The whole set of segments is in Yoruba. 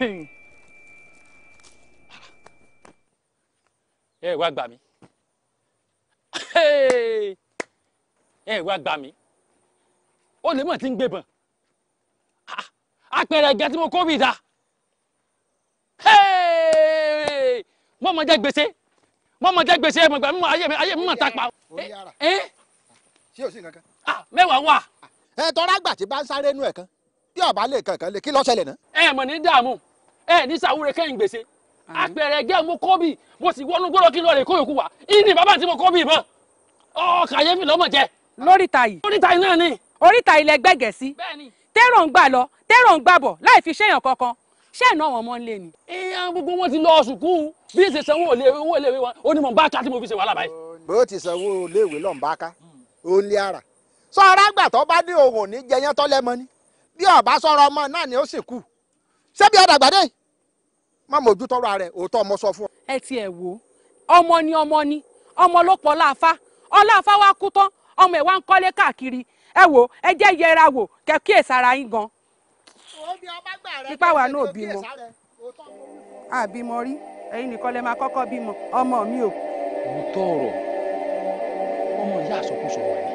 ẹ wá gbà mí ẹ wá gbà mí ó lè mọ̀ tí ń gbébọn apẹ̀rẹ̀ ẹ̀gẹ́ tí mo kó bì dá wọ́n mọ̀ jẹ́ gbèsè wọ́n mọ̀ jẹ́ gbèsè ẹ̀mọ̀gbà mímọ̀ ayé mímọ̀ ta pa. Eh? ṣé o sì kankan. Ah, mẹ́wàá wà. ẹ eh, tọ́ra àgbà tí bá ń sáré nú ẹ̀ kan bí ọba lè kankan lè kí ló ṣẹlẹ̀ náà. ẹ mọ̀ ní dààmú ẹ ní sàwúrẹ́ kẹ́yìn gbèsè apẹ̀rẹ̀ gẹ́ mo kọ́ bì mo sì wọnú gbọ́dọ̀ kí lọ́ọ̀rẹ́ kóyòkú wa ìní bàbá tí mo kọ́ bì mọ́ ọ kàyéfì lọ́mọ jẹ. lóríta yìí lóríta yìí náà ni. oríta ilẹ̀ gbẹ̀gẹ̀ sí tẹ́rọ̀ ń gbà lọ tẹ́rọ̀ ń gbà bọ̀ láì fi ṣéyàn kankan ṣé ìná wọn mọ́ ń lé ni. ìyá gbogbo wọn ti lọ sùkúù bí èsì sanwó owó iléèwé wa ó ní mọ̀ bá ká tí mo fi ṣe wàhálà báyìí. bó ti sanwó iléèwé lọ́n bá ká ó ń lé ara sọ ọ́ rágbà tó bá dé òun ò ní jẹyán tọ́lẹ́mọ ni bí ọ̀bá sọ̀rọ̀ ọmọ náà ni ó sì kù ṣebí àdàgbàdé má mójú tọrọ ààrẹ òótọ́ ọmọ sọ fún ọ. ẹ ti ẹ wo ọmọ ni ọmọ ni ọmọ ló pọ̀ láàfá ọláàfá wa kú tán ọmọ ẹ̀ wá ń kọ́lé káàkiri ẹ wo ẹ jẹ́ yẹra wò kẹ́kí èsàrà yín gan. ipa wa náà bímọ àbímọ rí ẹ̀yin nìkan lè máa kọ́kọ́ bímọ ọmọ mi o. mo tọrọ ọmọ ìyá àsọkúsọ wà ní.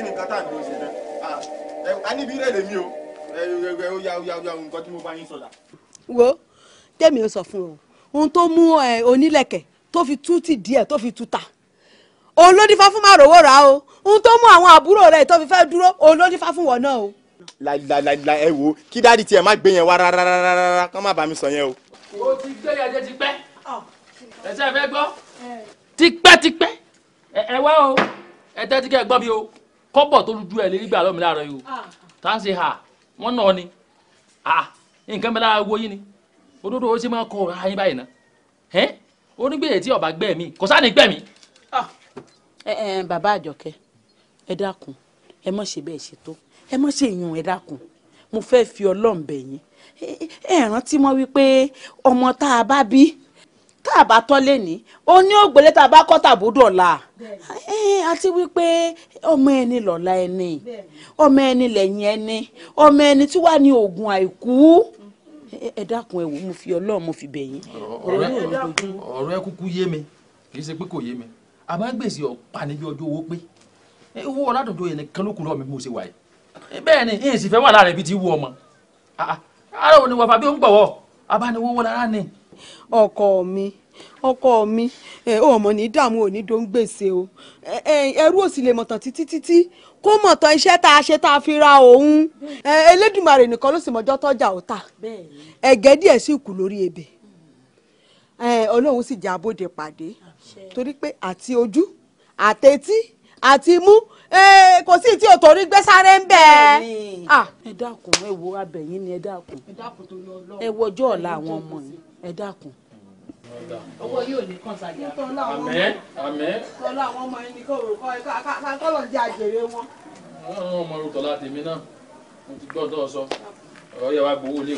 kí ni nǹkan tá à ń dúró ṣe náà a níbi rẹ̀ lèmi o ó yá ó yá ó yá nǹkan tí mo bá yín sọ̀dà. wo tèmi ò sọ fún o ohun tó mú onílẹ̀kẹ̀ tó fi tú ti díẹ̀ tó fi tú ta òun ló dífá fún màrówó rà o ohun tó mú àwọn àbúrò rẹ̀ tó fi fẹ́ dúró òun ló dífá fún wọn náà o. láìláìláìlá ẹ wo kí dáàdi tiẹ̀ má gbé yẹn wá rárá kán má bá mi sọ yẹn o. o ti gbé yẹn jẹ ti pẹ́ ah. ẹ̀sẹ̀ fẹ́ gbọ́ eh. tipẹ́tipẹ́ ẹ wá o ẹ tẹ́tí kẹ́ gbọ́ mi o kọ́bọ̀ tó lójú ẹ̀ lè rí gbà lọ́mìnira àárọ̀ yìí o ah. tá a ṣe hà wọ́n nà ọ́ ni ah, nǹkan bẹ́ẹ̀ lára wo yín ni òdodo ó ṣe máa kọ ọ̀rọ̀ ayé báyìí ná ẹ́ onígbèrè tí ọba gbẹ́ mi kò sáà ní gbẹ́ mi. Ah. bàbá àjọkẹ́ ẹ dákun ẹ má ṣe bẹ́ẹ̀ ṣe tó ẹ má ṣe ìyún ẹ dákun mo fẹ́ fi Ọlọ́run yín ẹ rántí mọ́ wípé ọmọ tá a bá bí tá a bá tọ́ lé ní ó ní ògbélé tá a bá kọ́ tàbúdò ọ̀la àti wípé ọmọ ẹni lọ́la ẹni ọmọ ẹni lẹ́yìn ẹni ọmọ ẹni tí wàá ní oògùn àìkú ẹ dákun ẹ wò mo fi Ọlọ́run mo fi bẹ̀ yín. ọ̀rọ̀ ẹ kúkú yé mi kì í ṣe pé kò yé mi àmọ́ gbèsè ọ̀pá níbi ọjọ́ owó pé owó ọ̀làdọ̀dọ̀ yẹn nìkan ló kù lọ́ọ̀ mo ṣe wà bẹ́ẹ̀ ni ìyẹn sì fẹ́ wà lára ibi tí wú ọmọ àárọ̀ ah, ah, òní ọkọ mi ọkọ mi ẹ ò mọ̀ ní dààmú ò ní dóń gbèsè o ẹrú ò sì lè mọ̀tàn títí títí kó mọ̀tàn iṣẹ́ tá a ṣe tá a fi ra òun Elédùmarè nìkan ló sì mọjọ́ tọ́jà ò tà ẹ̀gẹ́ díẹ̀ sì kù lórí ebè Ọlọ́run sì jẹ́ abóde pàdé torí pé àti ojú àtẹtí àti imú Eh, kò sí tí òtòrí gbé sáré ń bẹ ẹ. dákun ẹ wo abẹ̀yìn ni ẹ dákun ẹ àwọn ọmọ yìí ẹ dákun owó yóò ní kàn tọ́lá àwọn ọmọ tọ́lá àwọn ọmọ kò rò kọ́ ẹ àjèrè wọn. àwọn ọmọ orúkọ láti mi náà mo ti gbọ́ sọ ọ̀rọ̀ yẹ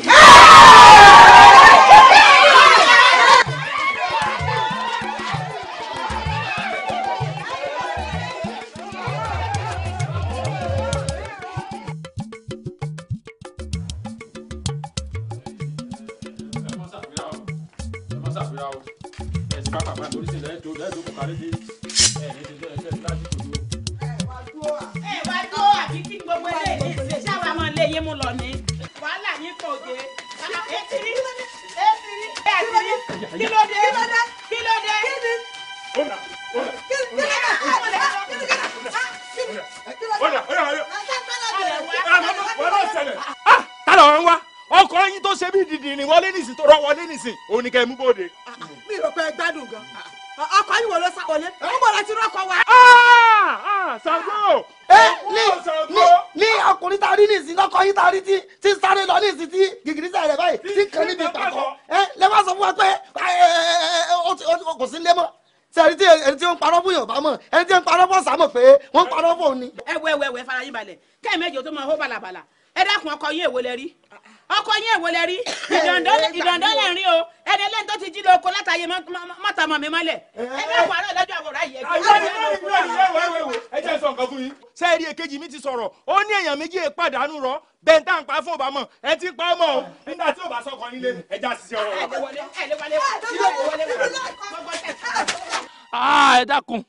dákun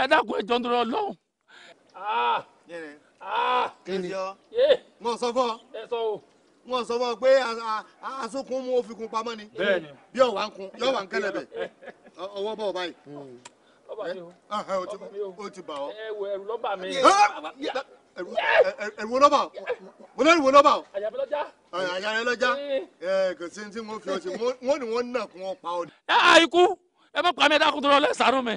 ẹ dákun ẹ jọ̀ọ́ nítorí Ọlọ́run. Ah, ah, kí ni mo sọ fún ọ. ẹ sọ o wọn sọ wọn pé asokun mú òfin kun pamọ́ ni bí ọwà ń kun yọwà ń kẹlẹbẹ ọwọ́ bọ ọba yìí. Ah, o ti bà ọ. ẹwù ẹrù lọ́bà mi. ẹrù lọ́bà mo lẹ́rù lọ́bà o. àyàbẹ̀ lọ́jà. àyàbẹ̀ lọ́jà kò sí ní tí mo fi ọ sí wọn ni wọn nà kún ọ pa ọ. ẹ àìkú ẹ bá pa mi ẹ dákun tó lọ lẹ sàánú mi.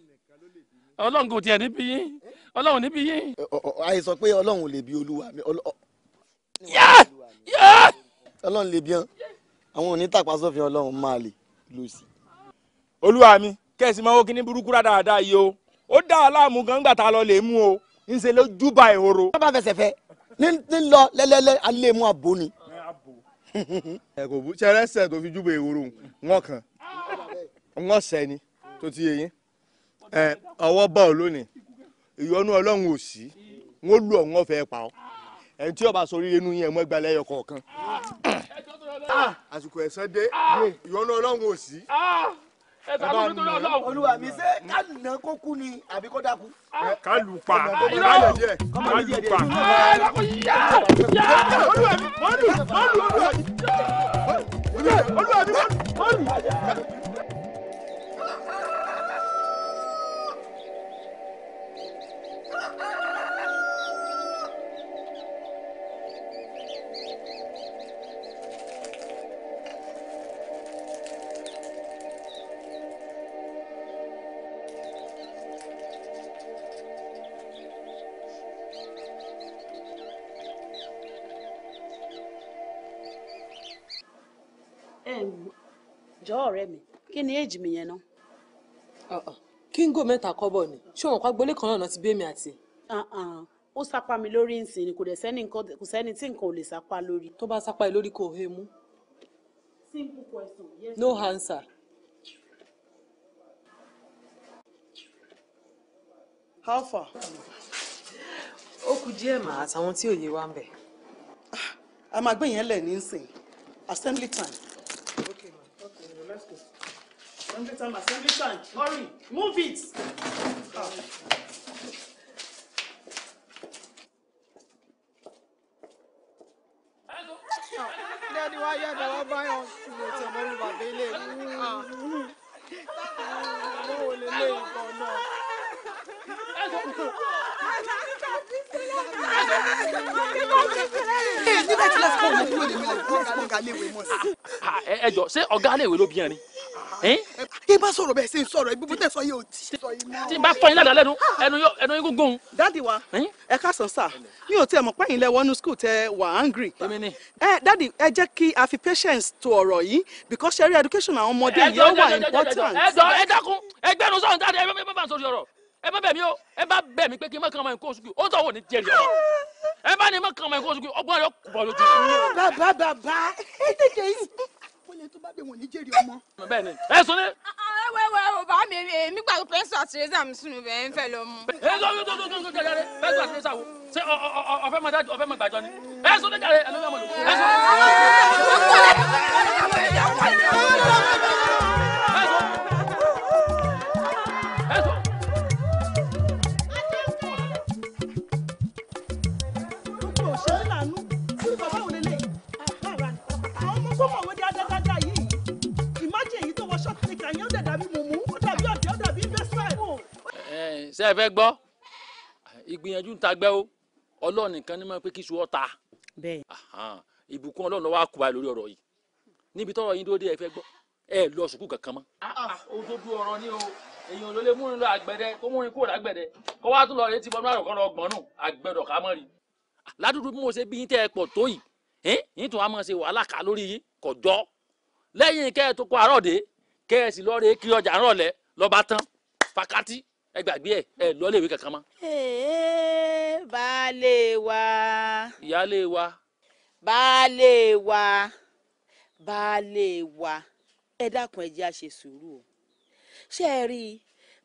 ọlọ́run kò tiẹ̀ níbí yín ọlọ́run níbí yín. àìsàn pé ọlọ́run ò lè bí olúwa mi. ọlọ́run lè bí ọ́n àwọn onítàpá sófin ọlọ́run máa lè lò sí. olúwa mi kẹ́sì máa wó kíní burúkú rádaràda yìí o ó dá aláàmú gan gbà tá a lọ lè mú o ń ṣe ló júbà ìhòòrò. bá a fẹsẹ̀ fẹ́ ní lọ lẹ́lẹ́lẹ́ alẹ́ mú abo ni. ẹ kò bú sẹrẹsẹ tó fi júbà ìhòòrò wọn kan wọn sẹni tó ti yẹ yín ẹ ọwọ́ bá ọ lónìí ìyọnu ọlọ́run ò sí wọn lù ọ̀hún ọ̀fẹ́ pa ọ́ ẹni tí ọba sọrí inú yẹn mọ́ gbalẹ̀ ẹyọ kọ̀ọ̀kan. Ah, àsìkò ẹ̀sán dé ah. ìyọnu ọlọ́run ò sí. Ah. ẹ bá mi tó lọ́wọ́. olúwa mi ṣe kálù náà kó kú ni àbí kó dákú. kálù pa kálù pa. olúwa mi olúwa mi olúwa mi olúwa mi olúwa mi. e jì mí yẹn náà. Ah, ah. Kingo mẹ́ta kọ́bọ̀ ni ṣé òun pa gbolé kan náà ti bẹ́ẹ̀ mi àti. Ah, ó mi lórí nsìn ni kò dẹ̀ sẹ́ni tí nǹkan ò lè sápá lórí. tó bá sápá ẹ lórí kò mú. no answer. how far. ó díẹ̀ mà àtàwọn tí òye wa ń bẹ̀. a máa gbé yẹn lẹ̀ ní nsìn assembly time. Assembly time, assembly time. Hurry, move it. Ah. Daddy, why you never buy on ìrètí ọmọ mi bàbá ilé mi? Mo ò lè lé nǹkan náà. Nígbà tí lásìkò ọ̀gá lè wé mọ̀ sí. Ẹ jọ ṣé ọ̀gá lè wé ló bí yẹn ni? Ah, kí n bá sọ̀rọ̀ bẹ́ẹ̀ ṣe ń sọ̀rọ̀ ibi tẹ̀ sọ yìí ò tí. tí n bá fọyín ládàá lẹ́nu ẹnu ẹnu yín gúngun. dádì wa ẹ káàsán sà mi ò tiẹ̀ mọ̀ pẹ́yìn lẹ wọnú tẹ wà angry. ẹ dádì ẹ jẹ́ kí a fi patience to ọ̀rọ̀ yìí because ṣe rí education àwọn ọmọdé yìí ó wà important. ẹ ẹ dákun ẹ gbẹnu sọ̀rọ̀ dáadé ẹ bá bá sórí ọ̀rọ̀ ẹ bá bẹ̀ mí o ẹ bá bẹ̀ mí pé kí n má kàn máa ń kó oṣù kí o tọ̀ wò ní jẹ́rìí ọ̀rọ̀ ẹ bá ní má kàn máa ń kó oṣù kí ọgbọ́n rẹ̀ kọ̀ lójú. bàbá bàbá ẹ tètè yìí ẹni tó bá bẹ wọn ní jèrè ọmọ. bẹ́ẹ̀ ẹ sọ dé. ẹwẹ́wẹ́ o bá mi èmi gbàgbọ́ pẹ́sà theresa mi sùn bẹ́ẹ̀ ń fẹ́ lọ mú. ẹ sọ tó tó tó tó jẹjẹrẹ pẹ́sà theresa wo ṣé ọ̀fẹ́ máa dájú ọ̀fẹ́ máa gbàjọ ni ẹ sọ dé jàre ẹ lóyún ọmọ lò. ṣe é fẹ́ gbọ́ ìgbìyànjú ń ta gbẹ́ o ọlọ́run nìkan ní máa pé kí iṣu ọ̀ta ìbùkún ọlọ́run lọ́wọ́ àkùbá lórí ọ̀rọ̀ yìí níbi tọ́rọ̀ yín dúró dé ẹ fẹ́ gbọ́ ẹ lọ sùkúù kankan mọ́. òdodo ah, ah, ọ̀rọ̀ ni o èèyàn ló lè múrin lọ àgbẹ̀dẹ kó múrin kúrò lágbẹ̀dẹ kó wá tún lọ retí bọ́nú àròkọ́ lọ gbọ́nù àgbẹ̀dọ̀ ká mọ́ rí. ládùúgbò bí mo ṣe bí yín tẹ́ ẹ pọ̀ tó yìí yín tún wá máa ṣe wàhálà ká lórí yín kò jọ lẹ́yìn kẹ́ ẹ tó kó àárọ̀ dé kẹ́ ẹ sì lọ rèé kiri ọjà rànlẹ́ lọ́ba tán fakati ẹ gbàgbé ẹ ẹ lọ léèwé kankan mọ́. baálé wa. ìyáálé wa. baálé wa baálé wa ẹ dákun ẹ jẹ́ a ṣe sùúrù o ṣé ẹ rí i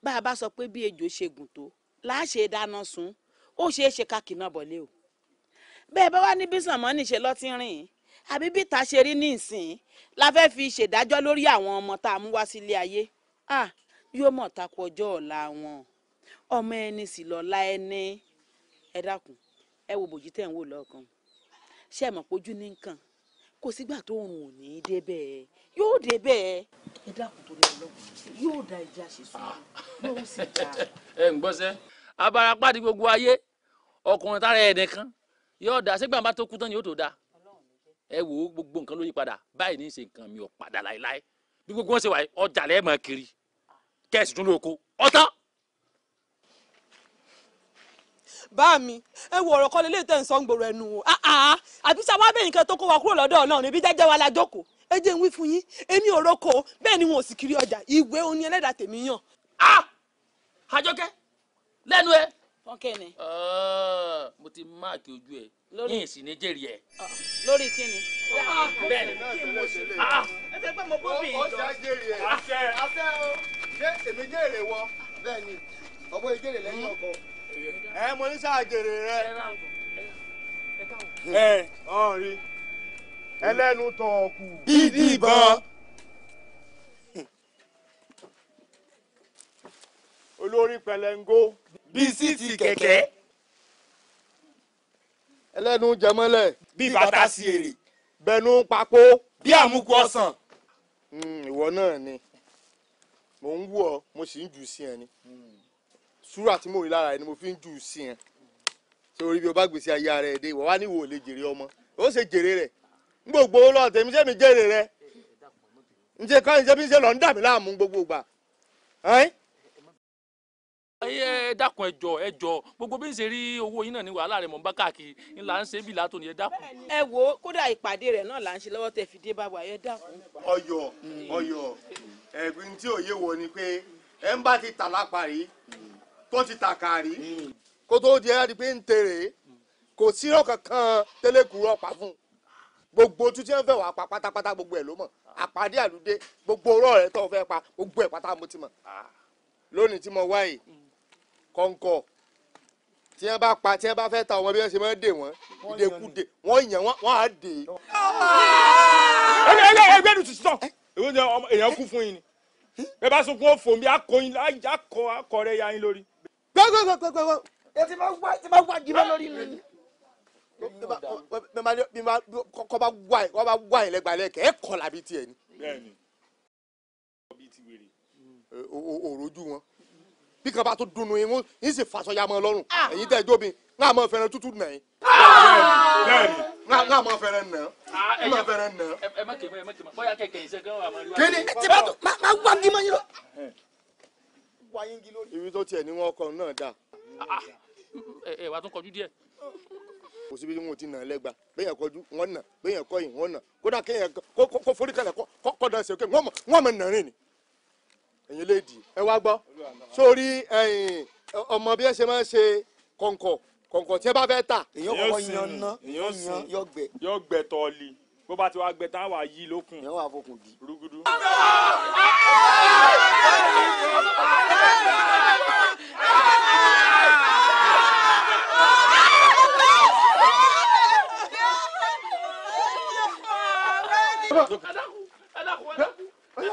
bá a bá sọ pé bí ejò ṣe gùn tó láṣẹ dáná sun ó ṣeé ṣe ká kìnnà bọ̀lé o bẹ́ẹ̀ bá wà ní bísàn mọ́ níṣẹ́ lọ́tí rìn àbí bí ta ṣe rí nísìn la fẹ́ fi ṣèdájọ́ lórí àwọn ọmọ tá a mú wá sílé ayé ah yóò mọ̀ takò ọjọ́ ọ̀la wọn ọmọ ẹni sì lọ́la ẹni ẹ dákun ẹ wo bòjì tẹ̀ ń wò lọ́ọ̀kan ṣé ẹ mọ̀ pójú ní nǹkan kò sígbà tó òun ò ní í débẹ̀ yóò débẹ̀ ẹ dákun tó lè lọ yóò da ìjà ṣe sùn yóò sì dá. ẹ ń gbọ́ sẹ́ abarapáàdì gbogbo ayé ọkùnrin tára ẹ̀ nìkan yóò da ṣé gbàǹbá tó kú tán ni yóò tó da ẹ wo gbogbo nǹkan ló yí padà báyìí ní í ṣe nǹkan mi ò padà láéláé bí gbogbo wọn ṣe wà ọjà lẹ́ẹ̀mọ́ kiri kẹ́sì dúró oko ọ̀tán. bá mi ẹ wo ọ̀rọ̀ kan lè lè tẹ̀ ń sọ gbòòrò ẹnu o ah, ah, àbí sá wá bẹ́yìn kan tó kó wa kúrò lọ́dọ̀ náà níbi jẹ́jẹ́ wa la jókòó ẹ jẹ́ ń fún yín èmi ò roko bẹ́ẹ̀ ni wọn ò sì kiri ọjà ìwé oní ẹlẹ́dàá tèmi yàn. Ah! àjọkẹ́ lẹ́nu ẹ wọn kẹ́ ni. Ah, mo ti máàkì ojú ẹ yín ìsìn ní jèrè ẹ. Ah, lórí kíni. bẹ́ẹ̀ni kí ah. mo ṣe lè. ẹ fẹ́ pẹ́ mo bó bì í jọ. ọ̀sẹ̀ jèrè ẹ. àṣẹ àṣẹ o ṣé èmi jèrè wọ bẹ́ẹ̀ni ọ̀bọ ìjèrè lẹ́yìn ọkọ. ẹ mo ní sáà jèrè rẹ. ẹ ọ̀n rí ẹlẹ́nu tọ̀ọ̀kù. bíbí ìbọn. olórí pẹlẹngó bíi síìtì kẹ̀kẹ́. ẹlẹ́nu jẹmọ́lẹ̀. bíi bàtà sí èrè. bẹnu papò. bí àmúkú ọ̀sán. Hmm, ìwọ náà ni mò ń wù ọ mo sì ń jù sí ẹ ni sùúrà tí mo rí lára ẹ ni mo fi ń jù sí ẹ torí bí o bá gbèsè ayé ara ẹ dé ìwọ wá níwò lè jèrè ọmọ ó ṣe jèrè rẹ n gbogbo lọ tèmi sẹ́mi jèrè rẹ njẹ ká njẹ bí n ṣe lọ ń dà láàmú gbogbo gbà ẹ dákun ẹjọ ẹjọ gbogbo bí n ṣe rí owó yín náà ní wàhálà rẹ mọ̀ n bá káàkiri n là ń ṣe bí látò ní ẹ dákun. ẹ wo kódà ìpàdé rẹ náà là ń ṣe lọ́wọ́ tẹ fi dé bá wa ẹ dákun. ọyọ ọyọ ẹgbin tí òye wọ ni pé ẹ ń bá ti tà lápárí tó ti tà kárí kó tó di ẹ di pé ń tèrè kò sí ọkàn kan tẹlẹkùrú ọpá fún gbogbo tuntun ẹ ń fẹ́ wàá pa pátápátá gbogbo ẹ ló mọ̀ àpàdé àlùdé gbogbo ọ̀rọ̀ rẹ tó fẹ́ pa gbogbo ẹ pátá mo ti mọ̀ lónìí tí mo wáyé kọ̀ǹkọ̀ tí wọ́n bá pa tí wọ́n bá fẹ́ ta wọn bí wọ́n ṣe máa ń dè wọ́n ìdèkúdè wọ́n yàn wọ́n á dè é. ẹgbẹ́ ẹgbẹ́ ẹgbẹ́ tuntun sọ èwo ni èèyàn kú fún yín ni bẹ́ẹ̀ bá sunkún òfò mi akọyin akọ akọ rẹ̀ ya yín lórí. gbẹgbẹgbẹgbẹgbẹ etí máa wá etí máa wá jìbọn lórí mi. kọ́ bá wá ẹ̀ kọ́ bá wá ẹ̀ lẹ́gbàá lẹ́kẹ̀ẹ́ ẹ̀ kọ́ làbí tiẹ̀ ni. bẹ́ẹ̀ ni òrojú wọn bí kan bá tún dunu yín yín sì fàṣọ ya mọ́ lọ́rùn ah. ẹ̀yin tẹ́ jóbi náà mọ́ fẹ́rẹ́ tútù nà yín. náà mọ́ fẹ́rẹ́ nà ah, án mọ́ fẹ́rẹ́ nà án. ẹ má kẹ́ mọ́ ẹ má kẹ́ mọ́ bóyá kẹ̀kẹ́ yìí sẹ́kẹ́ wà máa rí wá gí mọ́ yín lọ. ibi tó tiẹ̀ ní wọn kọ náà dà. Ah, ẹ wàá tún kọjú díẹ̀ kò síbi tí wọn ti nà lẹgba bẹyàn kọjú wọn nà bẹyàn kọyìn wọn nà kódà kéèyàn kó forí kalẹ̀ kó kọdà sèké wọn mọ wọn mọ nàrin ni ẹ̀yin lèdì ẹ wá gbọ́ sórí ọmọ bí ẹ ṣe máa ń ṣe kọ̀ǹkọ̀ kọ̀ǹkọ̀ tí ẹ bá fẹ́ tà èyàn kọ́kọ́ yan ná yan yọgbẹ. yọgbẹ tọ́ọ̀lì bó bá ti wá gbẹ tán wà yí lókun. èyàn wà fokùn bí. rúgudu. Look.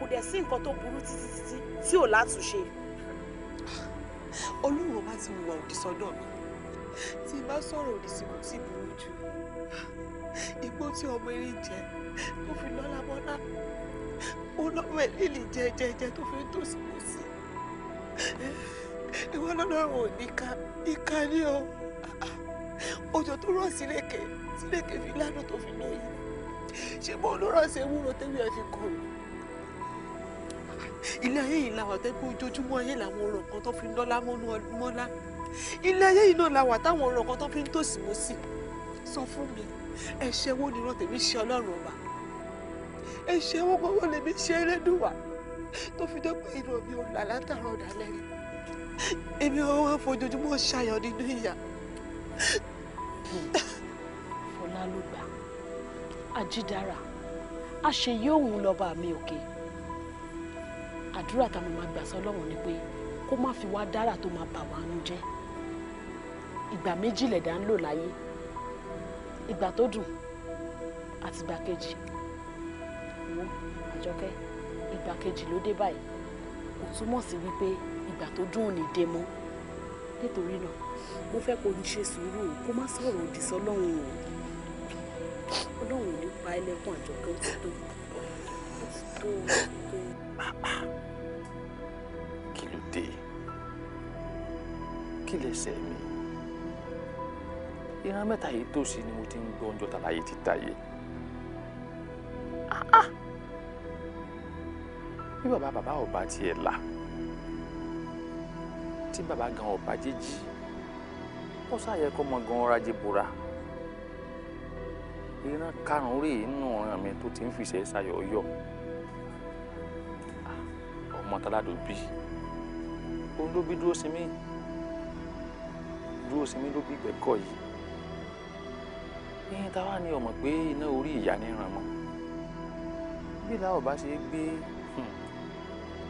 kò dẹ̀ sí nǹkan tó burú títí títí tí ò látúnṣe. olúwo bá ti hùwà òdì sọ́dọ̀ mi tí bá sọ̀rọ̀ òdì sí kò tí burú jù igbó tí ọmọ eré jẹ tó fi lọ́lá bọ́lá olówó ẹ̀ lílì jẹjẹjẹ tó fi tòsí kò sí ìwọ lọ́dọ̀ ò ní ká ìka ní o òjò tó rọ̀ sílẹ̀kẹ̀ sílẹ̀kẹ̀ fi lánàá tó fi lóyún ṣé bó ló rọ̀ sí ewúro tẹ́wé ẹ̀ fi kọ̀ ọ́ ilé ayé yìí làwọn àtẹ́gbẹ́ ojoojúmọ́ ayé làwọn ọ̀rọ̀ kan tó fi ń lọ́lá mọ́nú ọlọ́lá ilé ayé yìí náà làwọn àtàwọn ọ̀rọ̀ kan tó fi ń tòsímọ́sí sọ fún mi ẹ̀ṣẹ̀ wo nìran tèmi ṣe ọlọ́run ọba ẹ̀ṣẹ̀ wo gbọ́wọ́ lèmi ṣe ẹlẹ́dùnwá tó fi dé pé ìrọ̀ mi ò là látàrà ọ̀dà lẹ́yìn èmi ò wá fojoojúmọ́ ṣayọ̀ nínú ìyà. fọlá ló gbà ajídára àṣeyí òun lọba mi òkè. Okay àdúrà táwọn máa gbà sọ́lọ́run ni pé kó má fi wá dára tó máa bà wá nu jẹ́ ìgbà méjì lẹ̀dá ń lò láyé ìgbà tó dùn àti ìgbà kejì wo àjọkẹ́ ìgbà kejì ló dé báyìí kò túmọ̀ sí wípé ìgbà tó dùn ò ní dé mọ́ nítorí náà mo fẹ́ kó ní ṣe sùúrù kó má sọ̀rọ̀ òdì sọ́lọ́run o ọlọ́run ò ní pa ẹlẹ́kùn àjọkẹ́ ó ti tó ó ti tó ó ti tó pàápàá kí ló dé kí lẹ̀ṣẹ̀ mi ìran mẹ́ta yìí tó sì ni mo ti ń gbọ́ Ah tàlàyé ti tàyè bí bàbá bàbá ọba tiẹ̀ là tí bàbá gan ọba jẹ́jì ó ṣàyẹ kó mọ gan ọra jẹbùra ìran karùn-ún rèé nù ọ̀ràn mi tó ti ń fìṣẹ́ ṣayọ̀ yọ̀ ọmọ táládò bí òun ló bí dúró sinmi dúró sinmi ló bí gbẹ̀kọ́ yìí ní táwa ni ọmọ pé iná orí ìyá ní ràn mọ́ bí làwọn bá ṣe gbé hmm,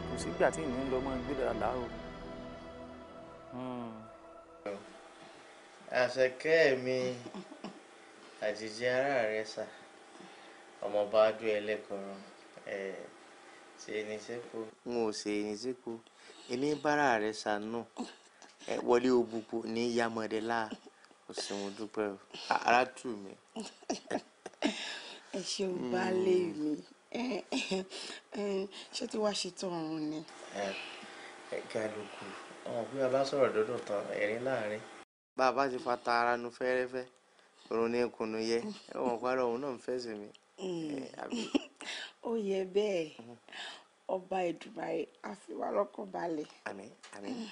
kò sígbà tí ìní ń lọ mọ́ gbé dára láàrú. Hmm. àṣekẹ́ mi àjèjì ara rẹ sà ọmọọba adó ẹlẹ́kọ̀ọ́rọ́ ẹ̀ẹ́ ṣèyìn sẹ́kù. n ò ṣèyìn sẹ́kù èmi bára rẹ̀ ṣàánú ẹ wọlé òbúkú ní yamọ̀dẹ́lá òṣèwọ̀n dúpẹ́ arátù mi. ẹ ṣeun baálé mi ṣé tí wàá ṣetán ọ̀run ni. ẹ ga ló kù ọmọ bí bàbá sọ̀rọ̀ dọ́dọ̀ tán ẹ̀rín láàrin. bàbá ti fa ta ara nu fẹ́rẹ́fẹ́ òun ní kùnú yẹ ẹ wọn parọ́ òun náà ń fẹ́ sí mi. Mm. ó yẹ bẹ́ẹ̀ mm-hmm. ọba Èdùmàrè á fi wá lọ́kàn balẹ̀. àmín àmín.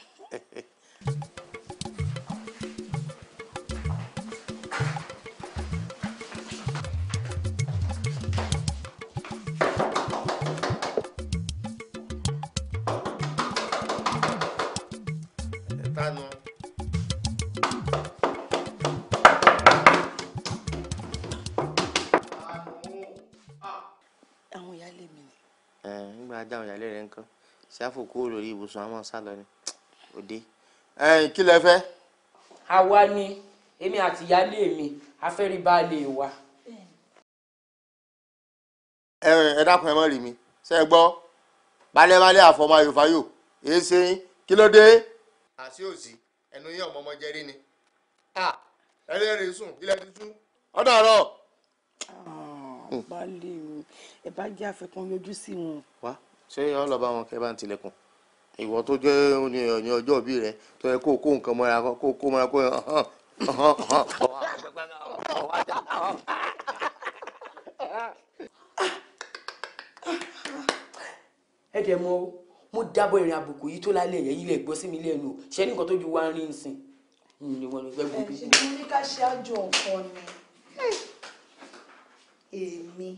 ṣáfù kúrò lórí ibùsùn àmọ́ sálọ ni òde. ẹ̀yin kí lẹ fẹ́. àwa ni èmi àti ìyáálé mi afẹ́rìbáàlè wa. ẹ dákun ẹ mọ́ rí mi ṣe é gbọ́ balẹ̀balẹ̀ àfọmọ ayòfáyò èé ṣe yín kí ló dé. àṣé òsì ẹnu yín ọmọọmọ jẹrí ni ẹlẹ́rìí sùn ilẹ̀ tuntun ọ̀dọ̀ àárọ̀. Ah, baálé o ẹ bá jẹ́ àfikún yọjú sí wọn. wá ṣé ọlọ́ba wọn kẹ́ bá ń tilẹ̀kùn ìwọ tó jẹ́ ní ọjọ́ òbí rẹ tó yẹ kó kó nǹkan mọ́ra kó kó mọ́ra kó hàn hàn hàn ọwọ́ ajá hàn. ẹ dẹ̀ mọ́ o mo dábọ̀ ìrìn àbùkù yìí tó lálẹ́ yẹn ilé gbọ́ sí mi lẹ́nu o ṣé ní nǹkan tó ju wá rí nsìn ni wọn ló fẹ́ gbọ́ bí. ẹ̀sìn ní ká ṣe àjọ nǹkan ni èmi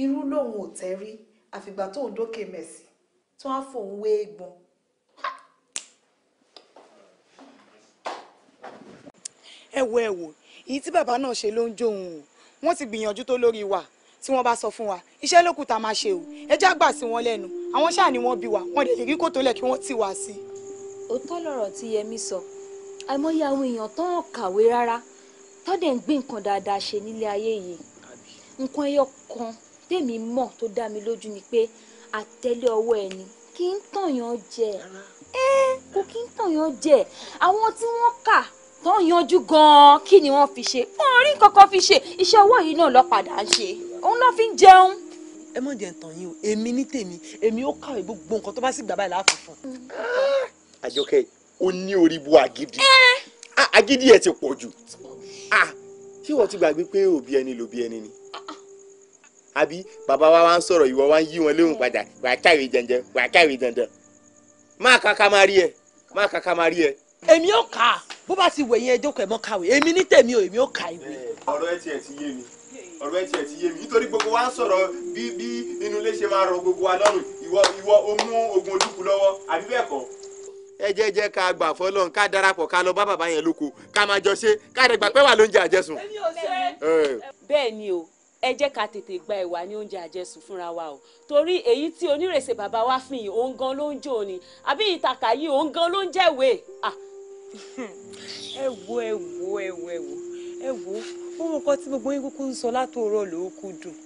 irú lòun ò tẹ́rí àfìgbà tóun dókè mẹ̀sì tí wọ́n á fòun wé egbọn. ẹ wo ẹ wo èyí tí bàbá náà ṣe ló ń jóun o wọ́n ti gbìyànjú tó lórí wa tí wọ́n bá sọ fún wa iṣẹ́ ló tá a máa ṣe o ẹ já gbà sí wọn lẹ́nu àwọn ṣáà ni wọ́n bí wa wọ́n lè rí kótó lẹ̀ kí wọ́n tì wá sí i. òótọ́ lọ̀rọ̀ tí Yẹmí sọ àìmọye àwọn èèyàn tó hàn kàwé rárá tó ń gbé nǹkan dáadáa ṣe nílé ayé yìí nǹkan ẹyọ kan tèmi mọ̀ tó dá mi lójú ni pé àtẹ́lé ọwọ́ ẹni kì í tànyàn jẹ ẹ kò kì í tànyàn jẹ àwọn tí wọ́n kà tán yanjú gan-an kí ni wọ́n fi ṣe wọ́n rí kankan fi ṣe iṣẹ́ ọwọ́ yìí náà ló padà ń ṣe òun ló fi ń jẹun. ẹ má jẹ́ ntàn yín o èmi ní tèmi èmi ó kàwé gbogbo nǹkan tó bá sì gbà báyìí láàfin fún. àjọkẹ́ ó ní orí bu àgídí àgídí ẹ̀ ah, ti pọ̀ jù ah, ṣé wọ́n ti gbàgbé pé òbí ẹni lòbí ẹni ni àbí bàbá wa wá ń sọ̀rọ̀ ìwọ wá ń yí wọn léhùn padà wà á kàwé dandan wà á kàwé dandan má kàkà má rí ẹ má kàkà má rí ẹ. èmi ò kà bó bá ti wẹ̀yìn ẹjọ́ kẹ̀ mọ́ kàwé èmi ní tèmi ò èmi ò kà ìwé. ọ̀rọ̀ ẹ tiẹ̀ ti yé mi ọ̀rọ̀ ẹ tiẹ̀ ti yé mi nítorí gbogbo wa ń sọ̀rọ̀ bí bí inú ilé ṣe máa rọ gbogbo wa lọ́rùn ìwọ ìwọ o mú ogun olúkú lọ́wọ́ àbí bẹ́ẹ̀ kọ́ ẹ jẹ́ jẹ́ ká gbà fọlọ́n ká darapọ̀ ká lọ bá bàbá yẹn lóko ká máa jọ ṣe ká dẹ̀ gbà pé wà lóúnjẹ àjẹsùn. bẹ́ẹ̀ ni o ẹ jẹ́ ká tètè gba ìwà ní oúnjẹ àjẹsùn fúnra wa o torí èyí tí onírèsè bàbá wa fi yìí òun gan ló ń jò ní àbí ìtàkà yìí òun gan ló ń jẹ̀wé. ẹ wo ẹ wo ẹ wo ẹ wo ẹ wo ó mọ nǹkan tí gbogbo yín kúkú ń sọ látòrò lóòkù dùn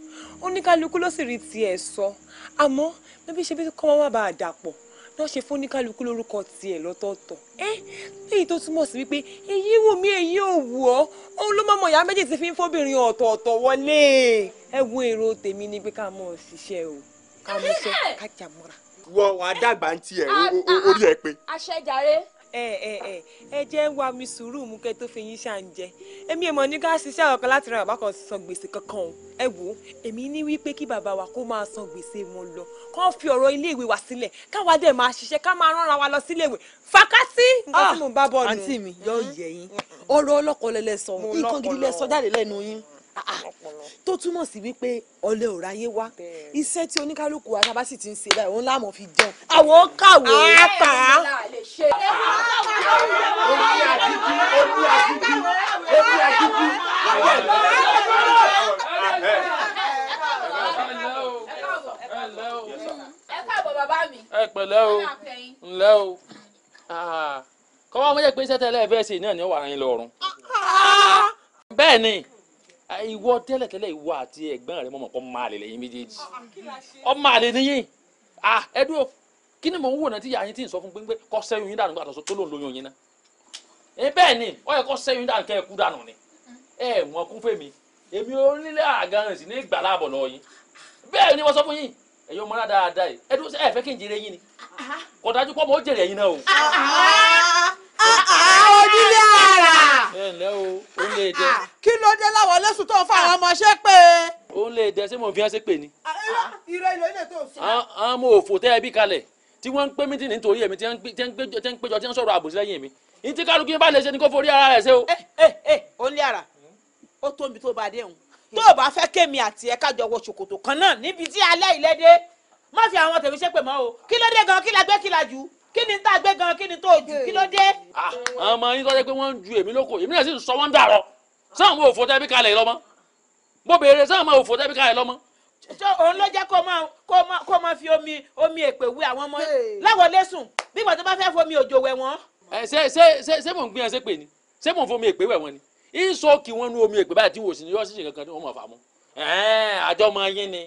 oníkálukú ló sì rí tiẹ̀ sọ àmọ́ bíbí ṣe bí kọ́ máa bá a dàpọ̀ lọ́ ṣe fún oníkálukú lórúkọ tiẹ̀ lọ́tọ̀ọ̀tọ̀ ẹ́ èyí tó túmọ̀ sí wípé èyí wù mí èyí ò wù ọ́ òun ló mọ̀mọ́ ìyá méjì ti fi ń fóbìnrin ọ̀tọ̀ọ̀tọ̀ wọlé ẹ wo èrò tèmi ni pé ká mọ̀ ṣiṣẹ́ o ká mọ̀ ṣe ká jà mọ́ra. wọ́n wàá dàgbà ń tiẹ̀ ah, ah, orí ẹ ah, pé. àṣẹ ẹ ẹ ẹ ẹ jẹ́ ń wá mi sùúrù mú kẹ́ tó fi yín ṣà ń jẹ èmi èmọ̀ ní ká ṣiṣẹ́ ọ̀kan láti ra bàbá kan san gbèsè kankan o ẹ wò ó èmi ní wípé kí bàbá wa kó máa san gbèsè wọn lọ kó fi ọ̀rọ̀ iléèwé wa sílẹ̀ káwa dẹ̀ máa ṣiṣẹ́ ká máa rán ra wa lọ síléèwé fakasí nǹkan tí ah, mò ń bá bọ̀ nù. àǹtí mi yóò yẹ yín mm, mm, mm. ọ̀rọ̀ ọlọ́kọ̀ọ́lẹ̀ lẹ sọ nǹkan gidi lẹ sọ jáde lẹ́nu yín tó túmọ̀ sí wípé ọ̀lẹ ò ráyé wá iṣẹ́ tí oníkálukú wa sì ti ń ṣe báyìí òun láàmú fi jẹun àwọn kàwé àtà. ẹ pẹ̀lẹ́ o ǹlẹ́ o kọ́wọ́ ọmọ yẹn pé iṣẹ́ tẹ́lẹ̀ fẹ́ ṣe náà ni ó wà á yín bẹ́ẹ̀ ni. Ah, ìwọ tẹ́lẹ̀tẹ́lẹ̀ ìwọ àti ẹ̀gbọ́n rẹ mọ̀mọ́ kọ́ máa lè méjèèjì ọ máa lè níyìn ẹ dúró kí ni mò ń wò náà tí ìyá yín tí ń sọ fún pé kọ́ sẹ́yìn yín dànù àtọ̀sọ tó yín ni ọ yẹ kọ́ sẹ́yìn dànù kẹ́ ẹ kú dànù ni ẹ kún èmi ò sí ní lọ yín bẹ́ẹ̀ ni sọ fún yín dáadáa fẹ́ kí n jèrè yín ni ah, ah. kọ̀dájú o. Ah, ah, onílé ara. ẹnlẹ́ o ó lè dẹ. E ah, kí ló dé láwọn lẹ́sùn tó ń fa àwọn ọmọọṣẹ́ pé. ó lè dẹ e ṣé mo fi hàn ṣe pè ní. ìrẹ́ ìlú ilé tó sọ. àwọn ọmọ òfò tẹ́ ẹbí kalẹ̀ tí wọ́n ń pé mítìnì nítorí èmi tí wọ́n ń péjọ tí wọ́n sọ̀rọ̀ àbòsí lẹ́yìn mi ní tí kálukú yín bá lè ṣe ni kó forí ara rẹ̀ ṣe o. ẹ ẹ ẹ onílé ara ó tóbi tó bá dé òun tó o bá fẹ́ kémi àti ẹ̀ka jọ wọ ṣòkòtò kan náà níbi tí alẹ́ ìlẹ́dẹ́ má fi àwọn tèmi ṣépè mọ́ o kí ló dé gan kí la gbé kí la jù kí ni tá a gbé gan kí ni tó jù kí ló dé. Ah, àwọn ọmọ yín tó jẹ́ pé wọ́n ń ju èmi lóko èmi náà sì ń sọ wọ́n ń dàrọ sáà mo òfò tẹ́bí kalẹ̀ lọ́mọ mo béèrè sáà mo òfò tẹ́bí kalẹ̀ lọ́mọ. òun ló jẹ́ kó máa kó máa fi omi omi èpè wí àwọn ọmọ láwọn lẹ́sùn bí ìgbà tó bá fẹ́ fomi òjò wẹ̀ wọ́n. ṣé ṣé ṣé ṣé mò ń gbìyànjú pè ní ṣé mò ń fomi èpè wẹ̀ wọ́n ni ń sọ kí wọ́n nu omi èpè báyìí tí wò sí ni yọ́ sí ìkankan tí wọ́n mọ̀ fà mú. àjọ máa yín ni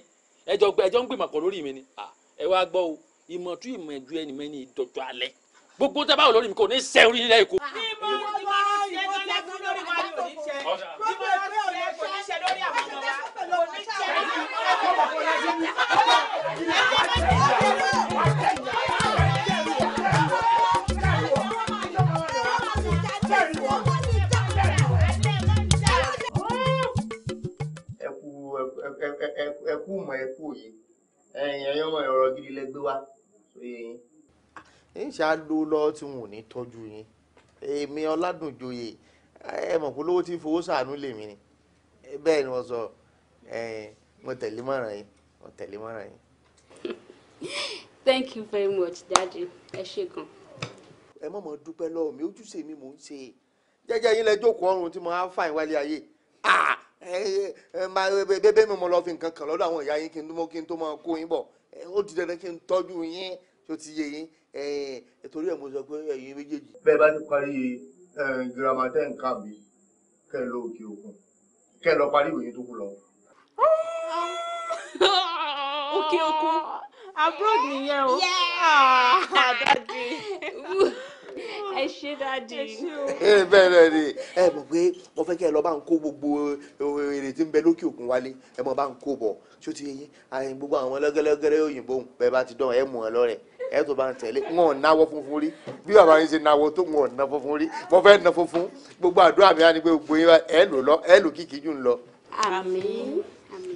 ẹjọ́ ń gbìmọ̀ pọ̀ lórí mi ni ah, ẹ wá gbọ́ o ìmọ̀ tún ìmọ̀ ẹ̀jú ẹni mẹ́ni ìdọ̀jọ́ alẹ́ gbogbo tẹ́ báwo lórí mi kò ní sẹ́ orí nílẹ̀ èkó. ẹ kú ẹ kú mọ ẹ kú òye ẹ̀yin ẹ̀yin ọmọ ìrọ̀rọ̀ gidi lẹ gbé wá ń ṣáájú lọ tí wọn ò ní tọ́jú yín èmi ọládùnjoyè ẹ mọ̀ pé lówó tí fowó sàánú lèmi ni bẹ́ẹ̀ ni wọ́n sọ mo tẹ̀lé mọ́ràn yín mo tẹ̀lé mọ́ràn yín. thank you very much daddy ẹ ṣe gan. ẹ mọ̀ mọ̀ dúpẹ́ lọ́wọ́ mi ojúṣe mi mò ń ṣe jẹ́jẹ́ yín lẹ jókòó ọrùn tí mo á fà yín wálé ayé ah! bébé mi mo lọ fi nǹkan kàn lọ́dọ̀ àwọn ìyá yín kí n tó mọ kí n tó mọ kó yín bọ̀ ó di dandan kí n tọ́jú yín tó ti yé yín torí ẹ̀ mo sọ pé ẹ̀yin méjèèjì. bẹ́ẹ̀ bá ti parí girama tẹ́ ń kà kẹ́ ẹ lọ òkè kẹ́ ẹ lọ parí ìròyìn tó kù lọ. òkè òkun abroad nìyẹn o. Ah, ẹ ṣe dáàdi. ẹ bẹ́ẹ̀ náà ni ẹ mọ̀ pé mo fẹ́ kí ẹ lọ bá ń kó gbogbo èrè tí ń bẹ lókè òkun wálé ẹ mọ̀ bá ń kó bọ̀ ṣó ti yẹ yín gbogbo àwọn lọ́gẹ́lọ́gẹ́rẹ́ òyìnbó bẹ́ẹ̀ bá ti dán ẹ mú ẹ lọ́rẹ̀ ẹ tó bá ń tẹ̀lé wọn ò náwó funfun rí bí bàbá yín ṣe náwó tó wọn ò ná funfun rí mo fẹ́ ná funfun gbogbo àdúrà mi á ní pé gbogbo yín ẹ lò lọ ẹ lò kíkì jù ń lọ. àmín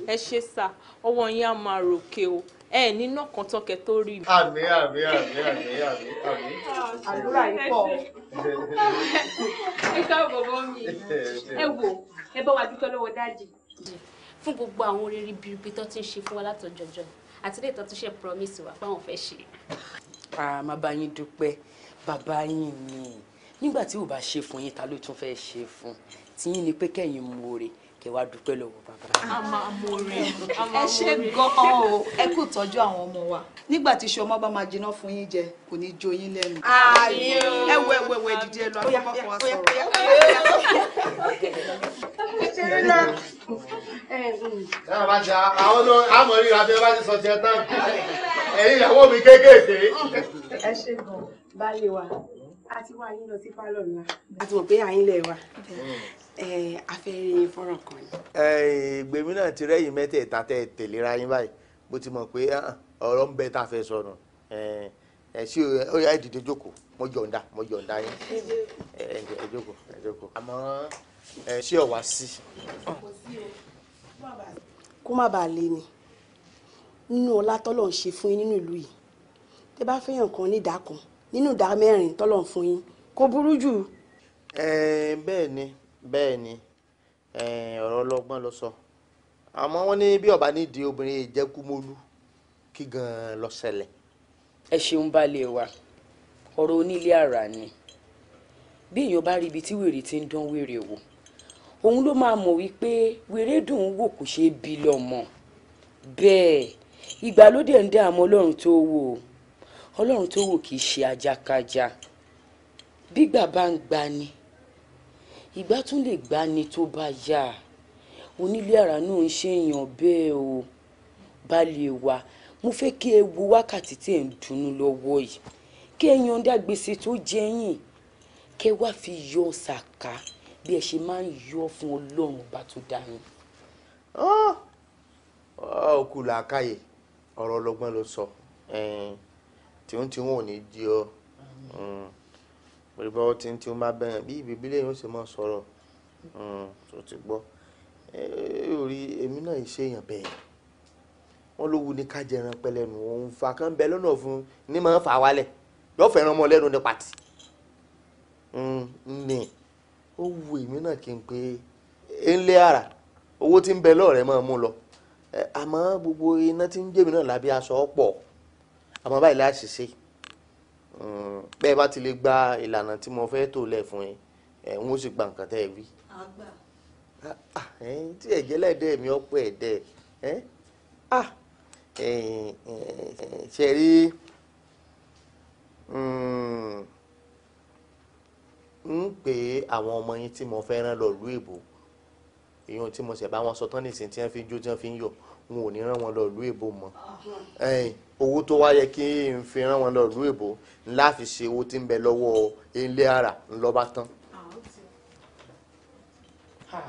ẹ ṣe sà ọwọ́ yín á máa ròkè o ẹ nínú ọkàn tọkẹ tó rí mi. àmì àmì àmì àmì àmì àmì. àdúrà yìí pọ̀. ẹ káàbọ̀ bọ́ mi ẹ wò ẹ bá wa dúpẹ́ lọ́wọ́ dáàdì fún gbogbo àwọn oore ribiribi tó ti ń ṣe fún wa látọjọjọ àti lè tó tún ṣe promise wa pé àwọn fẹ́ ṣe. àmà bá yín dúpẹ́ bàbá yín ni nígbà tí ò bá ṣe fún yín ta ló tún fẹ́ ṣe fún tiyín ni pé kẹ́yìn mú oore kí wàá dúpẹ́ lọ́wọ́ bàbá. àmàmòrè ẹ ṣe gan-an o ẹ kò tọ́jú àwọn ọmọ wa. nígbà tí iṣu ọmọ bá máa jiná fún yín jẹ kò ní jó yín lẹ́nu. àmì o ẹ wọ ẹwọ ẹwọ ìdíje ẹ lọ àkọ́kọ́ fún wa sọ̀rọ̀. ẹ bá ti àwọn náà àmọ̀rí àti ẹ bá ti sọ ti ẹ tán ẹ̀yin ìyàwó mi kéékèèké. ẹ ṣe gan-an báyìí wa a ti wá yín lọ sí pálọ̀ ńlá. a ti mọ̀ pé àyín lẹ̀ wa. Hmm afẹ́rẹ́ fọ́rọ̀ kan ni. gbèmí náà ti rẹ́yìn mẹ́tẹ̀ẹ̀ta tẹ́ tẹ̀léra yín báyìí bó ti mọ̀ pé ọ̀rọ̀ ń bẹ tá a fẹ́ sọnù ẹ ṣé ó yá ìdìde jókòó mo yọ̀ǹda mo yọ̀ǹda yín ẹ jókòó ẹ jókòó àmọ́ ẹ ṣé ọ̀ wá sí. kó má bàa lé ni nínú ọlá tọ́lọ̀ ń ṣe fún yín nínú ìlú yìí tẹ bá fẹ́yàn kan ní ìdá kan nínú ìdá mẹ́rin tọ́lọ̀ ń fún yín kò burú jù. bẹ́ẹ̀ ni bẹ́ẹ̀ ni ọ̀rọ̀ ọlọ́gbọ́n ló sọ àmọ́ wọ́n ní bí ọba nídìí obìnrin ìjẹ́kúmólú kí gan-an ló ṣẹlẹ̀. ẹ ṣeun balẹ̀ wa ọ̀rọ̀ onílé àrà ni bí èèyàn bá rí ibi tí wèrè ti ń dán wèrè wò òun ló máa mọ̀ wípé wèrè dùn ún wò kò ṣeé bí lọ́mọ bẹ́ẹ̀ ìgbàlódé ń dààmú ọlọ́run tó wò ọlọ́run tó wò kì í ṣe ajákajá bí gbà ń gbani ìgbà tún lè gbani tó bá yá onílé ara náà ń ṣèyàn bẹ́ẹ̀ o balẹ̀ wa mo fẹ́ kí ẹ wo wákàtí tí ẹ̀ ń dunnú lọ́wọ́ yìí kí ẹ yọ̀ǹda gbèsè tó jẹ yín kẹ wá fi yọ ṣàká bí ẹ ṣe máa ń yọ fún ọlọ́run bá tó dá yín. òkú làákàyè ọ̀rọ̀ ọlọ́gbọ́n ló sọ tìǹtìǹ ò ní jí ọ bíbá ó ti ń tí ó máa bẹ̀rẹ̀ bí bèbí lẹ́yìn ó sì máa sọ̀rọ̀ tó hmm, ti gbọ́ orí èmi náà ṣe èèyàn bẹ́ẹ̀ wọ́n ló wu ní ká jẹran pẹlẹ́nu òun fa kan bẹ lọ́nà fún ní máa ń fà wálẹ̀ yóò fẹ́ràn ọmọ lẹ́nu ní pàtì hmm, nì ó wu èmi náà kí n pé é ń lé ara owó tí ń bẹ lọ́ọ̀rẹ́ máa mú lọ àmọ́ gbogbo iná tí ń jẹ́mi náà lábẹ́ aṣọ ọ̀pọ̀ àmọ́ báyìí láṣìṣe bẹ́ẹ̀ bá ti lè gba ìlànà tí mo fẹ́ tò lẹ̀ fún yín ẹ̀ ń ó sì gba nǹkan tẹ́ ẹ wí. Ah, ah, ẹ̀yin tí ẹ̀jẹ̀ lẹ́dẹ̀ẹ́ mi ọ̀pọ̀ ẹ̀dẹ̀ ẹ̀ ah, ṣe rí ń mm, pè àwọn ọmọ yín tí mo fẹ́ rán lọ lú èbó èyí tí mo ṣẹ̀ bá wọn sọ tán nìsín tí wọ́n fi ń jó tí wọ́n fi ń yọ̀ n ò ní rán wọn lọ ìlú èbó mọ́ owó tó wá kí n fi rán wọn lọ ìlú èbó ńlá ṣe owó tí ń bẹ lọ́wọ́ ilé ara ńlọ́ba tán. Ah,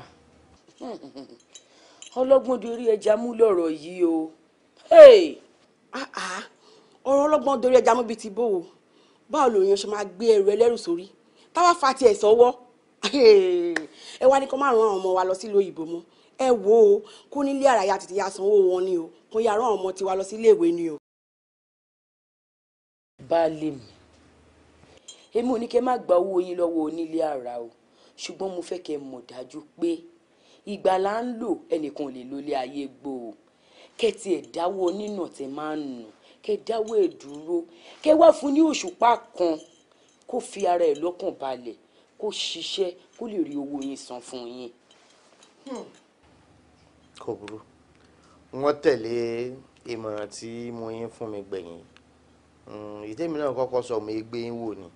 ọlọ́gbọ́n dorí ẹja mú lọ́rọ̀ yìí o ah, ah, ọ̀rọ̀ ọlọ́gbọ́n dorí ẹja mú bíi ti bó o báwo lòyìn ṣe máa gbé ẹrù ẹlẹ́rù sórí táwa fa tiẹ̀ sọ́wọ́ ẹ wá ní kó má ran àwọn ọmọ wa lọ sílùú òyìnbó mọ́ ẹ wo o kó nílé àràyà tètè ya sanwó wọn ni o kó ya rán ọmọ tiwa lọ sí ni o. baálé mi èmi ò ní kẹ́ má gba owó yín lọ́wọ́ onílé àrà o ṣùgbọ́n mo fẹ́ kẹ́ mọ̀ dájú pé ìgbà là ń lò ẹnìkan ò lè lólé ayé gbò ó kẹ́tì ẹ̀ dáwọ́ nínà tẹ́ máa ń nù kẹ́ dáwọ́ ẹ̀ dúró kẹ́ wá fún ní òṣùpá kan kó fi ara ẹ̀ lọ́kàn balẹ̀ kó ṣiṣẹ́ kó lè rí owó yín san fún yín. Hmm kò burú wọ́n tẹ̀lé ìmọ̀ràn tí mo yín fún mi gbẹ̀yìn hmm, ìtẹ́mi náà kọ́kọ́ sọ mo gbé yín wò ni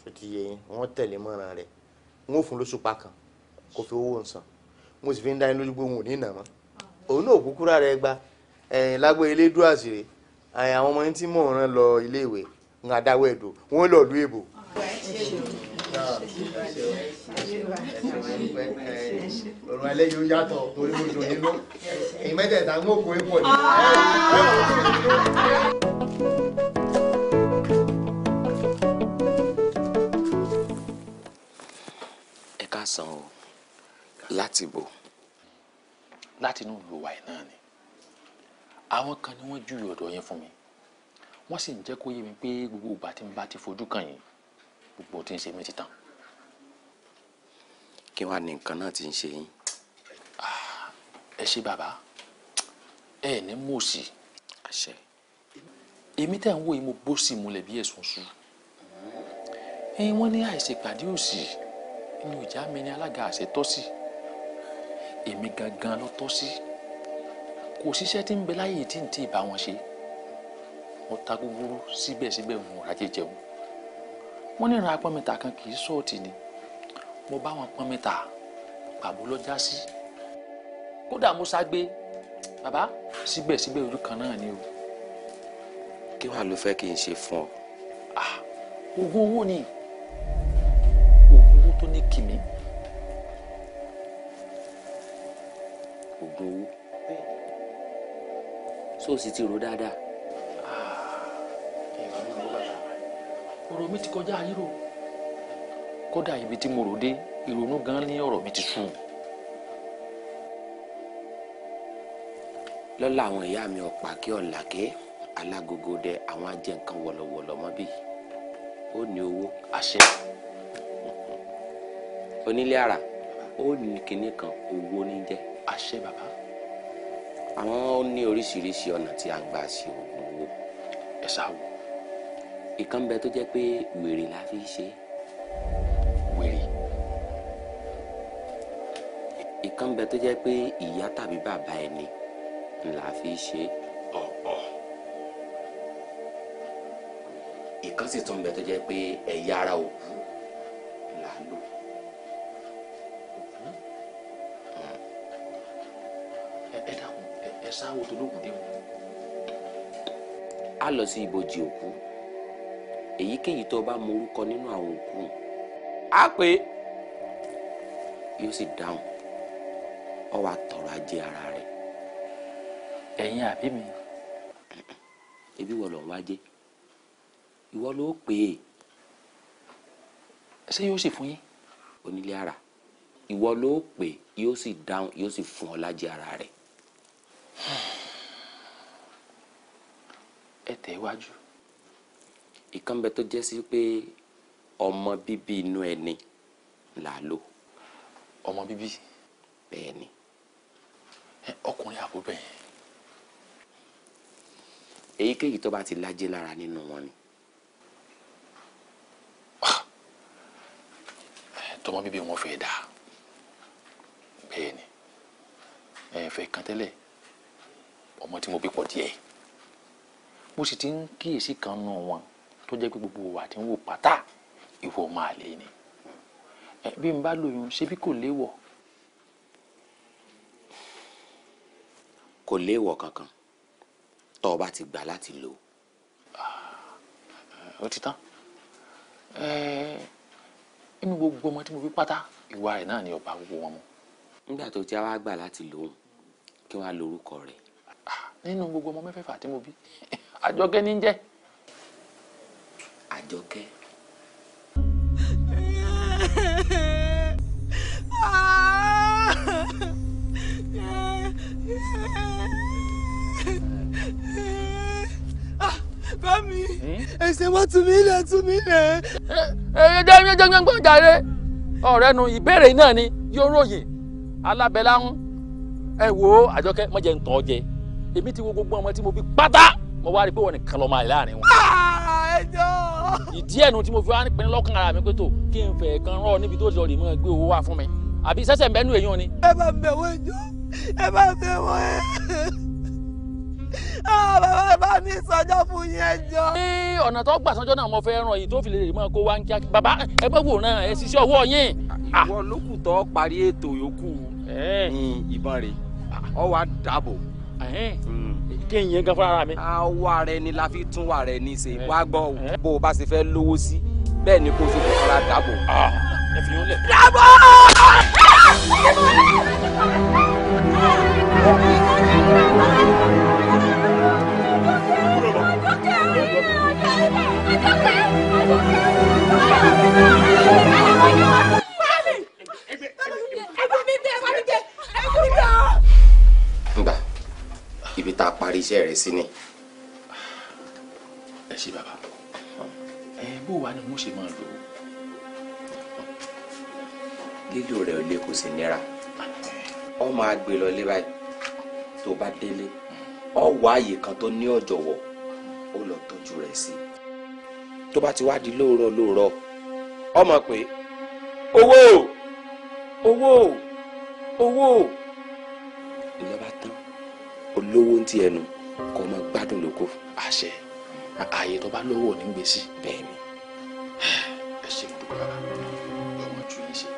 ṣó ti yẹ yín wọ́n tẹ̀lé mọ̀ràn rẹ̀ n ó fún lóṣù pa kan kò fi owó nsàn mo sì fi ń dá yín lójú pé òun ò ní ìnà mọ́ òun náà kúkú rárẹ̀ gba ẹ̀yìn lágbo ilé dúró àṣírí àwọn ọmọ yín tí mò ń rán lọ iléèwé ń adáwọ̀ ẹ̀dọ̀ wọ́n lọ lú èbò ọ̀rọ̀ alẹ́ yóò yàtọ̀ torí mo dùn nínú èyí mẹ́tẹ̀ẹ̀ta ń mọ̀kó ẹ̀pọ̀ ni. ẹ káàsán o láti bò láti inú ìlú wa náà ni àwọn kan ni wọ́n júwe ọ̀dọ̀ yẹn fún mi wọ́n sì ń jẹ́ kó yé mi pé gbogbo ìgbà tí n bá ti fojú kàn yín gbogbo tí ń ṣe mí ti tán. kí wàá ní nǹkan náà ti ń ṣe yín. Ah, ẹ ṣe bàbá ẹ ní mú òsì. àṣẹ. èmi tẹ̀ ń wò yìí mo bó sì múlẹ̀ bí ẹ̀sùn sùn. ẹyin wọ́n ní àìṣèpàdé òsì inú ìjà mi ni alága àṣẹ tọ́ sí èmi gangan ló tọ́ sí kò síṣẹ́ tí ń bẹ láyè tí ń tí bá wọn ṣe mo ta gbogbo síbẹ̀síbẹ̀ ń rà jẹjẹun wọ́n ní ìran apọ́nmẹ́ta kan kì í sóòtì ni mo bá wọn pọ́nmẹ́ta pàbó ló já sí kódà mo ságbé bàbá síbẹ̀síbẹ̀ ojú kan náà ni o. kí wàá ló fẹ́ kí n ṣe fún ọ. Ah, oògùn owó ni oògùn owó tó ní kìmí. oògùn owó. so o sì ti rò dáadáa. ọ̀rọ̀ mi ti kọjá ayírò kódà ibi tí mo rò dé ìrònú gan ní ọ̀rọ̀ mi ti sú u. lọ́la àwọn ìyá mi ọ̀pá kí ọ̀làkẹ́ alágogo dẹ àwọn ajẹ́ nǹkan wọ̀lọ̀wọ̀lọ̀ mọ́ bí ó ní owó àṣẹ onílé ara ó ní kinní kan owó ní jẹ́ àṣẹ bàbá àwọn ó ní oríṣiríṣi ọ̀nà tí a gbà sí oògùn owó ẹ̀ ìkan bẹ tó jẹ́ pé wèrè la fi ṣe wèrè ìkan bẹ tó jẹ́ pé ìyá tàbí bàbá ẹni la fi ṣe ọ̀pọ̀ ìkan sì tún bẹ tó jẹ́ pé ẹ̀yà ara òkú là lò. ẹ dákun ẹ sáwọ́ tó lóògùn dé wọn. a lọ sí ibojì òkú. èyíkéyìí tó o bá muru ko nínú àwọn òkú á pé yóò sì dáhùn ọ wàá tọrọ ajé ara rẹ. ẹ̀yin àbí mi. ebi wọ lọ ń wájé ìwọ ló pè é ṣé yóò sì fún yín onílé ara ìwọ ló pè yóò sì dáhùn yóò sì fún ọ lájẹ ara rẹ. ẹ tẹ̀ ìkànnbẹ tó jẹ́ sí pé ọmọ bíbí inú ẹni là á lò. ọmọ bíbí. bẹ́ẹ̀ ni. ọkùnrin àbúbẹ̀. èyíkéyìí tó bá ti lájẹ lára nínú wọn ni. Ah, tọmọ bíbí wọn fẹ́ dà bẹ́ẹ̀ ni ẹ̀fẹ̀ kan tẹ́lẹ̀ ọmọ tí mo bí pọ̀ díẹ̀ mo sì ti ń kíyèsí kan nù wọn. No tó jẹ́ pé gbogbo wa ti ń wò pátá ìwọ máa lè ní bí n bá lóyún ṣebí kò léwọ̀. kò léwọ̀ kankan tó o bá ti gbà láti lò. ó ti tán inú gbogbo ọmọ tí mo fi pátá ìwà rẹ̀ náà ni ọba gbogbo wọn mu. nígbà tó ti wá gbà láti lòun kí wàá lorúkọ rẹ̀. Ah, nínú gbogbo ọmọ mẹ́fẹ̀ẹ̀fà tí mo bí àjọkẹ́ ní jẹ́ àjọkẹ́. bámi ẹsẹ̀ wọ́n tún mí lẹ̀ tún mí lẹ̀. ẹyẹ jẹ́ jẹ́gbẹ́ngbọ́n jàre ọ̀rẹ́ nu ìbéèrè náà ni yóò róye alábẹ́láhùn ẹ wo àjọkẹ́ mọ̀jẹ̀ ń tọ́ jẹ èmi ti wo gbogbo ọmọ tí mo bí pátá mo wá rí i pé wọn nìkan lọ́ọ́ máa rí láàrin wọn. Ah, ẹjọ́ ìdí ẹ̀nu tí mo fi wá ní pinnu lọ́kàn ara mi pé tó kí n fẹ̀ kan rán níbi tó ti lọ́ọ́ lè mọ́ owó wá fún mi àbí sẹ́sẹ̀ ń èèyàn ni. ẹ bá bẹ̀ wọ́n jọ ẹ bá bẹ̀ wọ́n ẹ. bàbá bá ní ìsọjọ́ fún yín jọ. ní ọ̀nà tó gbà sọ́jọ́ náà mo fẹ́ ràn yìí tó fi lè mọ́ kó wá ń kíá bàbá ẹ bá wò náà ẹ ṣiṣẹ́ ọwọ́ yín. Ah. ìwọ lókù tó parí ètò yòókù ní ìbọn rẹ̀ ọ wá dàbò kí gan fúnra mi. àwa rẹ ni la fi tún wa rẹ ní ṣe wá gbọ́ o bó o bá ṣe fẹ́ lówó sí bẹ́ẹ̀ ni kó o kò fara dàbò. dàbò. ibi tá a parí iṣẹ́ rẹ̀ sí ni. ẹ ṣe bàbá ẹ bó wa ni mo ṣe máa lò ó. lílo rẹ̀ ò lè kò sí nira ọ máa gbé lọ lé báyìí tó bá délé ọ wá àyè kan tó ní ọ̀jọ̀wọ̀ ó lọ tọ́jú rẹ̀ sí i tó bá ti wá di lóòrọ̀ lóòrọ̀ ọ mọ̀ pé owó owó owó ìyẹn tán olówó ń ti ẹnu kọ́ ọmọ gbádùn lóko àṣẹ ààyè tó bá lọ́wọ́ ní gbèsè bẹ́ẹ̀ ni ẹ ṣe gbogbo bàbá lọ́wọ́ ju yìí ṣe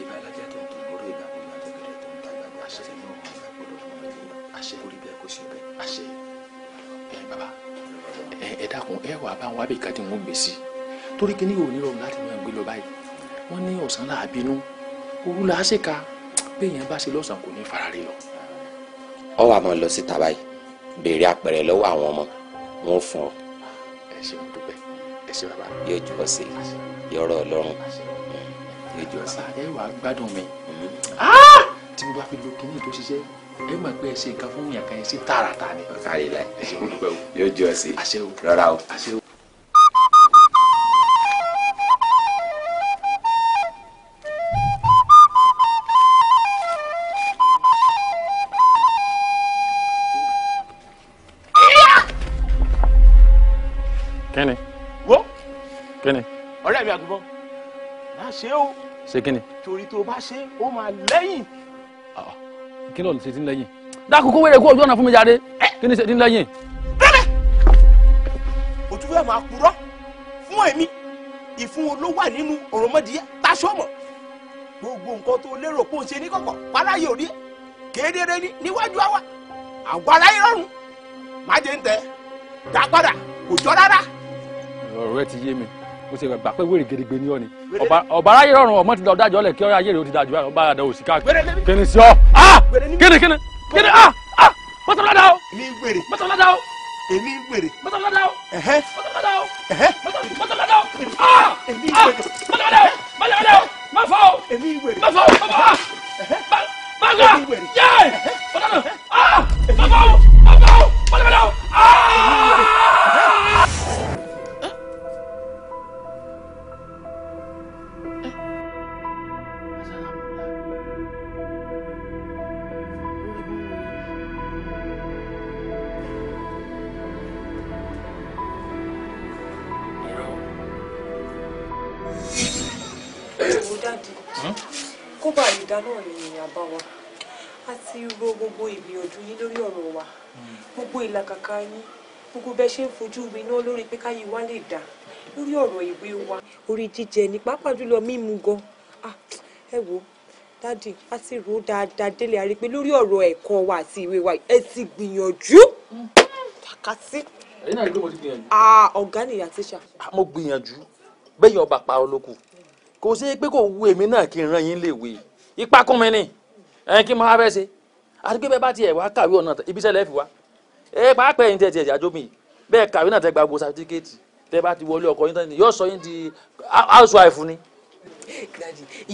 ibà alájà tó ń tó lórí ìgbà gbogbo àtẹ̀gẹ̀rẹ̀ tó ń ta gbàgbọ́ àṣẹ ní ọmọ ìgbà gbọdọ̀ fún mi àṣẹ orí bẹ́ẹ̀ kó ṣe bẹ́ẹ̀ àṣẹ ẹ bàbá ẹ dákun ẹ wà bá wọn àbí ìkàdé wọn gbèsè torí kí ni yóò ní rọrùn láti máa gbé lọ báyìí wọn ní ọ̀sán làá bínú òru làá ṣèkà bá ṣe lọ́sàn kò ní fara rí lọ ọ wà máa lọ síta báyìí béèrè àpẹẹrẹ lọ́wọ́ àwọn ọmọ wọn ò fún ọ. ẹ ṣe mo dúpẹ́ ẹ ṣe bàbá. yóò jọ sí yọrọ Ọlọ́run yóò jọ sí. ẹ wà á gbádùn mi mm-hmm. ah! tí mo bá fi lo kinní tó ṣiṣẹ́ ẹ mọ̀ pé ẹ ṣe nǹkan fún ìyàkà yẹn sí tààràtà ni. ọ̀kàrí la yóò jọ sí rárá o. àgùnbọn má ṣe o. ṣe kí ni. torí tó bá ṣe ó máa lẹ́yìn. Ah, ah. kí ló ṣe ti ń lẹ́yìn. dákúkú wẹ̀rẹ̀ kó ojú ọ̀nà fún mi jáde kí ni ṣe ti ń lẹ́yìn. rẹ́rẹ́ òtún fẹ́ máa purọ́ fún èmi ìfún ló wà nínú òròmọdìyẹ táṣọmọ gbogbo nǹkan tó lérò kó o ṣe ní kọ̀kọ̀ paráyé òrí kéderé níwájú àwa àwọn aráyé rọrùn má jẹ́ ń tẹ̀ dá padà kò jọ rárá. ọ̀rọ̀ rẹ ti yé mi mo ṣe gbà pé wèrè gèdègbè ni ọ ni ọba aráyé rọrùn ọmọ ti da ọdájọ lẹ kí ọyọ ayé rẹ ó ti da jù báyìí ọba àdá òsì káàkiri kíni sí ọ kíni kíni kíni ah ah mọtọlọdà o mọtọlọdà o èmi ń wèrè mọtọlọdà o mọtọlọdà o mọtọlọdà o ah ah mọtọlọdà o mọtọlọdà o má fọ o má fọ o ah! má fọ o má gbà yẹ mọtọlọdà ah má fọ o má fọ o mọtọlọdà o. ti ro gbogbo ìgbìyànjú yín lórí ọ̀rọ̀ wa hmm. gbogbo ìlàkàkà yín gbogbo bẹ́ẹ̀ ṣe ń fojú mi náà lórí pé káyé wa lè dà lórí ọ̀rọ̀ ìwé wa. orí jíjẹ ni pàápàá jùlọ mímu gan ah, ẹ wo dádì a ti rò ó dáadáa délé àrí pé lórí ọ̀rọ̀ ẹ̀kọ́ wa àti ìwé wa ẹ ti gbìyànjú kàkàtì. ẹ̀yin náà ló mo ti gbìyànjú. Ah, ọ̀gá nìyà tíṣà. Ah, mo gbìyànjú bẹ́ẹ̀ ọba pa olóko kò sí pé kò wú èmi náà kí n rán yín léwe ipá kún mi ni ẹ̀ kí n máa fẹ́ ṣe àti pé bẹ́ẹ̀ bá tiẹ̀ wá kàwé ọ̀nà ibi iṣẹ́ lẹ́fì wá ẹ pàápẹ́ yín tẹ̀ tiẹ̀ jájó mi bẹ́ẹ̀ kàwé náà tẹ gba gbogbo sàtífíkẹ́ẹ̀tì tẹ bá ti wọlé ọkọ yín tán yóò sọ yín di housewife ni.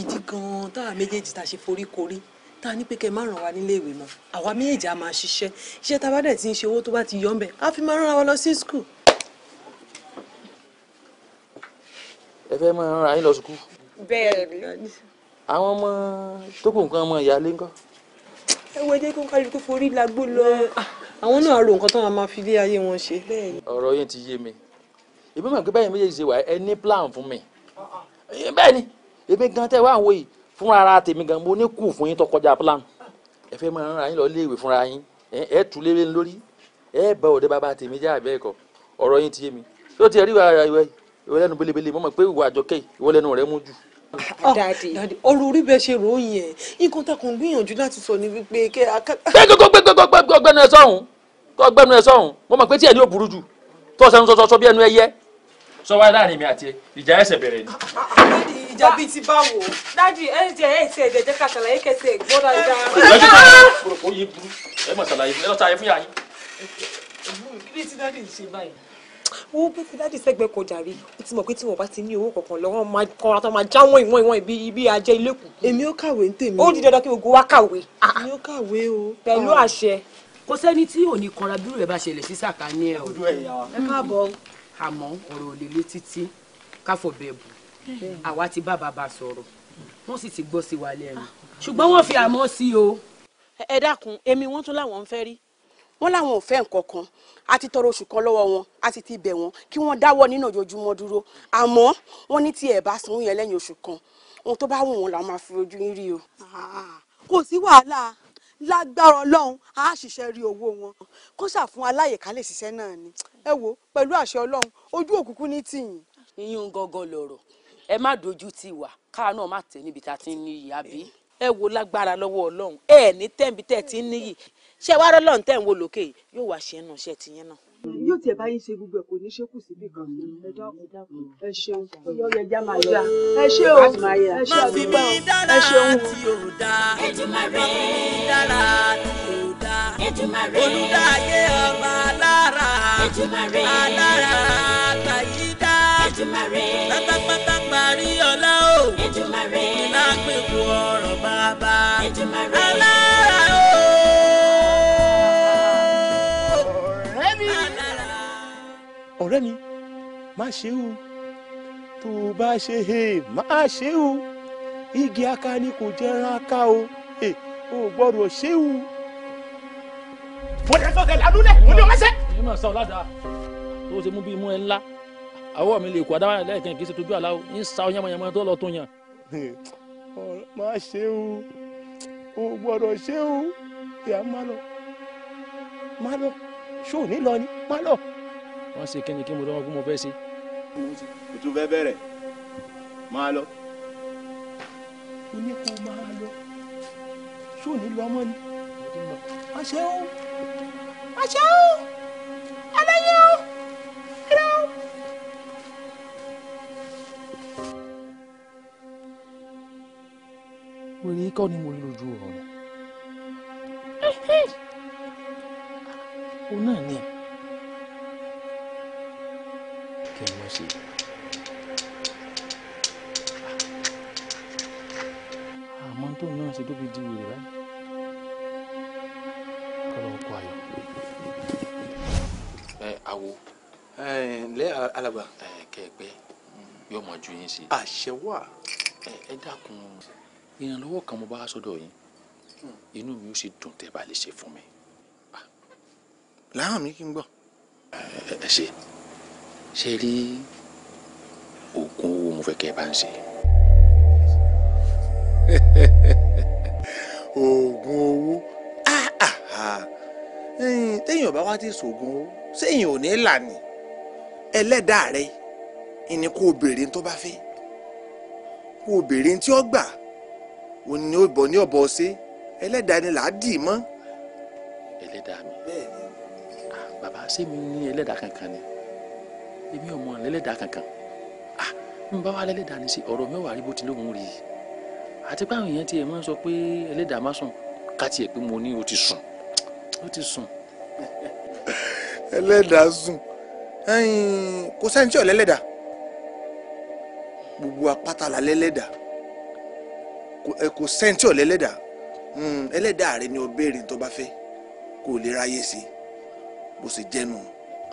ìdí gan-an tá a méjèèjì tá a ṣe foríkorí tá a ní pé kẹ má ràn wá nílé ìwé mọ́ àwa méjèèjì a máa ṣiṣẹ́ iṣẹ́ tá a bá dẹ̀ ti ń ṣe owó tó bá ti yọ ńbẹ a fi máa rán wa lọ sí school. ẹ fẹ́ máa rán ara yín lọ sùkúù. bẹ́ẹ̀ ni. àwọn ọmọ tó kù nǹkan ọmọ ìyáálé ńkọ́ ẹ wo jẹ́ kí n kálukú forí lagbó lọ. àwọn náà ro nǹkan tó máa ma fi lé ayé wọn ṣe. ọ̀rọ̀ yẹn ti yé mi èmi mọ̀ pé báyìí méjèèjì ṣe wà ẹ plan fún mi bẹ́ẹ̀ ni èmi gan tẹ́ wá àwọn yìí fúnra ara tèmi gan mo ní kù fún yín tó plan ẹ fẹ́ máa rán yín lọ léèwé fúnra yín ẹ tú léré lórí ẹ bá òde bàbá tèmi jẹ́ àbẹ́ ẹ̀kọ́ ọ̀rọ̀ yín ti yé mi tó ti rí ìwà ìwà ìwà lẹ́nu belebele mo mọ̀ pé ìwà àjọkẹ́ ìwọ lẹ́nu rẹ mú jù Ah, ah, dadi ọ̀rọ̀ orí bẹ́ẹ̀ ṣe ròyìn ẹ̀ nǹkan tá a kàn gbìyànjú láti sọ ni wípé kẹ́ a. gbẹ́gbẹ́ gbẹ́gbẹ́ gbẹ́gbẹ́nu ẹ sọ́hún gbẹ́gbẹ́nu ẹ sọ́hún mo mọ̀ pé tí ẹ̀ ní ò burú jù tó sẹ́nu sọ́sọ́ bí ẹnu ẹ yẹ. sọ wáyé láàrin mi àti ìjà ẹsẹ̀ bẹ̀rẹ̀ ni. Ah, ìjà bíi ti bá wò dadi ẹ jẹ ẹ ti ẹ̀jẹ̀ jẹ́ ká ṣàlàyé kẹsì ẹ̀ gbọ́ dáadáa wo gbé fi dáàdì sẹ́gbẹ́ kan jàre ó ti mọ̀ pé tí wọ́n bá ti ní owó kankan lọ́wọ́ máa kọ́ra tó máa jáwọ́ ìwọ̀n ìwọ̀n ibi ibi ajẹ́ ilé kù. èmi ó kàwé ń tèmi. ó di dandan kí gbogbo wa kàwé. èmi ó kàwé o. pẹ̀lú ah. àṣẹ. kò sẹ́ni tí ò kanra bí rẹ̀ bá ṣẹlẹ̀ sí sàkání ẹ̀ o. ẹ káàbọ̀. àmọ́ ọ̀rọ̀ ò lè lé títí káfọ̀ bẹ́ẹ̀ bù àwa ti bá bàbá sọ̀rọ̀ wọ́n sì ti gbọ́ sí wa lẹ́nu ṣùgbọ́n wọ́n fi àmọ́ sí o. ẹ dákun èmi wọ́n tún láwọn ń fẹ́ rí wọ́n láwọn ò fẹ́ nǹkan kan a ti tọrọ oṣù kan lọ́wọ́ wọn a sì ti bẹ̀ wọ́n kí wọ́n dáwọ́ nínú ojoojúmọ́ dúró àmọ́ wọ́n ní tí ẹ̀ bá sanwó yẹn lẹ́yìn oṣù kan ohun tó bá wù wọ́n làwọn máa fi ojú yín rí o. Ah, kò sí wàhálà lágbára ọlọ́run a ṣiṣẹ́ rí owó wọn kó ṣàfún aláyè ká lè ṣiṣẹ́ náà ni ẹ wo pẹ̀lú àṣẹ ọlọ́run ojú òkùnkùn ní tìyìn. iyún gangan lọ̀rọ̀ ẹ má dojú tì wá káà náà má tẹ̀ níbi tá a ti ń níyì àbí ẹ wo lágbára lọ́wọ́ ọlọ́run ẹ ní tẹ́ǹbì tẹ́ ti ń níyì ṣé wàá rọ́lọ́run tẹ́ ń wo lókè yóò wá ṣe é nu iṣẹ́ tiyẹn náà. yóò tiẹ̀ báyìí ṣe gbogbo ẹ̀ kò ní ṣe kù síbì kan ẹ ṣeun yọ ẹ já máa yá ẹ ṣe o ẹ ṣe àdúgbò ẹ ṣeun. Èdùmàrè dára tí olùdáyé ọba alára alára àtàyídá pátápátá parí ọlá o iná pèkú ọ̀rọ̀ bàbá alára o. ọ̀rẹ́ mi má ṣe o tó o bá ṣe é má ṣe o igi aka ni kò jẹran aka o o gbọ́dọ̀ ṣe o. mo lè sọ̀tẹ̀ lálúlẹ̀ mo ní o mẹ́sẹ̀. èyí máa sọ ọ̀làdà tó o ṣe mú bí imú ẹ ńlá àwọ̀ mi lè kó adáwà lẹ́ẹ̀kan kì í ṣe tójú àlá o ń sa ọyàmọyàmọ tó lọ tó yàn. má ṣe o o gbọ́dọ̀ ṣe o ìyá má lọ má lọ ṣó ní lọ ni má lọ. wọ́n ṣe kí ni kí mo dánwó fún mo fẹ́ ṣe. o tún fẹ́ bẹ̀rẹ̀ máa lọ. o ní kó máa lọ ṣó ní lọ mọ́ ni. má ṣe o má ṣe o ẹlẹ́yin o. wèrè ikọ́ ni mo rí lójú ọ̀rọ̀ o náà ni kí n má ṣe. àmọ́ tó náà ṣe tó fi di wèrè báyìí kọ́ lọ́wọ́ kó ayọ̀. ẹ awo lẹ́ alàgbà kẹ̀gbẹ́ yóò mọ̀ ju yín sí. àṣẹ ẹ dákun ìrànlọ́wọ́ kan mo bá wá sọ́dọ̀ yín hmm. inú mi ó sì dùn tẹ́ bá lè ṣe fún mi. Ah. láwọn mi kí n gbọ́. ẹ ṣe ṣe rí oògùn owó mo fẹ́ kẹ́ ẹ bá ń ṣe. oògùn owó ah, ah, téèyàn bá wá ti sògùn owó séèyàn ò ní là ní ẹlẹ́dàá rẹ ìní kó o béèrè tó bá fẹ́ kó o béèrè tí ó gbà òun ni ó bọ̀ ní ọ̀bọ̀ ṣe ẹlẹ́dàá ni là á dì í mọ́. ẹlẹ́dàá mi bàbá ṣé mi ní ẹlẹ́dàá kankan ni èmi ò mọ̀ lẹ́lẹ́dàá kankan n bá wa lẹ́lẹ́dàá ni ṣe ọ̀rọ̀ mẹ́wàá rí bó ti lóhùn rí i àti pé àwọn èèyàn tiẹ̀ máa ń sọ pé ẹlẹ́dàá má sùn ká tiẹ̀ pé mo ní o ti sùn o ti sùn. ẹlẹ́dàá sùn kò sẹ́ni tí ò lẹ́lẹ́dàá gbogbo apátá la lẹ́lẹ́dàá kò eh, sẹ́ńtì ọ̀lẹ́lẹ́dà hmm, ẹlẹ́dà rẹ ni o béèrè tó bá fẹ́ kó o lè ráyè sí bó ṣe jẹ́nu.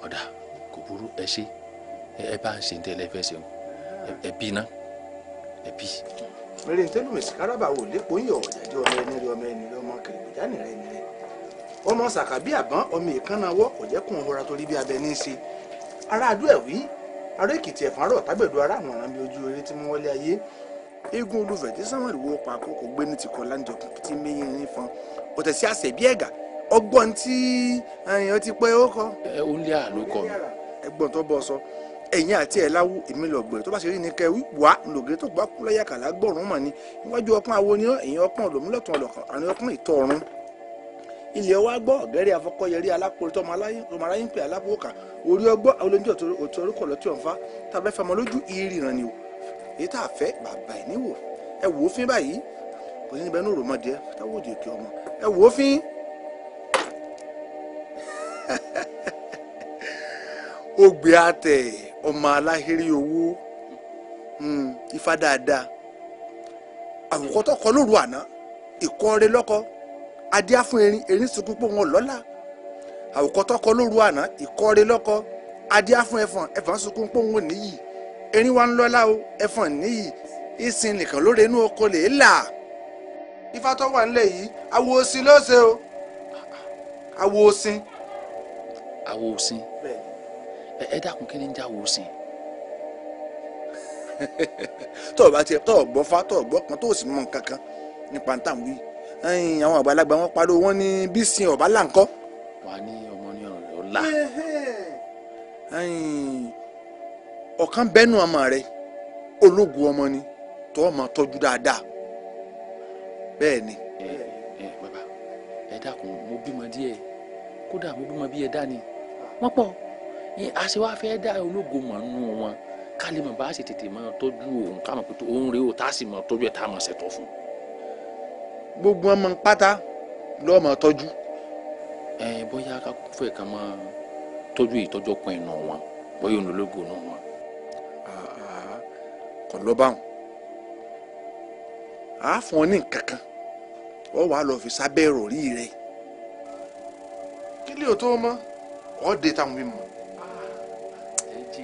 ọ̀dà kò burú ẹ ṣe ẹ bá ń ṣe ní tẹ́lẹ̀ fẹ́ ṣeun ẹ bí iná ẹ bí. mèrè ń tẹ́lùmí sìkáràbà wò lépo ń yọ ọ̀jàjẹ́ ọmọ ẹni rẹ ọmọ ẹni rẹ ọmọ kìrìbìjà nìrẹ ẹni rẹ ọmọ sàkàbí àbọ̀n ọmọ ìkànnàwọ́ ọ̀jẹ̀kùn ọ̀hóra torí bí abẹ ní í ṣe ará adúẹ̀ wí ará ẹ̀fọn arọ̀ tágbẹ̀dọ̀ ará àwọn ọ̀ràn bíi ojú eré tí wọ́n wọlé ayé eégún olùfẹ́ tí samuel wo pa àkókò gbé ní ti kọ láńjọ tí mẹyìn ní fọn ọ̀tẹ̀ sí àṣẹ bí ẹ̀gà ọgbọ́n tí ẹ̀yìn ti pẹ́ ó kọ. ẹ ó ń lé àlọ́ kọ mi. ẹ̀gbọ́n tó bọ sọ ẹ̀yin àti ẹ láwù èmi lọgbẹ tó bá ṣe rí ni kẹ wá lògì tó gbà kú lọyà kàlá gbọrun mọ ni níwájú ọpọ́n awo ni ẹ̀yin ọpọ́n olòmúlọtàn ọlọkàn àní ọpọ́n ìtọ ọrùn ilé wa gbọ́ ọ̀gẹ́rẹ́ afọkọ́yẹrí alápòrí tọmọ aráyé ń pè alápòkà orí ọgbọ́ olóńjọ́ òtò orúkọ lọ́tí ọ̀nfà tàbí fẹmọ lójú ìrìnà ni o èyí tá a fẹ́ bàbá ẹ̀ níwò ẹ wò ó fín báyìí kò sí níbẹ̀ ní òròmọdìẹ táwọn òdì òkè ọmọ ẹ wò ó fín. ògbé àtẹ ọmọ aláhírí owó hmm, ifá dáadáa àwòkọ́ tó kọ lóru àná ìkọ́re lọ́kọ adíá fún erin erin sunkún pé wọn lọ́la àwòkọ́ tó kọ lóru àná ìkọ́re lọ́kọ adíá fún ẹfọ̀n ẹfọ̀n sunkún pé wọn níyì erin wa ń lọ́lá o ẹ̀fọ̀n níyì ìsìn nìkan lóore inú oko lè là ifá tó wà nílẹ̀ yìí awo osin ló ṣe o awo osin. awo osin ẹ dákun kí ni ń jẹ́ awo osin. tọ́ ọ bá tiẹ̀ tọ́ ọ gbọ́ fa tọ́ ọ gbọ́ kan tó o sì mọ nǹkan kan nípa ń tàn wí àwọn àgbàlagbà wọn pariwo wọn ní bí sin ọ̀bá là wà á ní ọmọ ní ọ̀rọ̀ lọ́la ọ̀kan bẹ́nu ọmọ rẹ ológun ọmọ ni tó ọmọ tọ́jú dáadáa bẹ́ẹ̀ ni. ẹ ẹ bàbá ẹ dákun mo bímọ díẹ̀ kódà mo bímọ bí ẹ dá ni wọ́n pọ̀ àṣewá fẹ́ dá ológun mọ̀ nù wọn kálí mọ̀ bá a sì tètè mọ̀ tọ́jú òun ká mọ̀ pé òun rèé o tá a sì mọ̀ tọ́jú ẹ̀ tá a mọ̀ ṣẹ̀tọ́ fún. gbogbo ọmọ pátá lọ́ọ́ mọ̀ tọ́jú. ẹ bóyá ká fẹ́ kàn mọ́ tọ́jú ìtọ́jọ́ pọ̀ wọn bóyá ológun náà wọn kò lọ báwọn á fún ọ ní nǹkan kan ọ wàá lọ fi sábẹ́ ìròrí rẹ kí lè o tó mọ ọ dé táwọn bí mọ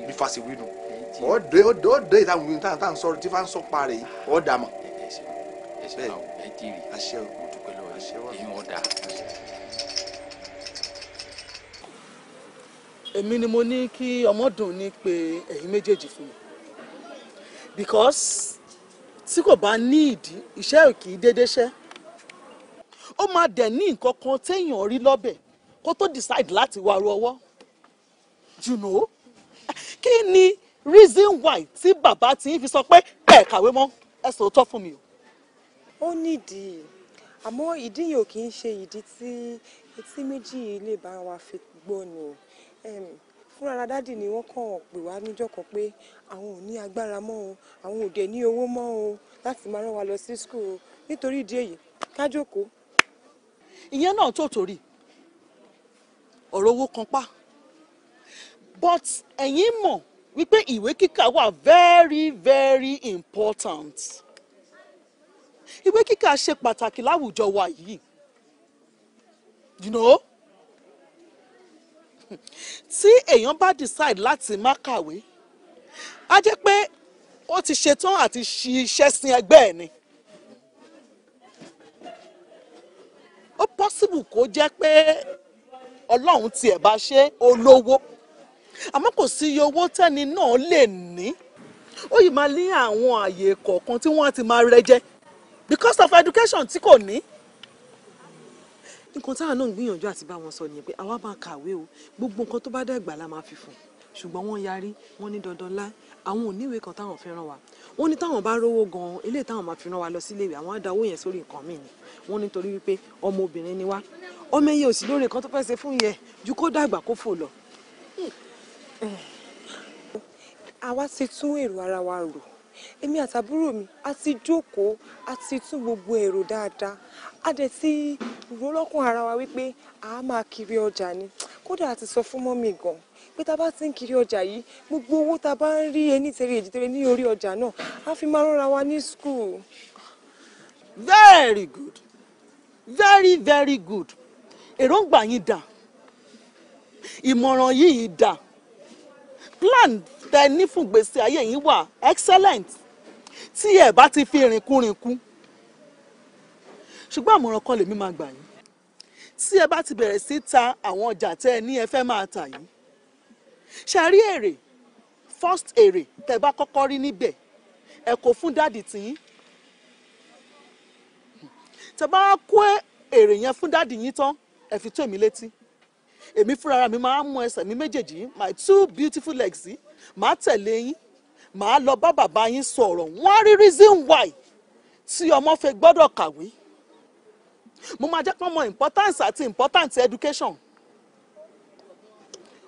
bí fásitì wí nù ọ dé ọ dé táwọn bí mọ táwọn táwọn sọ̀rọ̀ tí fáwọn sọ pa ọ dà mọ o èyí èmi ni mo ní kí ọmọdún ní pé ẹ̀yin méjèèjì fún mi because tí kò bá ní ìdí iṣẹ́ ò kì í déédéé ṣẹ́ ó máa dẹ̀ ní nǹkan kan téèyàn rí lọ́bẹ̀ kó tó decide láti wá ru ọwọ́ you know kí ni reason why tí bàbá ti ń fi sọ pé ẹ kàwé mọ́ ẹ sòótọ́ fún mi o. ó nídìí àmọ́ ìdí yìí ò kì í ṣe ìdí tí etí méjì ilé bá wa fi gbọ́ ni fúnra dádì ni wọ́n kàn pè wá níjọ́ kan pé àwọn ò ní agbára mọ́ o àwọn ò dẹ̀ ní owó mọ́ o láti máa rán wa lọ sí school o nítorí ìdí èyí ká ìyẹn náà tó torí ọ̀rọ̀ owó kan pa but ẹ̀yin mọ̀ wípé ìwé kíkà wà very very important ìwé kíkà ṣe pàtàkì láwùjọ wa yìí you know tí èèyàn bá decide láti má kàwé á jẹ́ pé ó ti ṣetán àti ṣiṣẹ́ sin ẹgbẹ́ ẹ̀ ni. ó possible kó jẹ́ pé ọlọ́run tiẹ̀ bá ṣe olówó àmọ́ kò sí iye owó tẹ́ni náà lè ní ó yìí máa ní àwọn àyè kọ̀ọ̀kan tí wọ́n á ti máa rẹ because of education tí kò ní nǹkan táwọn náà ń gbìyànjú àti bá wọn sọ nìyẹn pé àwa máa kàwé o gbogbo nǹkan tó bá dẹ̀gbà la máa fi fún ṣùgbọ́n wọ́n yarí wọ́n ní dandan lá àwọn oníwèé kan táwọn fi ràn wá wọ́n ní táwọn bá rówó gan eléyìí táwọn máa fi ràn wá lọ sílé ìwé àwọn á da owó yẹn sórí nǹkan míì ni wọ́n nítorí wípé ọmọ obìnrin ni wá ọmọ ẹyẹ òsì lórí nǹkan tó fẹ́ ṣe fún yẹ ju kó dàgbà kó fò lọ. àwa ti tún èrò ara wa rò èmi àtàbúrò mi a ti jókòó a ti tún gbogbo èrò dáadáa a dẹ̀ ti rò ara wa wípé a máa kiri ọjà ni kódà a sọ fún mọ́mì gan pé tá bá ti ń kiri ọjà yìí gbogbo owó tá bá ń rí ẹni tẹ̀rẹ̀ èjì ní orí ọjà náà a fi máa rọra wa ní school. very good very very good èròǹgbà yín dà ìmọ̀ràn yìí dà plan tẹ ní fún gbèsè ayé yín wà excellent tí ẹ bá ti fi rìnkúrìnkún ṣùgbọ́n àmọ̀ràn kan lèmi máa gbà yín tí ẹ bá ti bẹ̀rẹ̀ sí ta àwọn ọjà tẹ́ ẹ ní ẹ fẹ́ máa tà yìí ṣe èrè first èrè tẹ́ bá kọ́kọ́ rí níbẹ̀ ẹ kò fún dáàdì tìyín tẹ́ bá kó èrè yẹn fún dáàdì yín tán ẹ fi tó èmi létí èmi fúnra mi máa ń mú ẹsẹ̀ mi méjèèjì my two beautiful legs yìí màá tẹ̀lé yín màá lọ bá bàbá yín sọ̀rọ̀ wọ́n á rí reason why tí ọmọ fẹ́ gbọ́dọ̀ kàwé mo máa jẹ́ kán mọ importance àti importance education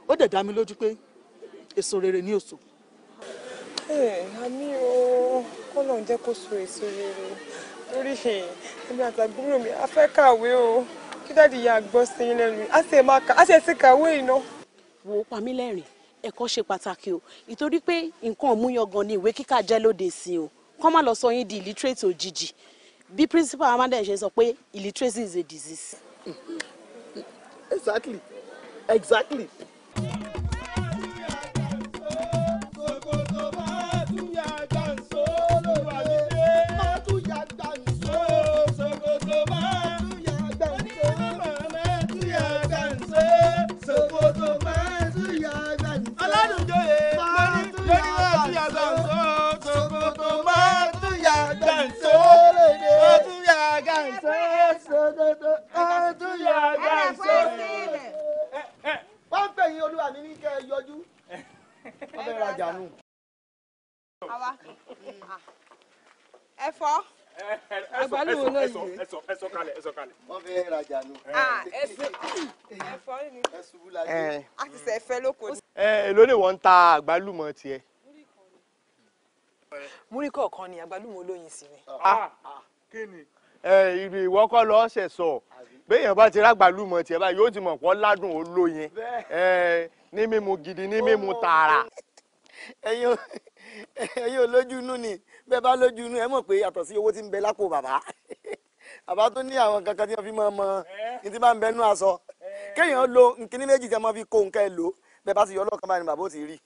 ó dẹ̀ dá mi lójú pé èso rere ní oṣù. Eh, àmì o kọ́nà ń jẹ́ kó so èso rere lórí ẹ̀mí àtàgbúrò mi a fẹ́ kàwé o kí dáàdi yà gbọ́ sí i lẹ́nu a sì máa kà á sì ti kàwé iná. wo Pamílẹ́rìn ẹ̀kọ́ ṣe pàtàkì o ìtorí pé nǹkan ọ̀múyangan ni ìwé kíkà jẹ́ lóde sí o kọ́ má lọ sọ yín di illiterate òjijì bí principal amanda ṣe sọ pé illiteracy is a disease. exactly exactly wọ́n ń pè yín yìí ẹ̀sọ̀ ẹ̀sọ̀ kalẹ̀ ẹ̀sọ̀ kalẹ̀. wọ́n rajà nù. ẹ̀fọ́ ni a ti sẹ̀ fẹ́ lóko. ẹ èló ni ń ta àgbálùmọ̀ tiẹ̀. múrí kọ̀ọ̀kan ni àgbálùmọ̀ olóyin sí ni. kí ni ìwọ kọ́ lọ ṣẹ̀ sọ béèyàn bá ti rágbàlúmọ̀ tiẹ̀ báyìí yóò ti mọ̀ pọ́ ládùn olóyin ní mímu gidi ní mímu tààrà. ẹ̀yin olójú inú ni bẹ́ẹ̀ bá lójú inú ẹ mọ̀ pé yàtọ̀ sí owó tí ń bẹ lápò bàbá bàbá tó ní àwọn kankan tí wọ́n fi máa mọ ní ti máa ń bẹnu aṣọ kéèyàn lo nkíní méjì tí wọ́n fi kó nǹkan ẹ̀ lò bẹ́ẹ̀ bá ti yọ ọlọ́kan báyìí ni bàbá ó ti rí.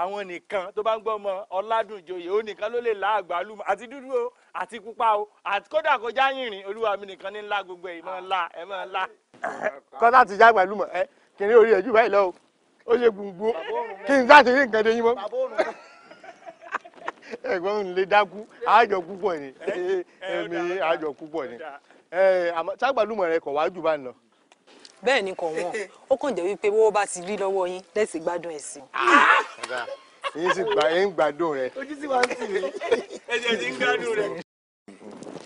àwọn nìkan tó bá ń gbọ́ ọmọ ọládùnjoyè ó nìkan ló lè la àgbálùmọ̀ àti dúdú o àti pupa o àti kódà kó já yìnrìn olúwa mi nìkan ní ńlá gbogbo ẹ̀ mọ́ ńlá ẹ̀ mọ́ ńlá. kọ́tà ti já pẹ̀lú mọ̀ ẹ́ kìnìún orí ẹ̀jú báyìí lọ o ó ṣe gbùngbùn kí n sáà ti rí nǹkan dé yín mọ́ ẹ̀gbọ́n mi lè dákú àjọ púpọ̀ ni èmi àjọ púpọ̀ ni ṣàgbàlùmọ̀ rẹ kọ̀ wá jù bá ń lọ. bẹ́ẹ̀ ni kò wọ́n ó kàn jẹ́ wípé bó bá ti rí lọ́wọ́ yín lẹ́sìn gbádùn ẹ̀ sí ah! yín sì gbà ń gbádùn rẹ. ojú sì wá ń sì mí. ẹ̀jẹ̀ ti ń gbádùn rẹ.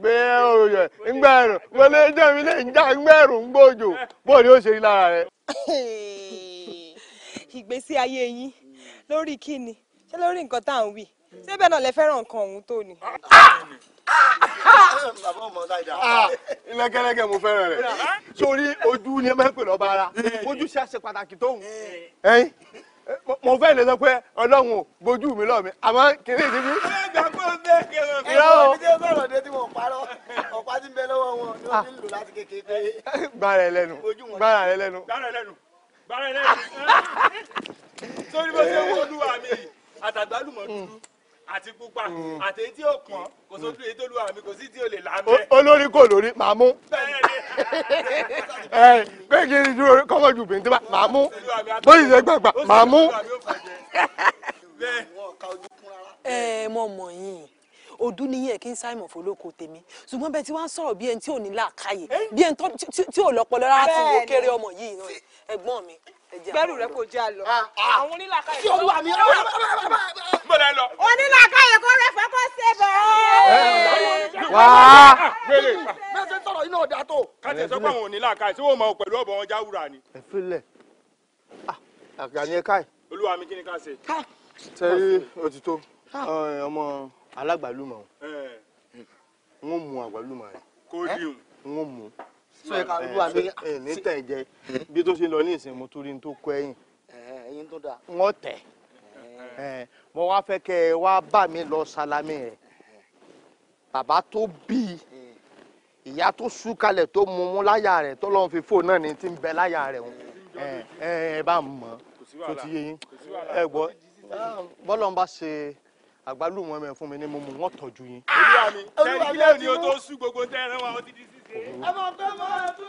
bẹ́ẹ̀ òòyẹ ńgbẹ́rùn wọlé ẹjọ́ mi lè ń já ńgbẹ́rùn ń gbòjò bó ni ó ṣe rí lára rẹ. ìgbésí ayé yín lórí kíni ṣé lórí nǹkan tá à ń wí ṣé bẹ́ẹ̀ náà lẹ fẹ́ràn nǹkan ọ̀hún tó ni. Ah! ilẹ̀kẹ̀lẹ̀kẹ̀ mo fẹ́ràn rẹ̀ sórí ojú ni ẹ máa ń pè lọ́ba ara ojú ṣe àṣẹ pàtàkì tóun mo fẹ́ lè sọ pé ọlọ́run gbójú mi lọ mi àmọ́ kìnìún ti bí. ọlọ́gbà kó o bẹ́ẹ̀ kẹrọ mi. ìrọ̀wọ́ ibi tí o sọ̀rọ̀ dé tí mo parọ́ ọ̀pá ti bẹ lọ́wọ́ wọn ni wọ́n ti lò láti kékeré gbára ẹ lẹ́nu gbára ẹ lẹ́nu. gbára ẹ lẹ́nu gbára ẹ lẹ́nu. sórí bó ṣe wọ́n olúwa mi àtàgbálùmọ̀ dúdú àti pupa mm. àti etí òpọn kò sójú èyí tó lu àmì kò sí tí o lè là mẹ. olórí kò lórí màá mú. ẹ pé kí n dúró kọ́mọ ju bèntè bá màá mú bóyì ṣe gbàgbà màá mú. ẹ mọ mọ yìí odu ni yẹn kí n sáré mọ̀ fọlọ́kọ tèmi ṣùgbọ́n bẹ́ẹ̀ tí wọ́n á sọ̀rọ̀ bí ẹni tí ò ní làákàyè bí ẹni tí ò lọ́pọlọ rárá tí kéré ọmọ yìí náà mi gbẹ́rù rẹ kò jẹ́ àlọ́. Ah, ah. àwọn onílàkà yìí. olúwa mi bọ̀dà lọ. onílàkà yìí kò rẹ fẹ́ kó ṣe bẹ́ẹ̀. wá. gbèrè mẹsẹ̀ sọ̀rọ̀ ọ̀dà tó. káti ẹ̀ sọ pé àwọn onílàkà yìí tí wọ́n mọ pẹ̀lú ọ̀bọ̀ wọn jáwúra ni. ẹ filẹ̀ ah, àgbà ni ẹ ká ẹ. olúwa mi kí ni ká ṣe. sẹ́yìn òtítọ́ ọmọ alágbàlúmọ̀ n mú àgbàlúmọ̀ rẹ̀. kó o dì sọ yẹ ká olúwa mi. ní tẹ̀ jẹ bí tó ṣe lọ ní ìsìn mo torí tó kọ ẹ̀yìn. ẹ̀yin tó dáa. wọ́n tẹ̀ mo wá fẹ́ kẹ́ ẹ wá bá mi lọ salami rẹ̀ bàbá tó bí ìyá tó sú kalẹ̀ tó mú mú láyà rẹ̀ tó lọ́n fi fò náà ní ti ń bẹ láyà rẹ̀ òun ẹ ẹ bá mọ̀ tó ti yé yín ẹ gbọ́ bọ́lọ̀ ń bá ṣe àgbálùmọ̀ mẹ́ fún mi ni mo mú wọ́n tọ́jú yín. olúwa mi olúwa ni o tó sú gbogbo tẹ́ ẹ ó ti di ẹ máa fẹ́ máa fẹ́.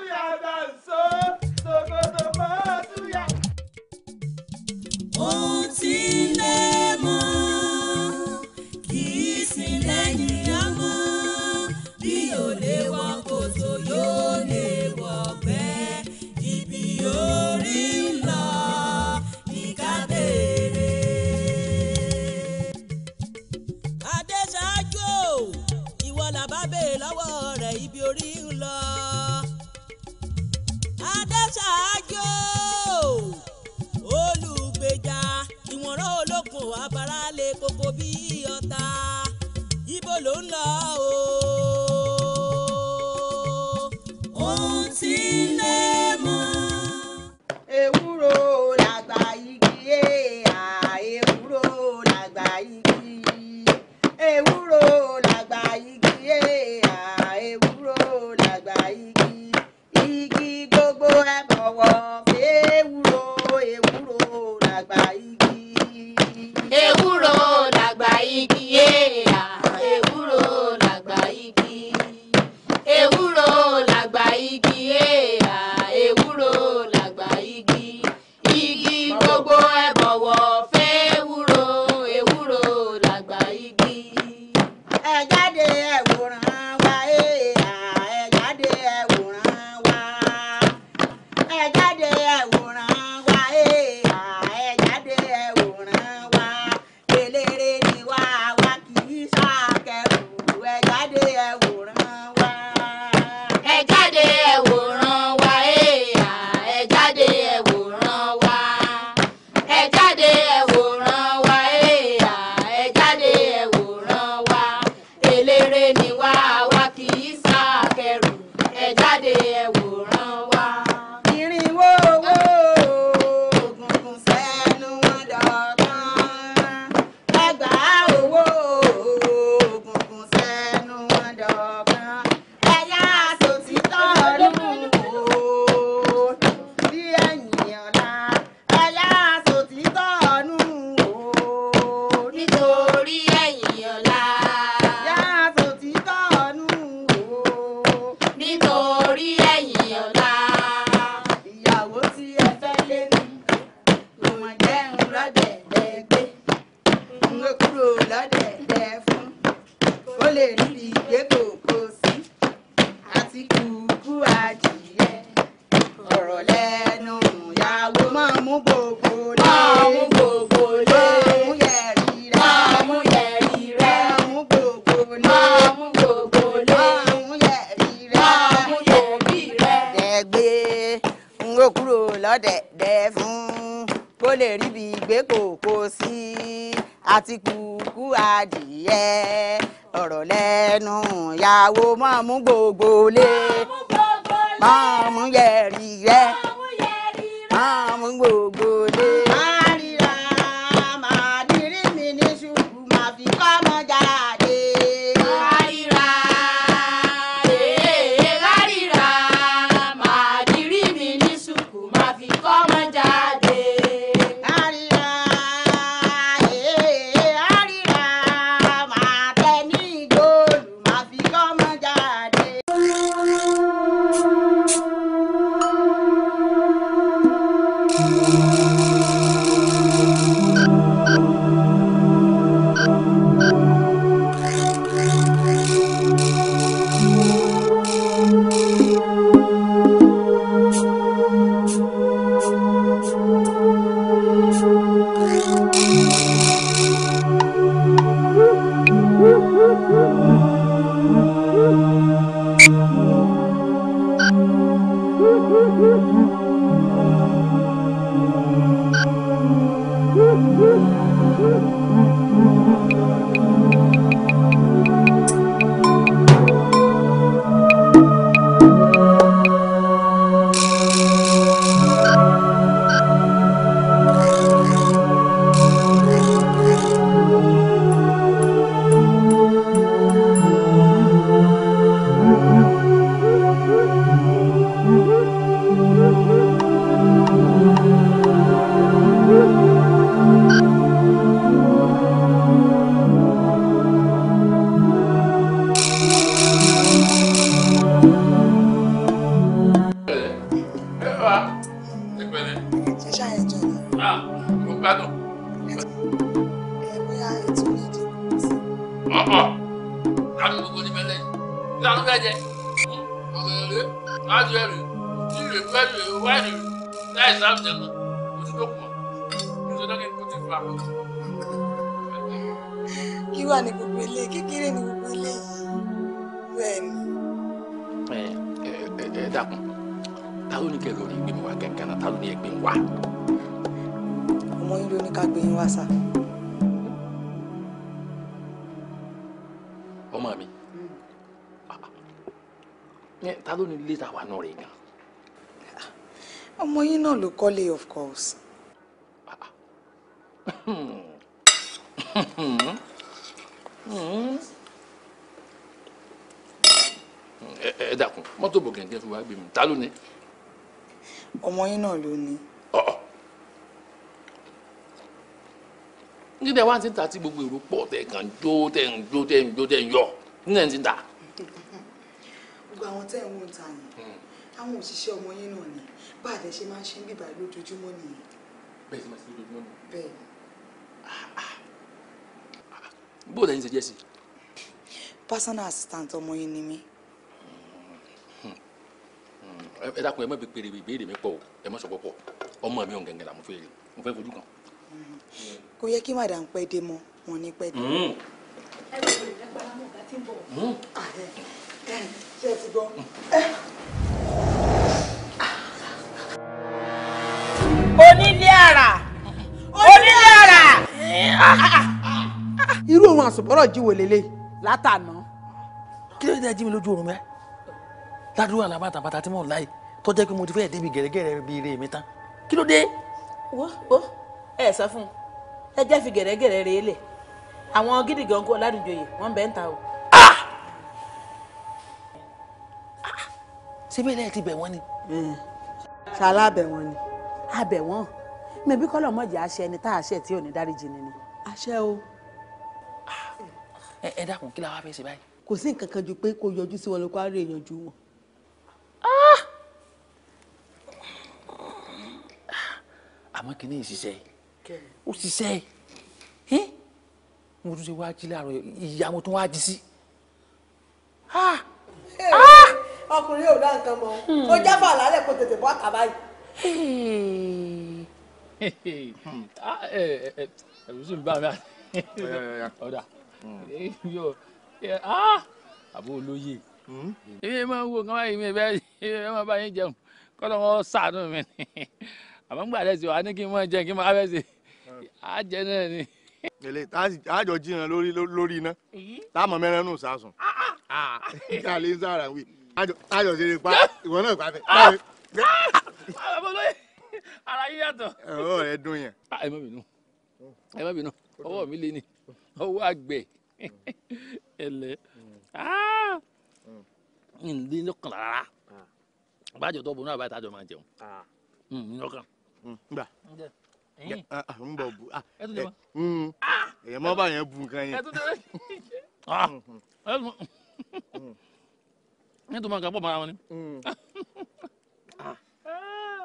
Kọ́lé of course. ẹ dákun mọ́tò bò gẹ̀ǹgẹ̀ fi wá gbé mi ta ló ní. ọmọ yín náà ló ní. nídẹ̀ wá ti ta tí gbogbo èrò pọ̀ tẹ̀ kàn jó tẹ̀ ń jó tẹ̀ ń jó tẹ̀ ń yọ nílẹ̀ ti ta. gbogbo àwọn tẹ́ ẹ̀ ń wò ń ta yẹn hmm. àwọn òṣìṣẹ́ ọmọ yín náà ni bá àdẹ ṣe máa ń ṣe ń bíbà lójoojúmọ́ nìyẹn. bẹ́ẹ̀ ṣe máa ṣe lójoojúmọ́ nìyẹn. bẹ́ẹ̀ ni. bó o lẹ́yìn ṣe jẹ́ sí. personal assistant ọmọ yín ni mí. ẹ dákun ẹ má fi pèrè ìbéèrè mi pọ̀ o ẹ má sọ pọ̀ pọ̀ ọmọ mi ò ń gẹ̀ngẹ̀ là mo fẹ́ rí mo fẹ́ fojú kan. Mm-hmm. kò yẹ kí màdà ń pẹ́ dé mọ́ wọn ní pẹ́ dé. Mm-hmm. ẹ wò lè rẹ́ paramọ́ gbọ́. Mm-hmm. Eh. onílé àrà onílé àrà. irú òun àsopọ̀rọ̀ jí wò lélẹ̀ látànà. kí ló dé jí mi lójú oorun mẹ́ ládùúgbò alábàtà bàtà tí mò ń láyè tó jẹ́ pé mo ti fẹ́ débi gẹ̀rẹ́gẹ̀rẹ́ bíi ire mi tán kí ló dé. wo wo ẹ sọ fún un ẹ jẹ́ fi gẹ̀rẹ́gẹ̀rẹ́ rèé lẹ̀ àwọn gidi gan kó Ọládùnjoyè wọ́n bẹ̀ ń ta o. Ah! Ah! síbẹ̀ lẹ́yìn ti bẹ̀ wọ́n ni. ṣàlàbẹ̀ wọ́n ni abẹ̀ wọ́n mẹ̀bí kọ́lọ̀ mọ̀jẹ̀ àṣẹ ẹni tá àṣẹ tí ò ní dáríjì ni ni. àṣẹ o. Ah, ẹ ẹ dákun kí la wá fẹ́ ṣe báyìí. kò sí nǹkan kan ju pé kó yọjú sí wọn lọ kó á rí ìyànjú wọn. Ah! àmọ́ kìíní ìṣiṣẹ́ ó ṣiṣẹ́ mo tún ṣe wá jí láàárọ̀ ìyá mo tún wá jí sí. Ah! ọkùnrin ò dá nǹkan mọ́ hmm. ó jábọ̀ àlálẹ̀ kó tètè bọ́ àkàbáyé ẹ̀rùsùn bá mi ọ̀dà àbó olóye èmi máa ń wo kán báyìí mi bẹ́ẹ̀ ẹ máa bá yín jẹun kọ́tọ̀ wọn sàánú mi àmọ́ ń gbàdẹ́ sí wa ní kí n máa jẹ kí n máa bẹ́ẹ̀ sí àjẹ náà ni. èlé àjọ jiyàn lórí lórí iná táàmù mẹ́rin nù sásùn kí alẹ́ ń sára wí àjọ ṣe lè pa ìwọ náà pàtẹ́ ara yín yàtọ̀. ọwọ́ rẹ dùn yẹn. ẹ má bínú ẹ má bínú ọwọ́ mi lé ní ọwọ́ àgbẹ̀ ẹlẹ ǹdí lọ́kàn rárá bájọ tó bunú àbáyé tájọ máa jẹun lọ́kàn. gbà n bọ bu èyàn má bàa yẹn bu nǹkan yẹn. ẹ tún mọ nǹkan pọ̀ mọ́ra wọn ni.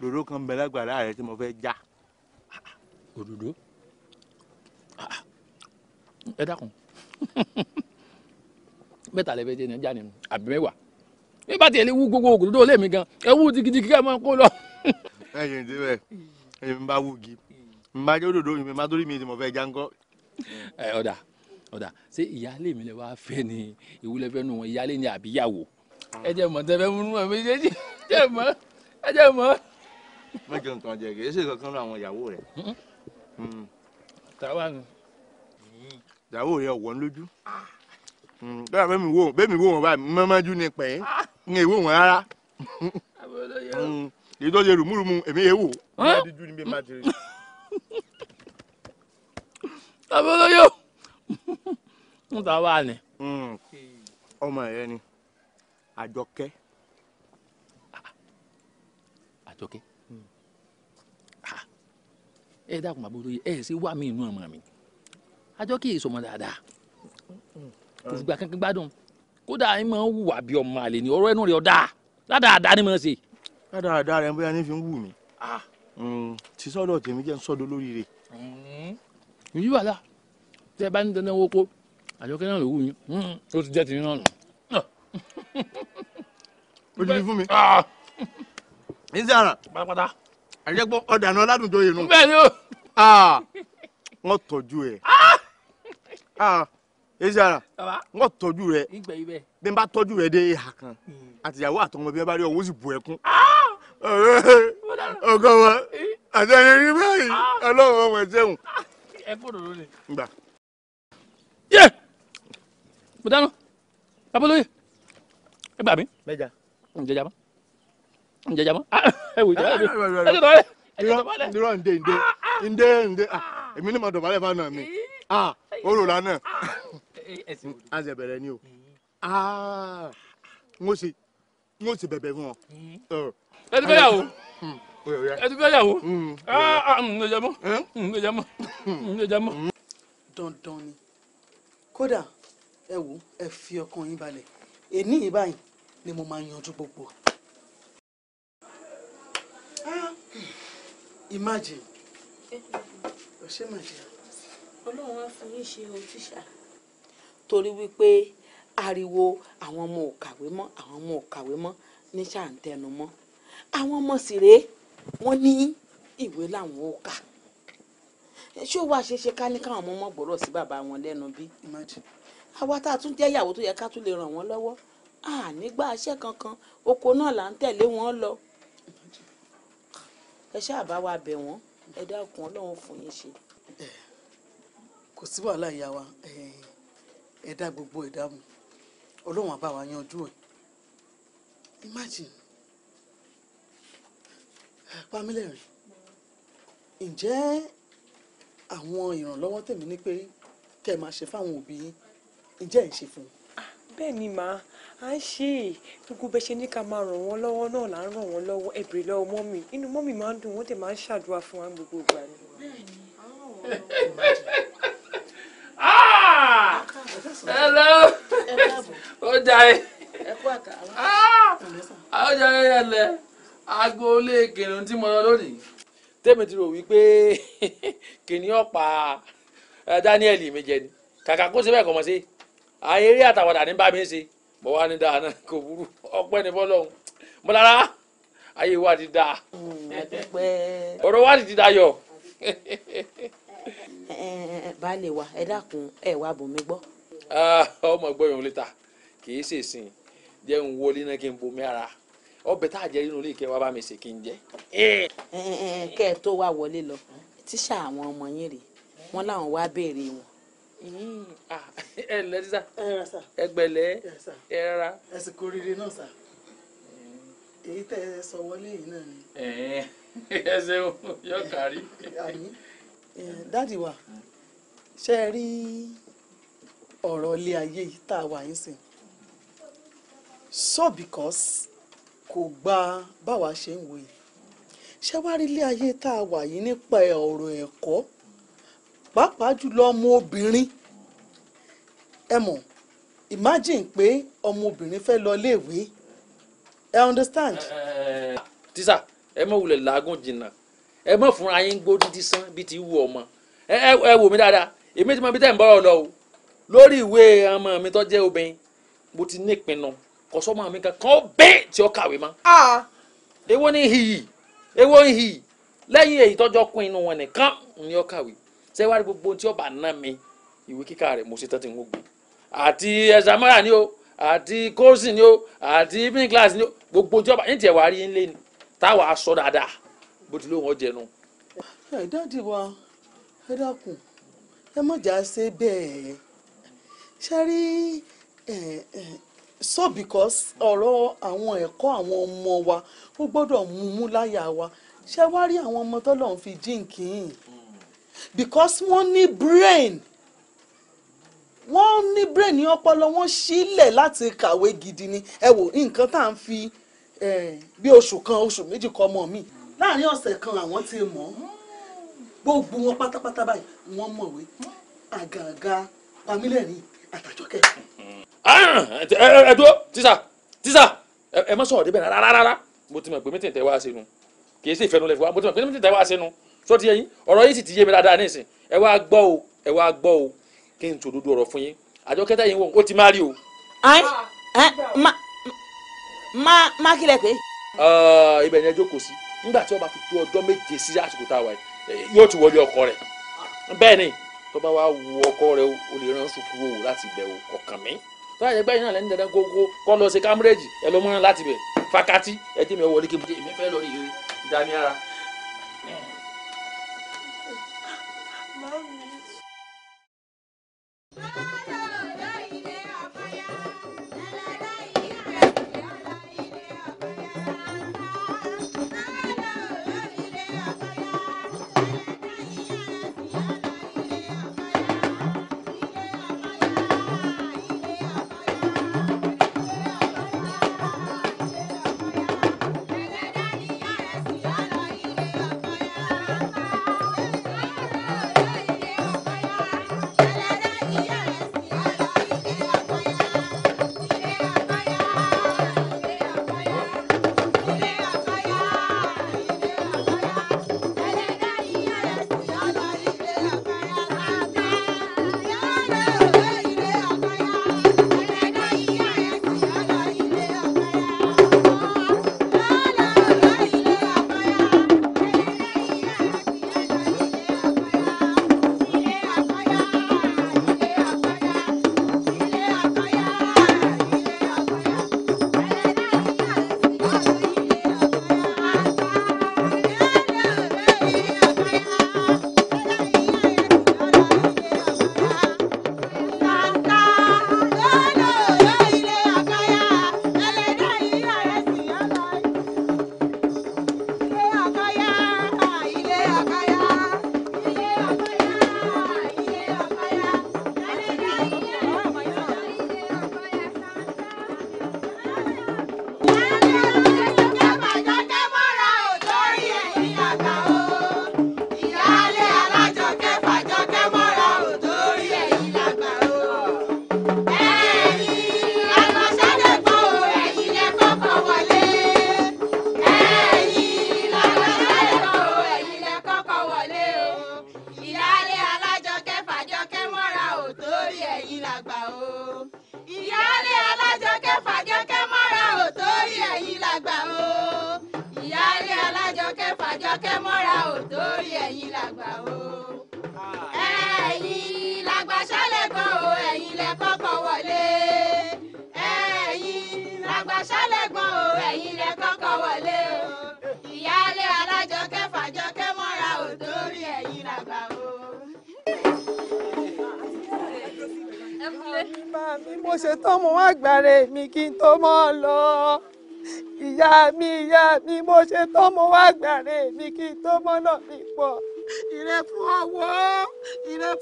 dòdò kan bẹ lágbàrá rẹ tí mo fẹ́ já. òdòdó ẹ dákun mẹ́ta lẹ fẹ́ jẹ ní ni àbí mẹ́wàá bí bá tiẹ̀ lè wú gbogbo òdòdó lẹ́mí gan ẹ wú digidigi ká máa kó lọ. ẹ yẹn ti bẹ ẹ ń bá wúgi ń bá jẹ òdòdó mi ń bá torí mi tí mo fẹ́ já ń ẹ ọ̀dà ọ̀dà ṣé ìyáálé mi lè wá fẹ́ ni ìwúlẹ̀ fẹ́ nu ìyáálé ni àbíyàwó ẹ jẹ́ mọ̀ tẹ́fẹ́ mú mọ̀ méjèèjì jẹ́ mọ̀ ẹ jẹ́ mọ̀ mẹ́jọ nǹkan jẹ kì í ṣe kankan lọ àwọn ìyàwó rẹ̀. tàwa ni. ìyàwó rẹ̀ ọ̀wọ́ lójú. bẹ́ẹ̀ bẹ́ẹ̀ mi wò bẹ́ẹ̀ mi wò wọ́n báyìí mọ́mọ́jú ni pẹ̀ ń èwo wọn rárá. èyí tó ṣe rùmúrùmú èmi yẹ wò. abọ́lọ́yọ̀ ń tàwa ni. ọmọ ẹ̀ ni àjọkẹ́. àjọkẹ́ ẹ dákun bàbá olóye ẹ ṣe wá mi inú ọmọ mi àjọ kí èso ọmọ dáadáa kò fìgbà kankan gbádùn kódà ẹ máa ń hùwà bí ọmọ àlè ní ọ̀rọ̀ ẹnu rẹ ọdá ládàáda ni màá ṣe. ládàáda rẹ bóyá ní fi ń wù mí mm, tí sọ́dọ̀ tèmi jẹ́ ń sọ́dọ̀ lóríire. ìyí mm. wàhálà tẹ bá ní dandan owó kó àjọkẹ́ náà ló wù yín mm, ó ti jẹ́ tìrín náà nù. ó ti di fún mi. Ah! ní sara pátápátá àjẹpọ ọdàna ọládùnjọ yẹn nù. bẹ́ẹ̀ ni o. wọn tọ́jú ẹ ah! ní sara wọn tọ́jú rẹ bí n bá tọ́jú rẹ dé ìhà kan hmm. àtìyàwó àtọmọ bí ẹ bá rí ọwọ́ sì bù ẹkún. Ah! ọgọ wa àtẹnudẹ ní báyìí ah! Ọlọ́run ọmọ ẹ sẹwọn. ẹ kó dòdò ni. gbà. yé mo dáná babalóye ẹ gbà mí. mẹja. ǹjẹ́ jaba ǹjẹ́ jama ah, ẹ wò jẹ́ ah, ẹ ti dọ̀bálẹ̀ ẹ ti dọ̀bálẹ̀. ndirọ nde nde nde nde èmi ni ma dọ̀bálẹ̀ fa náà mi o ah, rò lánà a bẹ̀rẹ̀ ni o n n ó sì bẹ̀bẹ̀ fún ọ. ẹ ti bẹ́ yà o hmm, ẹ ti bẹ́ yà o hmm, ǹjẹ́ jama hmm, ǹjẹ́ jama ǹjẹ́ jama. dandan ni kódà ẹ wò ẹ fi ọkàn yín balẹ̀ èní yìí báyìí ni mo máa yanjú gbogbo. imagine ó ṣe mà jẹ́. ọlọ́run á fún yín ṣe o torí wípé ariwo àwọn ọmọ ò kàwé mọ́ àwọn ọmọ ò kàwé mọ́ ní ṣàǹtẹnu mọ́ àwọn ọmọ sì rèé wọ́n ní ìwé làwọn ò kà ṣé ó wàá ṣe é ṣe ká ní káwọn ọmọ mọ̀ gbọ́rọ̀ sí bàbá wọn lẹ́nu bí. àwa tá a tún jẹ́ ìyàwó tó yẹ ká tún lè ràn wọ́n lọ́wọ́ à nígbà iṣẹ́ kankan oko náà là ń tẹ̀lé wọn lọ ẹ ṣáà bá wa bẹ̀ wọ́n ẹ dákun ọlọ́run fún yín ṣe. kò sí wàhálà ìyá wa ẹ dá gbogbo ẹ dáàmú ọlọ́run á wa yanjú ẹ̀ imagine pamílẹ̀rìn ǹjẹ́ àwọn ìrànlọ́wọ́ tèmi ni pé kẹ́ ẹ máa ṣe fáwọn òbí yín ǹjẹ́ ẹ̀ ń ṣe fún un bẹ́ẹ̀ ni mà á ṣe é gbogbo bẹ́ẹ̀ ṣe ní ká máa ràn wọ́n lọ́wọ́ náà là ń ràn wọ́n lọ́wọ́ ẹ lọ́wọ́ mọ́mì inú mọ́mì máa ń dùn wọ́n tẹ̀ máa ń ṣàdúrà fún wa gbogbo ìgbà ni. hello ó jàre ah! ó jàre ẹlẹ aago ilé kìnìún tí mo lọ lónìí tèmi ti rò wípé kìnìún ọ̀pá eh, Daniel mi kàkà kó ṣe bẹ́ẹ̀ kọ́ mọ́ sí i eré àtàwàdà ní bá mi ṣe mo wá ní dáa náà kò burú ọpẹ́ ní fọlọ́hún mo lára ayé wa ti dáa ọ̀rọ̀ wa ti dayọ̀. baálé wa ẹ dákun ẹ wá bò mí gbọ́. ọmọ ẹgbẹ́ yòówù létà kì í ṣèṣin jẹ́ ń wọlé náà kí n bomi ara ọbẹ̀ tá a jẹ nínú ilé ìkẹ́ wa bá mi sè kí n jẹ. kẹ́ ẹ tó wá wọlé lọ tíṣà àwọn ọmọ yín rèé wọ́n láwọn wá béèrè wọn Mm, ah, ẹ lẹ sísá ẹ gbẹlẹ ẹ rárá. ẹ sì kó rere náà sà èyí tẹ ẹ sọ wọlé yìí náà ni. ẹ ṣeun yóò kárí. dáàdì wa ṣe é rí ọ̀rọ̀ ilé ayé yìí tá a wà yín sìn so because kò gba báwa ṣe ń wòye ṣé wàá rí ilé ayé tá a wà yìí nípa ọ̀rọ̀ ẹ̀kọ́. E pàápàá jùlọ ọmọ obìnrin ẹ mọ̀ imagine pé ọmọ obìnrin fẹ́ lọ iléèwé ẹ understand. tíṣà ẹ mọ̀ wulẹ̀ làágùn jìnnà ẹ mọ̀ fúnra yín gbó dídí sán bí ti wù ọmọ ẹ wò mí dáadáa èmi ti mọ bí tẹ̀ ń bọ̀rọ̀ lọ o lórí ìwé ọmọ mi tó jẹ́ obìnrin mo ti ní ìpinnu kọ̀sọ́mọ mi kankan bẹ́ẹ̀ tí ó kàwé mọ́. èwo ni hìyì èwo ni hìyì lẹ́yìn èyí tọ́jọ́ kún inú wọn nìkan ni ó kàwé ṣé wàá rí gbogbo tí ọba ná mi ìwé kíkà rẹ̀ mo ṣe tán tí n ó gbé àti ẹ̀sàmọ́ra ni o àti kóòsì ni o àti evening class ni o gbogbo tí ọba ní tiẹ̀ wàá rí ń lé ni táwa sọ dáadáa bó ti lóun ọjẹ nu. ẹ dáàdi wa ẹ dákun ẹ má jà ṣe bẹ́ẹ̀ ṣe rí so because ọ̀rọ̀ àwọn ẹ̀kọ́ àwọn ọmọ wa ó gbọ́dọ̀ mú mú láyà wa ṣe wá rí àwọn ọmọ tọ́lọ́ ń fi jíǹkì yìí because wọ́n ní brain wọ́n ní brain ní ọpọlọ wọ́n sílẹ̀ láti kàwé gidi ni ẹ wò nǹkan tá à ń fi bí oṣù kan oṣù méjì kọ́ ọmọ mi láàrin ọ̀sẹ̀ kan àwọn ti mọ̀ gbogbo wọn pátápátá báyìí wọ́n mọ̀wé àgàgà pamílẹ̀rìn àtàjọkẹ́. Ah, ẹ dúró tíṣà tíṣà ẹ má sọ̀rọ̀ débẹ̀ rárá rárá mo ti mọ̀ pé mítìntẹ̀ wá sínú kì í sì ìfẹ́nu lẹ́fọ̀ mo ti mọ̀ pé mítìntẹ̀ wá sínú sọ ti yẹ yín ọ̀rọ̀ yìí sì ti yé mi dáadáa nísìn ẹ wá gbọ́ o ẹ wá gbọ́ o kí n tó dodo ọ̀rọ̀ fún yín àjọ kẹta yìí wọ̀ ó ti má rí o. ẹ ẹ má má má kílẹ̀ pé. ibẹ̀ ni ẹ jókòó sí nígbà tí ó bá fi tó ọjọ́ méje sí àsìkò tá a wà yìí yóò ti wọlé ọkọ rẹ̀ bẹ́ẹ̀ ni tó bá wá wu ọkọ rẹ̀ o lè rán sùkúrú o láti bẹ̀ o kọ̀ọ̀kan mi tó àyè gbẹ́yìn náà lẹ́nu dandan kókó kọ́ lọ sí kámúrèjì ẹ lọ mọ́ràn láti bẹ̀ fakati ẹ tẹ́ mi wọlé kí n fẹ́ lọ rí ìdámi ara. Bye. Ah!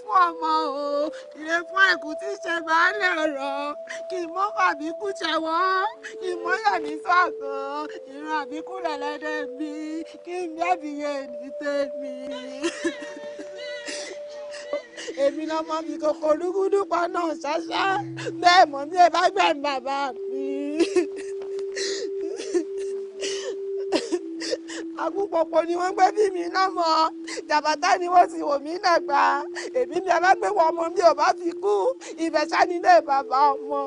fún ọmọ o ire fún àìkú tí í ṣe baálé ọ̀rọ̀ kì í mọ́ fàbíkú ṣẹ̀wọ́n kì í mọ́yọ̀ ní sàgbọ́ ìran àbíkú lẹ̀lẹ́dẹ̀ mi kí n bẹ́bìyẹ ní tèmi. èmi lọmọ mi kòkò olúkúdú kan náà ṣáṣá bẹ́ẹ̀ mọ̀ bí ẹ bá gbẹ̀mí bàbá mi àkúpọ̀pọ̀ ni wọ́n gbé bí mi lọ́mọ jàbátá ni wọ́n ti wò mí dàgbà èmi mi alágbèwọ̀ ọmọ mi ò bá fi kú ìbẹ̀sà nílé bàbá ọmọ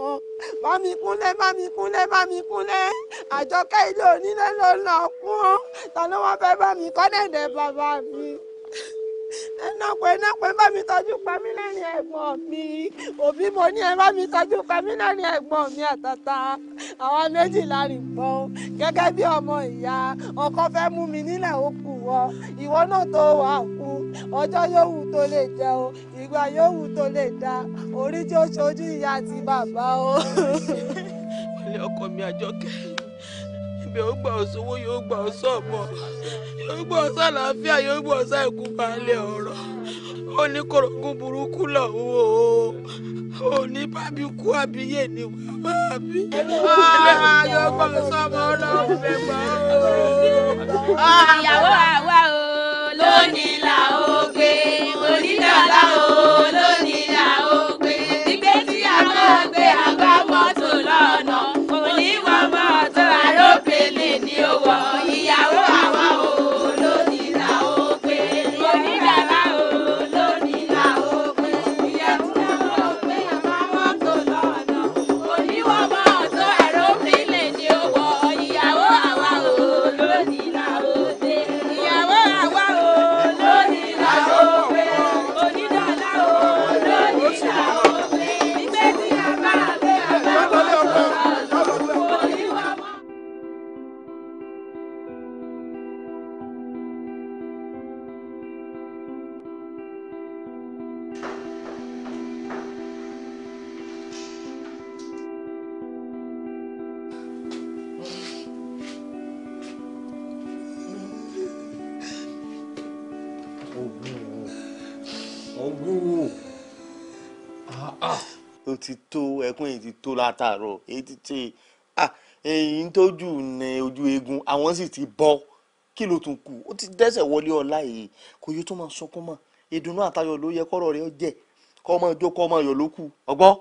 bá mi kúnlẹ̀ bá mi kúnlẹ̀ bá mi kúnlẹ̀ àjọkẹ́ ilé onílé ló ń lọ kún ta wọ́n fẹ́ bá mi kọ́ dẹ̀dẹ̀ bàbá mi ẹnàpọ̀ ẹnàpọ̀ ẹ bá mi tọ́jú pamí lẹ́rìn ẹ̀gbọ́n mi òbí mo ní ẹ bá mi tọ́jú pamí lẹ́rìn ẹ̀gbọ́n mi àtàtà àwa méjì lárí gbọ́n gẹ́gẹ́ bí ọmọ ìyá ọkọ fẹ́ mú mi nílẹ̀ ó kù wọ ìwọ náà tó wà kú ọjọ́ yòówù tó lè jẹ o ìgbà yòówù tó lè dá orí tí ó ṣojú ìyá àti bàbá o. ilé ọkọ mi àjọkẹ́. àlàáfíà gba gbà ọ̀sán owó yóò gbà ọ̀sán ọmọ yóò gbà ọ̀sán àlàáfíà yóò gbà ọ̀sán o balẹ̀ ọ̀rọ̀ ó burúkú o ní bábí kú àbíyè ni wàá bí. ayọ̀ gbọ́ ọmọ ọlọ́run fẹ́ o. ẹkún èyí ti tó látàárọ̀ èyí ti tè èyí ń tójú ní ojú eegun àwọn sì ti bọ́ kí ló tún kù ó ti dẹ́sẹ̀ wọlé ọ̀la yìí kò yóò tún máa sọkún mọ́ ìdùnnú àtayọ̀ ló yẹ kọ́rọ̀ rẹ jẹ́ kọ́ ọmọ ìjó kọ́ ọmọ ayọ̀ ló kù ọgbọ́n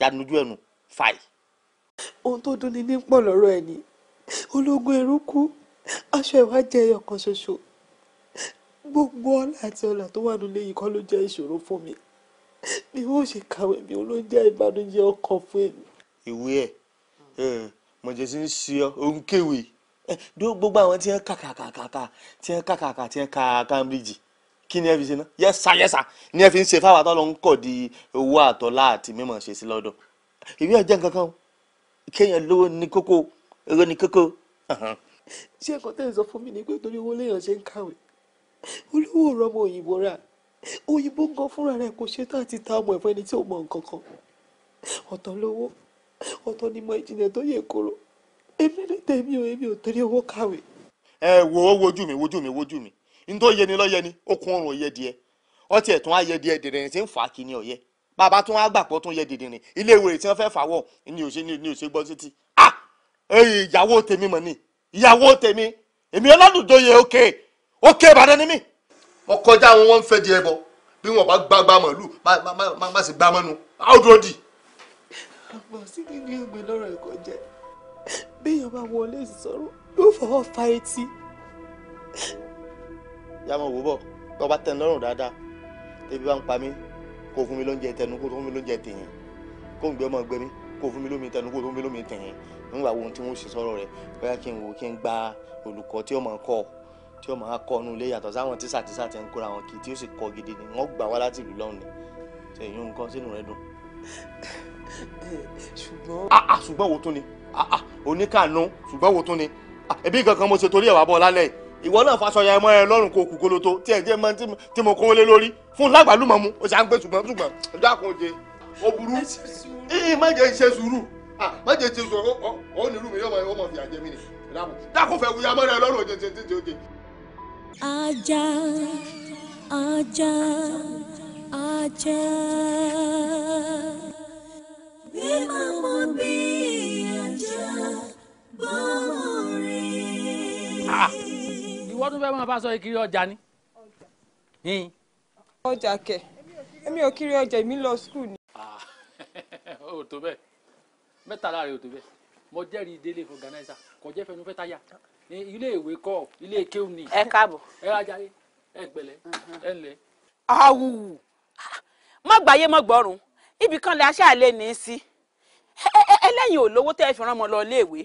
yanujú ẹnu fàì. ohun tó dùn ni ní pọ̀ lọ́rọ̀ ẹ̀ ni ológun ẹrú kú aṣọ ẹ̀wá jẹ́ ẹyọ kan ṣoṣo gbogbo ọlá àti ọlà tó wà nílé yìí kọ́ ló jẹ́ ìṣòro fún mi bí wọ́n ṣe kàwé mi ó ló jẹ́ ìbànújẹ́ ọkàn fún èmi. ìwé ẹ mọ̀jẹ̀sí ń ṣe ọ òun kéwì gbogbo àwọn tí wọ́n kàkàkàkà tí wọ́n kàkàkà tí wọ́n ka Cambridge kí ni ẹ fi ṣe ná yẹsà yẹsà ni ẹ fi ń ṣe fáwọn àtọ́lọ́ ń kọ̀ di owó àtọ́lá àti mímọ̀ ṣe sí lọ́dọ̀ ìwé ọ̀jẹ̀ nǹkan kan kéèyàn lówó ní kókó èrò ní kókó. ṣé ẹ̀kọ́ tẹ̀ ń sọ fún mi ni pé torí owó léèyàn ṣe ń kàwé olówó rọmọ òyìnbó rà òyìnbó gan fúnra rẹ̀ kò ṣe tá àti ta ọmọ ẹ̀fọ́ ẹni tí ò mọ nǹkan kan ọ̀tọ̀ lówó ọ̀tọ̀ ni mo ìjìnlẹ̀ tó yẹ kóró èmi ní tèmi ò èmi ò torí owó kàwé. ẹ wo wojú mi wojú mi wojú mi n tó yẹ ni lọ yẹ ni okun ọrùn òye díẹ̀ ọtí ẹ tún á yẹ díẹ̀ dèrè tí ń fà á kí ni ọyẹ bàbá tún á gbàpọ̀ tún yẹ dèrè ilé ìwé tí wọ́n fẹ́ fà wọ̀ ni ò ṣe ni ò ṣe gbọ́ sétí. ah ìyàwó tèmi mọ̀ ni ìyàwó tèmi èmi ọlọ́dún tó yẹ ókè ókè Ìbàdàn ni mí ọkọjá àwọn wọn ń fẹ́ di ẹbọ bí wọn bá gbàgbà màlúù má sì gbà mọ́nu á dúró dì. àpò sídìí ní ìgbé lọ́rọ̀ ẹ̀kọ́ jẹ́ béèyàn bá wọlé sọ̀rọ̀ yóò fọwọ́ fa etí. yàmọ̀ wò tó bá tẹ̀ lọ́rùn dáadáa ebi bá ń pa mí kó fún mi lóúnjẹ tẹnu kó fún mi lóúnjẹ tèyìn kó ń gbé ọmọ gbé kó fún mi lómi tẹnu kó fún mi lómi tèyìn nígbà wo ohun tí wọ́n ṣe sọ̀rọ̀ rẹ̀ bóyá kí n wò kí n gba olùkọ́ tí ọmọ kọ́ tí ó máa kọ́ ọ́nú ilé yàtọ̀ sáwọn tíṣà tíṣà ti ń kóra wọn kì í tí ó sì kọ́ gidi ni wọ́n gbà wá láti ìlú lọ́hùn ni tẹ̀yìn nǹkan sínú rẹ dùn. ṣùgbọ́n. àà ah, ah, ṣùgbọ́n wo tún ni àà ah, oníkànú ṣùgbọ́n wo tún ni ẹbí kankan mo ṣe torí ẹ̀ wá bọ́ lálẹ́ yìí ìwọ náà faṣọ ya ẹmọ ẹ lọ́rùn kó kú goloto tí ẹ jẹ́ máa tí mo kówó lé lórí fún lágbàlúmọ̀ mu o ṣà ń gbé ṣùgbọ́n ṣùgbọ́n ọjọ́ àkànjẹ o burú ẹ má jẹ́ ṣe sùúrù má jẹ́ ṣe sùúrù ó nírú mi yóò máa fi àjẹmí ni dákun fẹ́ wuya mọ́ra ẹ lọ́rùn oje oje oje ajá ajá ajá. bí màmú bí ajá bọ́mọ rè. ìwọ tún fẹ́ máa bá sọ ìkiri ọjà ni. ọjà kẹ èmi ò kiri ọjà èmi lọ skul ni. Ah, ó tó bẹ́ẹ̀ mẹ́ta lára rẹ̀ ó tó bẹ́ẹ̀ mo jẹ́rìí délé fún ganaiza kò jẹ́ fẹnufẹ́ táyà ilé ìwé kọ́ ilé kéwù ni. ẹ káàbọ̀. ẹ ajá ẹ gbẹlẹ ẹ ńlẹ. awù mọ gbàyé mọ gbọrun ibì kan lè aṣáà lè ní í sí ẹlẹ́yìn ò lówó tẹ́ ẹ fi rán ọmọ lọ iléèwé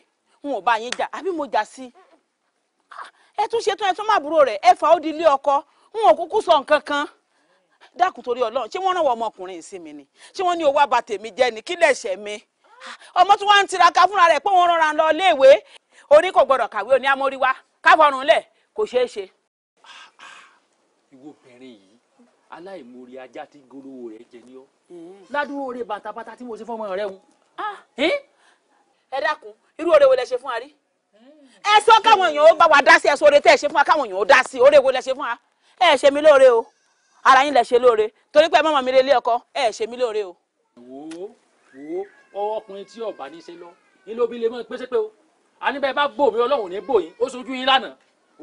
n ò bá yín jà àbí mo jà sí i ẹ tún ṣe tún ẹ tún má búrò rẹ ẹ fà ó di ilé ọkọ n ò kúkú sọ nǹkan kan dákun torí Ọlọ́run ṣé wọ́n ràn wọ ọmọkùnrin sí ni ṣé wọ́n ní owó abatèmi jẹ ni kí lẹ̀ṣẹ̀ mi ọmọ tí wọ́n ń tiraka fúnra rẹ̀ pé wọ́n rọra lọ iléèwé oní kò gbọdọ̀ kàwé oní amóríwá káfọrùn lẹ̀ kò ṣeé ṣe. ìwọ obìnrin yìí aláìmoore ajá tí golówó rẹ̀ jẹ ní ọ hmm. ládùúgbò oore bàtàbàtà tí mo ṣe fọmọ rẹ wọn. Ah, eh? ẹ dákun irú oore wo lẹ ṣe fún wa rí hmm. ẹ sọ káwọn èèyàn ó bá wa dá sí ẹ oore tẹ ẹ ṣe fún wa káwọn èèyàn ó dá sí oore wo lẹ ṣe fún wa ẹ ṣe mí lóore o ara yín lẹ ṣe lóore torí pé mọ́mọ́ mi lé ilé ọkọ ẹ ṣe mí lóore o. wo wo ọwọ́ ọkùnrin tí ọba ní í ṣe lọ ní ló bí lè mọ ìpèsè pé o àníbẹ̀ bá bò mí ọlọ́run ní bòyìn ó sojú yín lánàá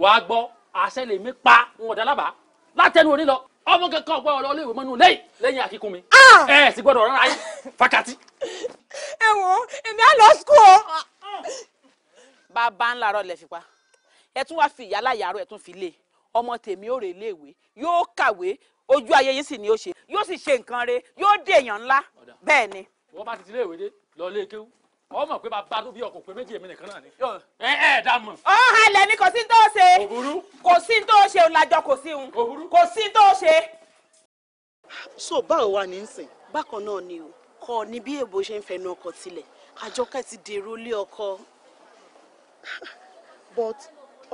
wàá gbọ́ àṣẹ lèmi pa ń wọ̀dà lábàá látẹnu òní lọ ọmọ kankan ọgbà ọlọ olóòwò mọnú lẹ́yìn lẹ́yìn àkíkún mi ah! ẹ sì gbọ́dọ̀ rárá yín fakati. ẹ wo èmi á lọ sùkú o. Ah! bàbá ńlá rọ fipá ẹ tún wá fi ìyá láyàárọ ẹ tún fi lé ọmọ tèmi ó rè léèwé yóò kàwé ojú ayé yín sì ni ó ṣe yóò sì ṣe nǹkan re yóò dèèyàn ńlá bẹ́ẹ̀ ni. wọ́n bá ti ti léèwé dé lọ lé kéwú ọ mọ̀ pé bàbá tó bí ọkọ̀ pé méjì èmi nìkan náà ni. ẹ ẹ dá mọ̀. ọ halẹ̀ ni kò sí tó ṣe. òburú. kò sí tó ṣe òlàjọ kò sí òun. òburú. kò sí tó ṣe. so báwo wà ní sìn bákan náà ni o kọ ni bí èbó ṣe ń fẹnu ọkọ tilẹ̀ àjọkẹ́ ti dèrò lé ọkọ. but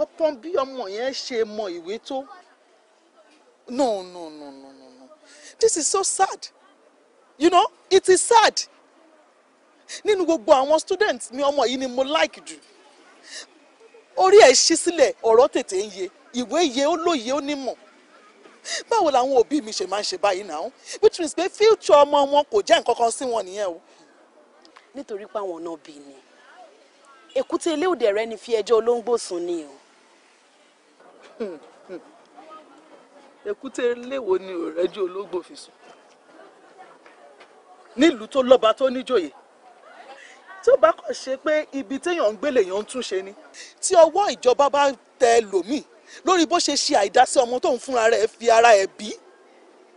upon bí ọmọ yẹn ṣe mọ ìwé tó no no no no no no this is so sad you know it is sad nínú gbogbo àwọn student mi ọmọ yìí ni mo like jù orí ẹ̀ ṣí sílẹ̀ ọ̀rọ̀ tètè ń yé ìwé yé ó lóye ó nímọ̀ báwo làwọn òbí mi ṣe máa ń ṣe báyìí náà which means pé future ọmọ wọn kò jẹ́ nǹkan kan sí wọn nìyẹn o. nítorí pé àwọn náà bí ni èkúté ilé òde rẹ ni fi ẹjọ́ olóńgbò sùn ni o. èkúté ilé wo ni òrẹ́jú olóńgbò fi sùn nílùú tó lọ́ba tó níjòyè tí ó bá kàn ṣe pé ibi téèyàn ń gbélé èèyàn ń tún ṣe ni tí ọwọ́ ìjọba bá tẹ lòmíì lórí bó ṣe ṣe àìdásí ọmọ tóun fúnra rẹ̀ fi ara ẹ̀ bí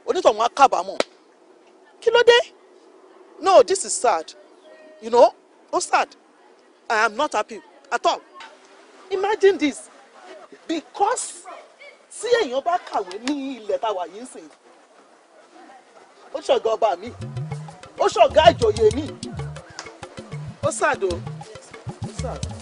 onítọ̀hún á kábàámọ̀ kí ló dé no this is sad you know o oh, sad i am not happy at all imagine this because tí èèyàn bá kàwé ní ilẹ̀ táwa yìí ń sìn ó ṣọ̀gá ọba mi ó ṣọ̀gá ìjòyè mi ó sàdó ó sàdó.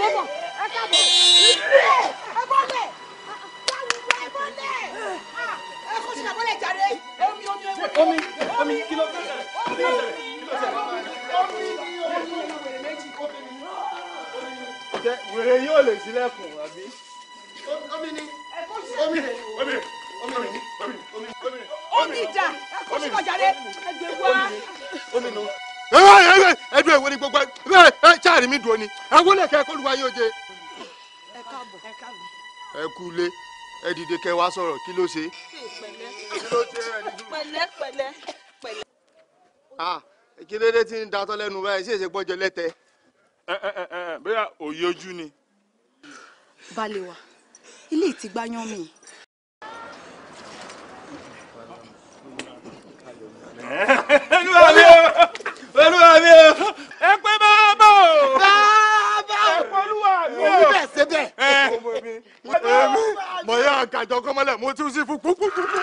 bọ̀ bọ̀ ẹ káàbọ̀ ẹ bọ́lẹ̀ ẹ bọ́lẹ̀ ẹ kó sí àbọ̀lẹ̀ jàre omi omi omi omi kí ló fẹ́ omi omi omi wèrè méjì omi. wèrè yóò lè sílẹ̀kùn. kú ilé ẹ dìde kẹ́ wá sọ̀rọ̀ kí ló ṣe. kí ló ṣe ẹ nínú. pẹ̀lẹ́ pẹ̀lẹ́ pẹ̀lẹ́. ah kí ló dé tí ń datọ́ lẹ́nu báyìí ṣèṣe gbọ́jọ lẹ́tẹ̀. ẹ ẹ ẹ bóyá òye ojú ni. balẹ̀ wa ilé ìtìgbáyán mi. olúwa mi o olúwa mi o ẹ pé bá a bọ̀ o bẹ́ẹ̀ ṣe bẹ́ẹ̀. mo yà àgàjọ kọ́mọ́lẹ̀ mo tún sí fún kúkú kúkú.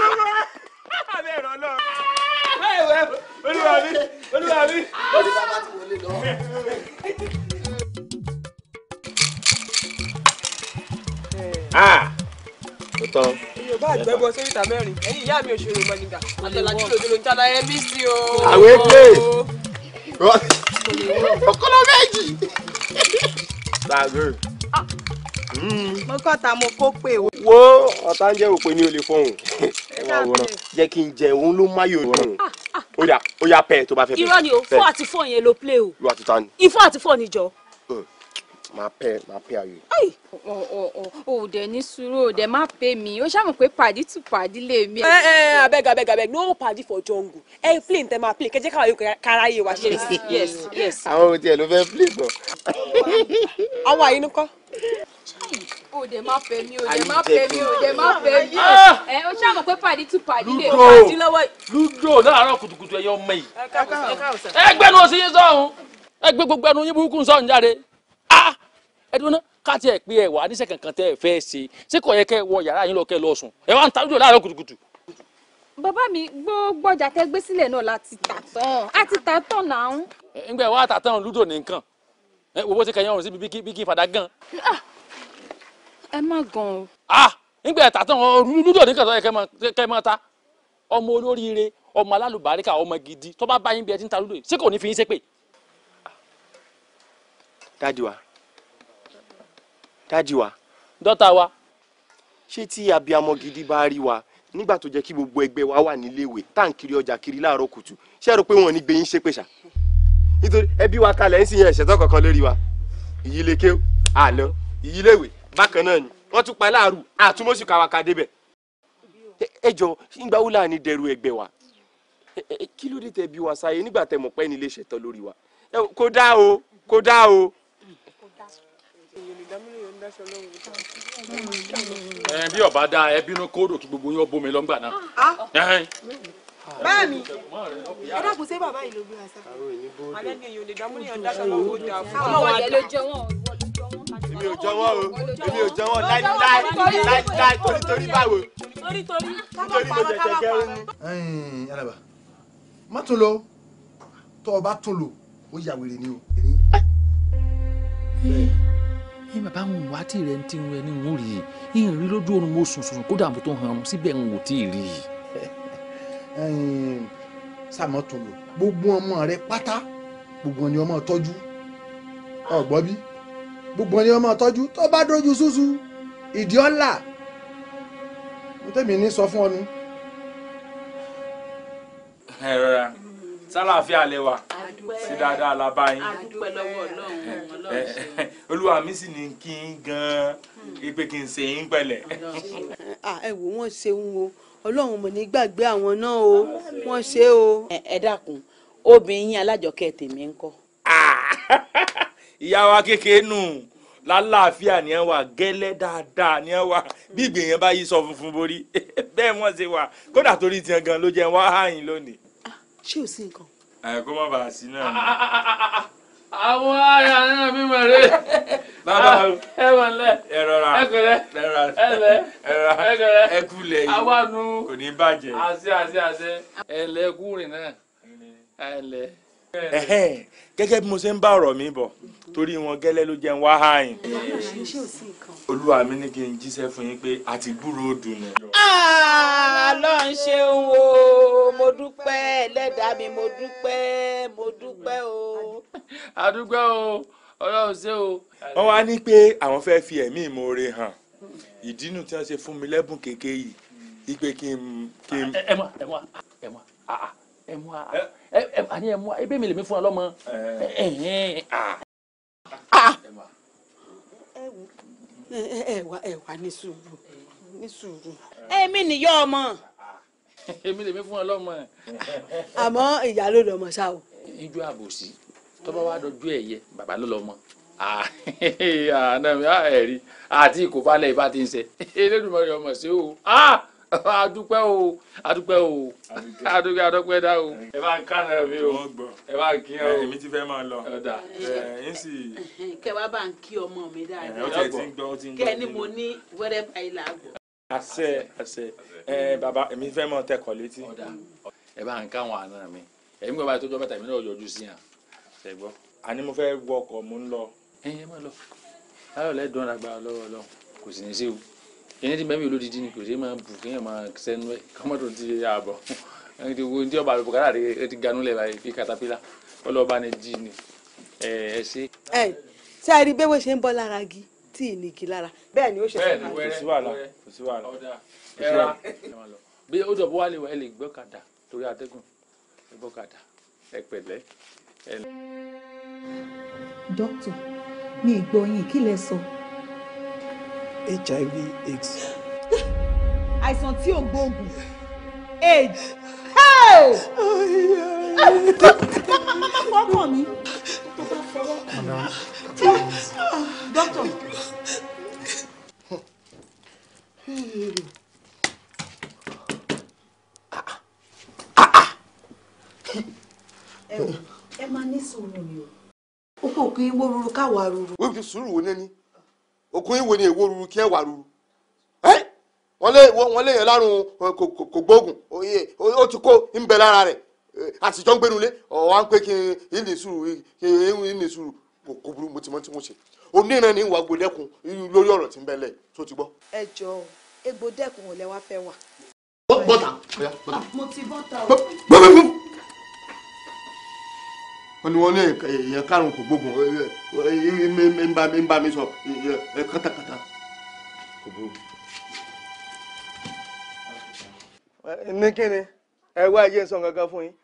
àbẹ̀ ẹ̀rọ náà. báyìí olúwa mi olúwa mi. Ah! ó ti bàbá ti wọlé lọ. tó tán. yorùbá àgbẹ̀bọ sórí ìta mẹ́rin ẹ̀yin ìyá mi òṣèré mọ̀nìgà àtàlàjì lòdòdò ń tala ẹ̀mí sí o. àwọn ẹgbẹ́ ọkọlọ méjì mo kọ́ ta mo kó pè o. wo ọ̀tá ń jẹ́ òpè ní olè fọ́hùn ẹ wá wọ́n jẹ́ kí n jẹ òun ló má yòó dùn ó yà ó pẹ́ tó bá fẹ́ pẹ́. irọ́ ni o fọ́ àti fọ́ yẹn ló play o. ìwà àti fọ́ ni jọ máa pẹ́ máa pẹ́ ayò. ọ̀ ọ̀ ọ̀ ò dẹ̀ ní sùúrù ò dẹ̀ má pè mí ó ṣàmù pé pàdí tù pàdí lè mí. ẹ ẹ abeg abeg abeg no party for jungle ẹ play ntẹ máa play kẹjẹ káwáyé káráyé wa ṣe. yes yes. àwọn ohun tiẹ̀ ló fẹ́ play bọ̀. àwọn àyínú kọ́. ò dẹ̀ má pè mí ò dẹ̀ má pè mí ò dẹ̀ má pè mí ẹ ó ṣàmù pé pàdí tù pàdí lè pàdí lọ́wọ́. ludo láàárọ̀ kùtùkùtù ẹ̀yọ́ ọmọ yìí. ẹgbẹ́ nu òsì yín sọ̀hún ẹgbẹ́ gbogbo ẹnu yín burúkú sọ̀hún jáde. ah ẹdun náà káàtì ẹ pé ẹ wà níṣẹ́ kankan tẹ ẹ fẹ́ ṣe ṣé kò yẹ kẹ wọ yàrá yín lọ kẹ lọ sùn ẹ wá ń ta lójú láàárọ̀ kùtùkùtù. bàbá mi gbogbo ọjà tẹ gbé sílẹ̀ náà láti tà tán àti tà tán náà. ńgbẹ́ wa tà tán lúdò nìkan ẹ wo bó ṣe kẹyìn ọrùn síbi bí kí n fàdá gan. Ah, ẹ má gan o. ah ńgbẹ́ tà tán lúdò nìkan tó yẹ kẹ́ máa ta ọmọ olóríire ọmọ alálùbáríkà ọmọ gidi tó bá bá yín bí ẹ ti ń ta lúdò yìí ṣé kò ní fi yín ṣépè. dájú wa dáàdì wa dọ́tà wa ṣé tí abiyamọ gidi bá rí wa nígbà tó jẹ́ kí gbogbo ẹgbẹ́ wa wà níléèwé tá à ń kiri ọjà kiri láàárọ̀ kùtù ṣé ẹ rò pé wọn ò ní gbé yín ṣépè ṣá nítorí ẹbí wa kalẹ̀ ń sìn yẹn ìṣẹ̀tọ́ kankan lórí wa ìyílékè àlọ́ ìyíléwé bákan náà ni wọ́n tún pa ẹ́ láàrú àtúmọ̀sí kàwákà débẹ̀ ẹ jọ nígbà wo láàánú dẹrù ẹgbẹ́ wa kí ló dé tẹ wa sáyé nígbà tẹ mọ̀ pé ní ilé lórí wa kò o kò dá o bí ọba dá ẹ bínú kóòdù kí gbogbo yín ó bómi lọ́ngbà náà. Ah, ah. Báàmì, ẹ dákun sí bàbá yìí ló gbé àṣà. Alẹ́ ni èyàn lè dámú ní ọ̀dá kan lọ́wọ́ dà fún. Àwọn ọ̀dẹ ló jẹ wọ́n. Èmi ò jọ wọ́n o, èmi ò jọ wọ́n láíláí láíláí torítorí báwo. Torítorí mo jẹ̀jẹ̀ gẹ́rú ni. Ẹyin Alaba, má tún lọ, tọ́ ọ bá tún lò, ó yà ni o ẹ bàbá ń wá tí rẹ ti rẹ ni n ò rí i n rí lójú oorun mo sùn sùn kódà mo tó hàn án síbẹ̀ n ò tí ì rí i. sàmọ́tòlò gbogbo ọmọ rẹ pátá gbogbo ni ọmọ tọ́jú ọ̀gbọ́ bí gbogbo ni ọmọ tọ́jú tó bá dojú ṣúṣú ìdí ọ̀la mo ní sọ fún ọ nu. ẹ rọra sálàáfíà lẹ wà sí dáadáa la bá yín olúwa mi sì ní kí n gan ipe hmm. kí n ṣe yín pẹ̀lẹ́. ẹ wò wọ́n ṣeun o ọlọ́run mọ̀ ní gbàgbé àwọn náà o wọ́n ṣe o. ẹ dákun obìnrin alájọkẹ́ tèmi ń kọ́. ìyá wa kékeré nù lálàáfíà ni ẹ wà gẹ́lẹ́ dáadáa ni ẹ wà bí ìgbìyàn bá yí sọ funfun borí bẹ́ẹ̀ wọ́n ṣe wà kódà torí tiẹ̀ gan ló jẹ́ wọ́n á hàn yín lónìí. Ah, ṣé o sí nǹkan ẹ kó má bàa sí náà ni. àwọn ará náà mi mọ̀ rẹ. bàbá o ẹ mọ̀ lẹ. ẹ rọra ẹ kẹlẹ ẹ rọra ẹ lẹ ẹ rọra ẹ kẹlẹ ẹ kú lẹ yìí àwọn àánú kò ní bàjẹ́. àṣẹ àṣẹ àṣẹ ẹ lẹ kúrin náà ẹ lẹ gẹ́gẹ́ bí mo ṣe ń bá ọ̀rọ̀ mi bọ̀ torí wọn gẹ́lẹ́ ló jẹun wá hàn. olúwa mi ní kí n jíṣẹ́ fún yín pé a ti gbúrò òdùn ni. lọ ń ṣeun o mo dúpẹ́ ẹlẹ́dàá mi mo dúpẹ́ mo dúpẹ́ o. a o ọlọ́run ṣe o. wọ́n wá ní pé àwọn fẹ́ fi ẹ̀mí ìmoore hàn ìdínú tí wọ́n ṣe fún mi lẹ́bùn kékeré yìí ìpè kí n. ẹ wá ẹ wá ẹmu a ẹ ani ẹmu a ebe mi lè mi fún ọ lọ́mọ a ah! a. ẹ wà ẹ wà ní sùúrù ní sùúrù. èmi nìyọ ọmọ. èmi lè mi fún ọ lọ́mọ. àmọ́ ìyá ló lọ́mọ ṣá o. ijó àbòsí tọ́ba wa dọjú ẹ̀ yẹ bàbá ló lọ́mọ àná mi àẹ̀rí àti ìkófalẹ̀ ìbá ti ń ṣe elédùnmọ̀ rẹ̀ ọmọ sí o adúpẹ́ o adúpẹ́ o adúpẹ́ adúpẹ́ dá o. ẹ bá ń kánà mi o ẹ bá ń kí ọ. èmi ti fẹ́ máa lọ ẹ ń sì. kẹ wá bá ń kí ọmọ mi dáadáa ó ti ń gbọ́ ó ti ń gbọ́ kẹ ni mo ní wẹ́rẹ́ báyìí là á gbọ́. àṣẹ àṣẹ ẹ bàbá èmi fẹ́ máa tẹkọ̀ létí. Mm. ẹ bá ń ká àwọn àna mi èmi kò bá tó jọ mẹ́ta mi náà yọjú sí yàn ṣe gbọ́. àní mo fẹ́ wọ ọkọ̀ mo ń lọ. ẹ ẹ má lọ láyọ̀ lẹ́dùn-ún àgbà lọ́wọ́ lọ kò sì ní í sí o yẹn ti mẹ́mí olódìdí ni kò ṣe é máa bù kéèyàn máa sẹ́nu ẹ̀ kọ́mọ́tò ti àbọ̀ ẹni tí wọ́n ti ọba àbẹ̀bọ̀ kára rẹ̀ ti ganú lẹ̀ báyìí fi katapila ọlọ́ba ni jí ni ẹ ẹ ṣe. ẹ ṣé a rí bẹ́ẹ̀ wọ́n ṣe ń bọ́ lára gi tí ì ní igi lára bẹ́ẹ̀ ni ó ṣe fún mi. kò sí wàhálà kò sí wàhálà ẹ̀ra bí ó dọ̀bọ̀ wá lè wá ẹ lè gbọ́kadà torí atẹ́gùn ẹ gbọ́kadà ẹ gbọ́ hiv aids. àìsàn tí ò gbóògùn aids. ọkàn mi tó bá fọwọ́ kàn mí. dókítà. ẹ máa ní sùúrù ni o ó kò kí wọ́n ruru káwa ruru. wọ́n fi sùúrù wo nẹ́ni ọkùnrin wo ni èwo ruru kí ẹ wà ruru wọ́n lé wọ́n lé yẹn lárùn kò gbóògùn ó ti kó ń bẹ lára rẹ̀ àtijọ́ ń gbénulé ọ̀wá ń pé kí n ní sùúrù kí n ní sùúrù kò burú mo ti mọ tí mo ṣe oníran ní ìwà gbòdẹ́kun lórí ọ̀rọ̀ tí ń bẹ lẹ̀ tó ti gbọ́. ẹ jọ egbòdẹ́kun ò lẹ wá fẹ́ wà. bọ́tà. mo ti bọ́tà o wọ́n ní wọ́n ní èèyàn karùn-ún kò gbógun ń bá mi sọ kátàkátà kò burú. ní kíni ẹ wá ẹyẹ sọ kankan fún yín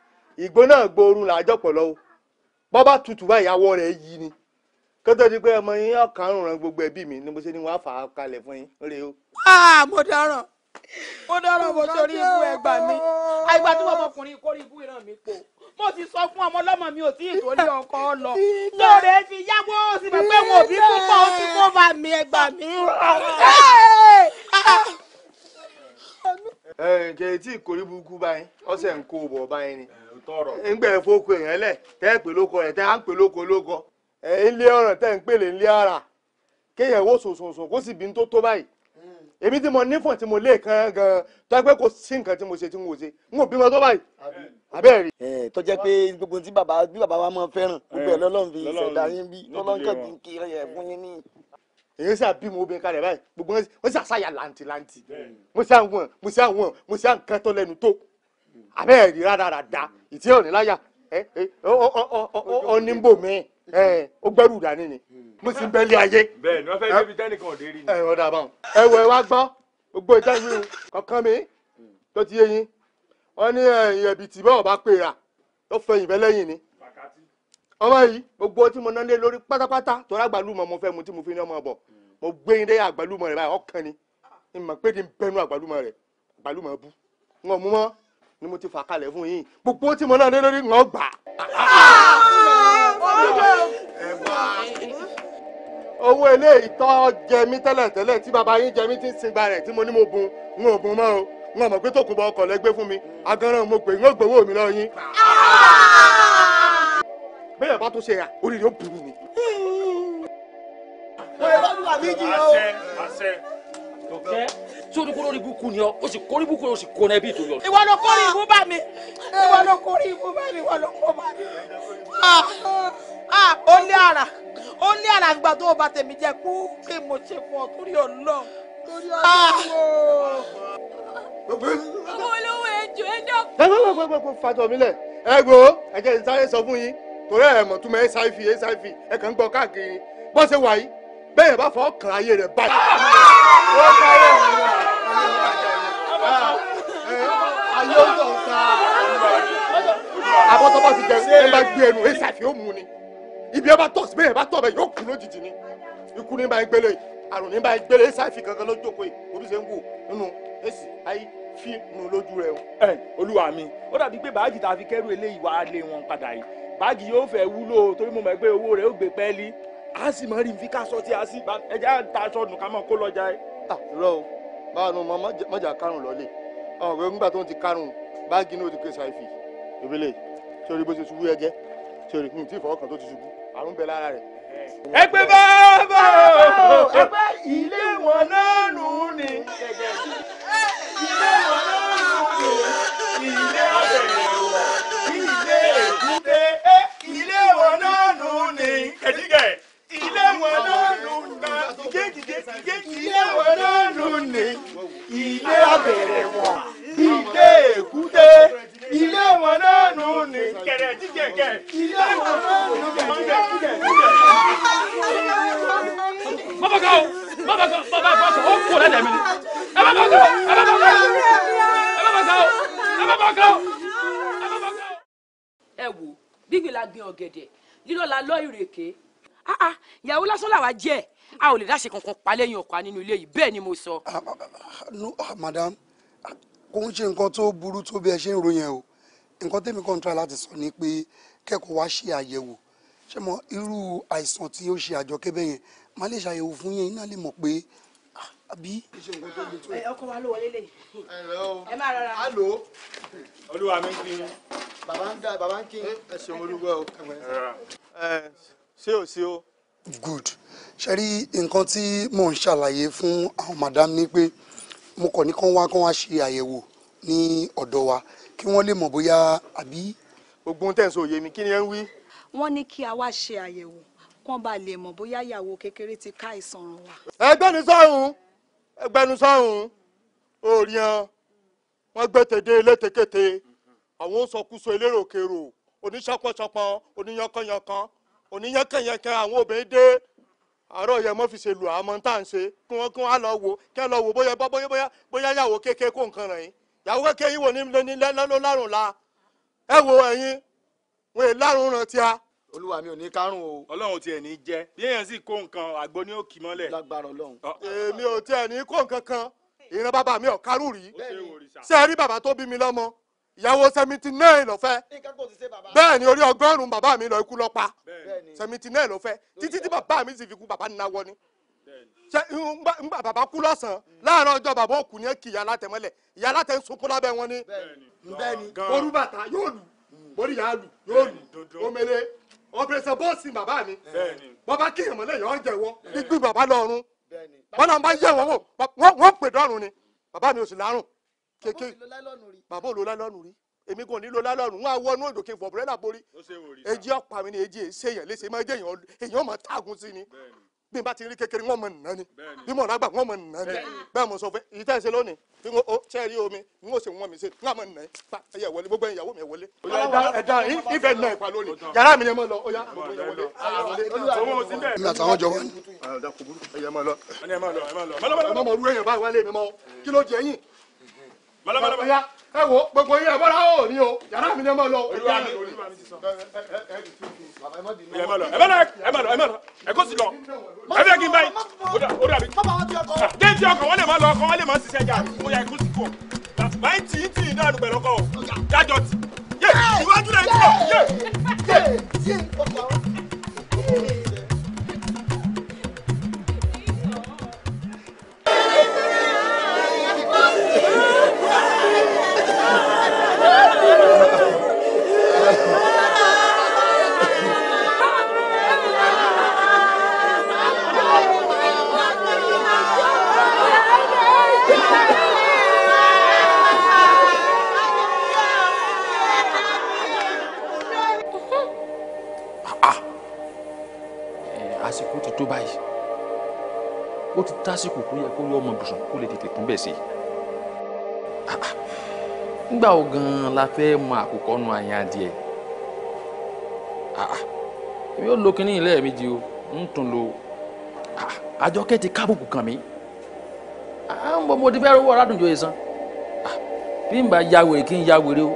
ìgbó náà gbooru làájọpọ̀ lọ́wọ́ bọ́bá tutù báyìí awọ rẹ̀ yí ni kótó di pé ọmọ yín ọ̀kan ràn gbogbo ẹbí mi ni mo ṣe ni wọ́n á fà á kalẹ̀ fún yín lórí o. mo dáràn ó dára bó sórí ibú ẹgbà mi àgbà tí wọn ọmọkùnrin kórè ibú ìran mi pò mo ti sọ fún ọmọ ọlọ́mọ mi ò tí ì torí ọkọ lọ lóore fi yáwó sí mi pé wọn bí púpọ̀ ó ti kó bá mi ẹgbà mi. ǹjẹ́ etí ìkórí burúkú báyìí ọ̀sẹ̀ ń kó bọ̀ báyìí ni ńgbẹ́ fóko èèyàn lẹ̀ tẹ́ ẹ̀ pè lóko rẹ̀ tẹ́ à ń pè lóko lóko ẹ̀ ń lé ọ̀ràn tẹ́ ń pèlè ń lé ara kéèyàn wó sòsòsò kó sì bí ń tó tó báyìí èmi tí mo nífọ̀n tí mo lè kan gan tó pé kò sí nǹkan tí mo ṣe tí mo ṣe n ò bímọ tó báyìí abẹ́ẹ̀ rí. ẹ tó jẹ́ pé gbogbo tí bàbá bí bàbá wa máa fẹ́ràn gbogbo ẹ̀ lọ́lọ́run fi ṣẹ̀dá yín bí lọ́lọ́kàn tí ń kiri ẹ̀ fún yín ní. èyí sà bí mo obìnrin kalẹ̀ báyìí gbogbo wọn sì àṣàyà làǹtìlàǹtì mo sì àwọn mo sì àwọn mo sì àǹkan tó lẹ́nu tó abẹ́ẹ̀ rí rádaràda ìtí ọ̀nìláyà ọ̀ ọ̀ ọ̀ ọ̀ ọ̀ ní bò mí ó gbẹ́rù dání ni mo sì ń bẹ́lẹ̀ ayé. bẹ́ẹ̀ ni wọ́n fẹ́ débi tẹ́nìkan ò dé rí ni. ẹ ọ̀dà àbáwọn ẹ wọ ẹ wá gbọ́ gbogbo ìjà ìwé kankan mi tó ti yé yín wọ́n ní ẹ̀yìn ẹ̀bì tì bọ́ọ̀ bá pè rà ló fẹ̀yìn bẹ́ lẹ́yìn ni. ọmọ yìí gbogbo tí mo náà lé lórí pátápátá tó rágbàlúmọ̀ mo fẹ́ mu tí mo fi ní ọmọ bọ̀ mo gbé yín dé àgbàlúmọ̀ rẹ̀ báyìí ọkàn ni ìmọ̀ pé ní bẹnu àgbàlúmọ̀ rẹ̀ àgbàlúmọ̀ bú wọn mú mọ́ ni mo ti fà kalẹ̀ fún yín gbogbo tí mo náà lé lórí ń gbà owó eléyìí tó jẹ mí tẹ́lẹ̀tẹ́lẹ̀ tí bàbá yín jẹ mí tí ń sinba rẹ̀ tí mo ní mo bun n ò bun mọ́ o n ò mọ̀ pé tòkùnbọ ọkọ̀ lẹ́gbẹ́ fún mi aganran mo pè n ò gbowó mi lọ yín. bẹ́ẹ̀ bá tó ṣe yà orí rẹ̀ ó bù mí ni. àṣẹ àṣẹ tòkẹ́ tí o ní kóró ibú kú ni ọ o sì kóró ibú kú o sì kóró ẹbí ìtòlú ọ. ìwọ ló kóró ibú bá mi ìwọ ló kóró ibú bá mi ìwọ ló kóró bá mi. Ah àrà ó ní àrà àgbà tó bá tèmi jẹ kú pé mo ṣe fún ọ torí ọlọ. torí ọlọ. ọmọ ah! olówó ẹjọ ẹjọ. ẹ gbọ́ gbọ́ gbọ́ fàjọ mi lẹ̀ ẹ gbọ́ ẹ jẹ́ sáré sọ fún yín torí ẹ̀ mọ̀ tún mọ̀ ẹ ṣáìfì ẹ ṣáìfì ẹ kàn ń gbọ́ káàkiri bó ṣe wà yìí bẹ́ẹ̀ yẹn bá fọ́ kàn ayé rẹ̀ báyìí. ó káyọ̀ ah, ayé ó tọ̀ ta àbọ̀tọ́ bá ti jẹ ẹ bá gbé ẹnu ẹ ṣáìfì ó mú ni ibi ẹ bá tọ̀ síbẹ̀ ẹ bá tọ̀ bẹ̀ yóò kú lójijì ni ikú ní bá ń gbélé yìí àrùn ní bá ń gbélé sáfì kankan lójú òkú yìí oríṣi ń wò nínú èsì ayé fi nù lójú rẹ o. ẹ olúwa mi ó dàbí pé báàgì tá a fi kẹ́rù eléyìí wá lé wọn padà yìí báàgì yóò fẹ́ wúlò torí mo mọ̀ pé owó rẹ̀ ó gbé pẹ́ẹ́lí a sì mọ̀ rí fi ká sọ tí a sì ẹja ta aṣọ nù ká mọ̀ kó lọ́jà ẹ. Ah, rọ o báwo ni mo mọ̀jà karùn-ún lọ́lẹ̀ ọ̀rẹ́ nígbà tó ń ti karùn-ún báàgì náà ti ké sáfì ìbílẹ̀ sórí bó ti ṣubú yẹ jẹ́ sórí mi ti fọwọ́ kan tó ti ṣubú àrùn bẹ lára rẹ̀. ẹ pé bàbá o ẹ pé ilé wọn náà nù ní. ilé wọn náà nù ní ilé ọ̀bẹ̀rẹ̀ wọ̀ ilé èkúté ilé wọn náà nù ní kẹ̀díkẹ̀ ilé wọn náà nù ní gégigé ilé wọn náà nù ní ilé ọ̀bẹ̀rẹ̀ wọ̀ ilé èkúté ilé wọn náà nù ní kẹrẹ jíjẹ kẹ ilé wọn náà nù kẹrẹ jíjẹ kẹ. bàbá kan bàbá kan bàbá kan o kò lẹ́dẹ̀ẹ́ mi ni ẹ bá kan ẹ bá kan ẹ bá kan ẹ bá kan ẹ bá kan ẹ wo gbígbìn la gbin ọ̀gẹ̀dẹ̀ lílọ́ la lọ́ ìrèké ah, ah, ìyàwó lásán làwa jẹ́ a ò lè dáṣe kankan palẹ́yìn ọkọ nínú ilé yìí bẹ́ẹ̀ ni mo sọ. Ah, madam kò ń ṣe nǹkan tó burú tó bí ẹ ṣe ń ro yẹn o nǹkan tèmi kàn ń try láti sọ ni pé kẹ́kọ̀ọ́ wá ṣe àyẹ̀wò ṣé mo irú àìsàn tí ó ṣe àjọkẹ́ bẹ́ẹ̀ yẹn má lè ṣàyẹ̀wò fún yín iná lè mọ̀ pé ah, àbí. ọkọ wa ló wọlé lè. ẹ máa rọra. alo olúwa mi kí yín. bàbá ń dá bàbá ń kí yín. ẹ ṣeun olúwa o. ṣé o ṣé o. good ṣe rí nǹkan tí mò ń ṣàlàyé fún àwọn madam ni pé. Pe mo kàn ní kán wá kán wá ṣe àyẹ̀wò ní ọ̀dọ̀ wa kí wọ́n lè mọ̀ bóyá àbí. gbogbo tẹ̀ òye mi kí ni ẹ ń wí. wọ́n ní kí a wá ṣe àyẹ̀wò kán bá lè mọ̀ bóyá ìyàwó kékeré ti ká àìsàn ràn wá. ẹgbẹ́ni sọ́hùn ẹgbẹ́ni sọ́hùn òòyàn wọ́n gbé tèdè létekete àwọn ó sọkúso eléròkèrò oníṣọpọṣọpọ oníyankanyankan oníyankanyankan àwọn obìnrin dé àárọ̀ yẹn mọ́ fi ṣe lu àmọ́ tá à ń ṣe kí wọ́n kí wọ́n á lọ wo kí wọ́n lọ wo bóyá bóyá bóyá bóyá yàwó kékeré kó nǹkan rẹ̀ yín yàwó kékeré yìí wò ní lẹ́lọ́lọ́ lárùn la ẹ wo ẹ̀yin wọn è lárùn ràn tí a. olúwa mi ò ní kárùn o. ọlọ́run tiẹ̀ ní jẹ́ bí èèyàn sì kó nǹkan àgbo ní òkì mọ́lẹ̀. lágbára ọlọ́run. èmi ò tiẹ̀ ní kó nǹkan kan ìran bàbá mi ò kárù rí. ṣé ẹ rí bàbá tó bí mi lọ́mọ ìyàwó seventy nine ló fẹ́ bẹ́ẹ̀ ni orí ọgọ́rùn-ún bàbá mi lọ ikú lọ pa seventy nine ló fẹ́ títí tí bàbá mi sì fi kú bàbá náwó ni ngbà bàbá kú lọ́sàn-án mm. láàárọ̀ ọjọ́ bàbá òkú ni kì ìyá alátẹ̀mọ́lẹ̀ ìyá alátẹ̀ ń sunkún lábẹ́ wọn ni bẹ́ẹ̀ni orú bàtà yóò lù borí mm. ìyá lù yóò lù omele ọ̀pẹ̀sẹ̀ bọ́ọ̀sì bàbá mi bàbá kí ìyàmọ́lẹ̀ yọ̀ ọ́ jẹ̀wọ́ gbígbí bàbá lọ́rùn bọ́lá ń bá yẹ̀wọ́ wò wọ́n pè dọ́rùn ni bàbá mi ò sì lárùn kéke bàbá òlò láìlọ́nù rí èmi kò nílò lálọ́run wọn àwọ inú òdòkè fọ̀bùrẹ́là borí èjì ọ̀pá mi ni èjì èsè yẹn léṣe máa jẹ́ èèyàn máa tààgùn sí ni bí n bá ti rí kékeré wọn mọ nìyẹn ni bí mo rà gbà wọn mọ nìyẹn ni bẹ́ẹ̀ mo sọ fẹ́ èyí tẹ́ ẹ ṣe lónìí tí n ó ṣe rí omi n ó ṣe wọn mi ṣe n àmọ́ nìyẹn pa ẹyẹ wọlé gbogbo ìyàwó mi wọlé. ẹja ìfẹ́ nà ẹ̀pà lónìí yàrá mi ni ẹ balabalaba ẹ wo gbogbo yín ẹ̀bọ́ra ó ní o yàrá mi ní ẹ máa lọ. olúwa mi olúwa mi ti sọ. ẹ má lọ ẹ má lọ ẹ má lọ ẹ má lọ ẹ kó sì lọ ẹ fẹ́ kí n báyìí ó dàbí. dé ti ọkọ̀ wọ́n lè má lọ ọkọ̀ wọ́n lè má ṣiṣẹ́ jà ó yà ikú sí kú ọ báyìí tì í tì í dànù pẹ̀lú ọkọ̀ o dájọ́ tì yé iwájú rẹ̀ ń tì lọ yé. ó ti tásìkò kó yẹ kó ọmọ ibùsùn kó lè tètè tún bẹ̀ ṣe. Ah, ah. nígbà wo gan-an la fẹ́ mọ àkókò nu àyàn adìẹ ah, èmi ò lo kínní ilé di o ń tún lo àjọkẹ́ ti kábùkù kàn mí à ń mo ti fẹ́ rówó aládùnjọ yìí san bí n bá ya wèrè kí n ya wèrè o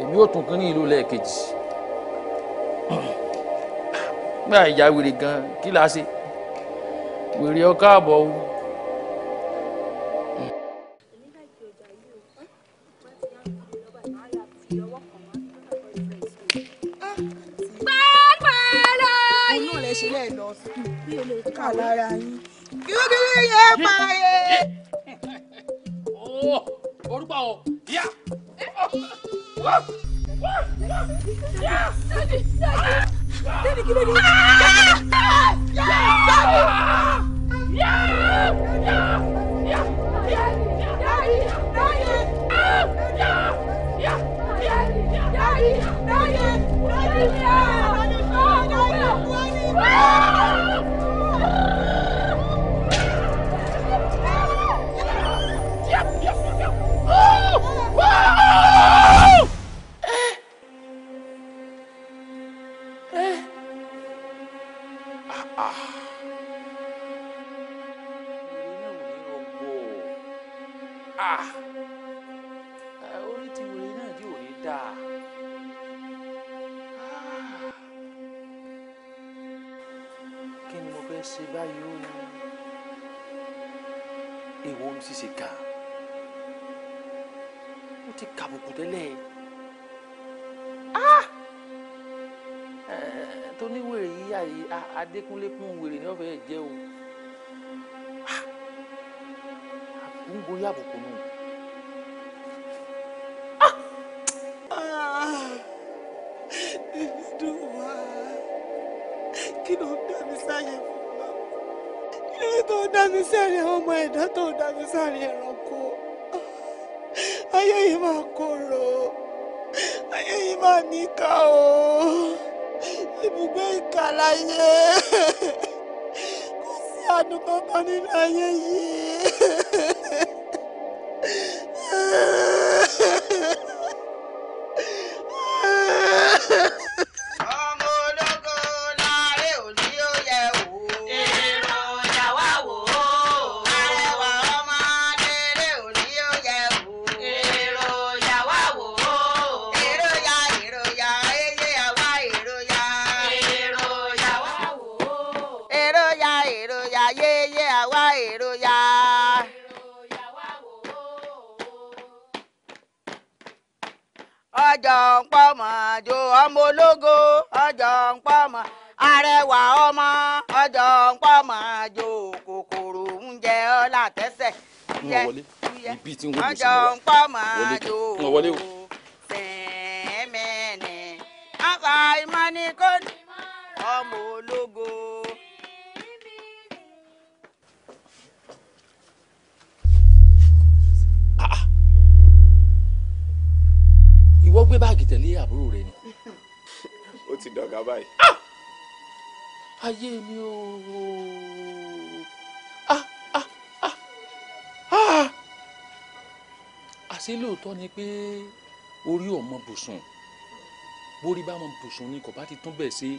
èmi ò tún kínní ìlú lẹ́ẹ̀kejì hmm. wèrè gan kí la ṣe. wèrè ọkọ àbọ̀ o. sílẹ̀ lọ sí kàlára yín gírígírí yẹn pààyè. orúkọ o yá. Yeah dẹ́ni kí ló dé. Oh! orí ti wèrè náà yóò ní dáa. kí ni mo fẹ́ ṣe báyìí ó èwo ń ṣiṣẹ́ ga ó ti kàbùkù tẹ́lẹ̀ tó níwèrè nàìjíríà yìí adékúnlé kún wèrè ní ọ̀fẹ́ jẹ́ o ń ah, gorí àbùkù nù. ìdùnnà ah, kí ló ń dá mi sáyé fún mi kí ló tó dá mi sáré ọmọ ẹ̀dá tó dá mi sáré ẹranko ayé yìí máa kóró ayé yìí máa níkà o ibùgbé ìkà láyé kò sí àdùn kankan nínú ayé yìí. òótọ́ ni pé orí ò mọ bùsùn borí bá mọ bùsùn ni kò bá ti tún bẹ̀ ṣe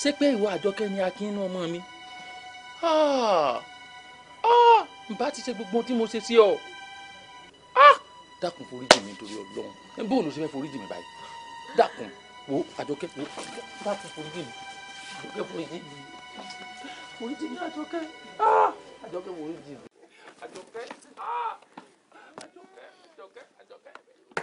ṣé pé ìwọ àjọkẹ́ ni akínú ọmọ mi ah! Ah! n bá ti ṣe gbogbo tí mo ṣe sí ọ ah! dákun foríjì mi nítorí ọlọ́run bó ló ṣe fẹ́ foríjì mi báyìí dákun wo àjọkẹ́ wo dákun foríjì mi àjọkẹ́ foríjì mi foríjì mi àjọkẹ́ àjọkẹ́ foríjì mi àjọkẹ́.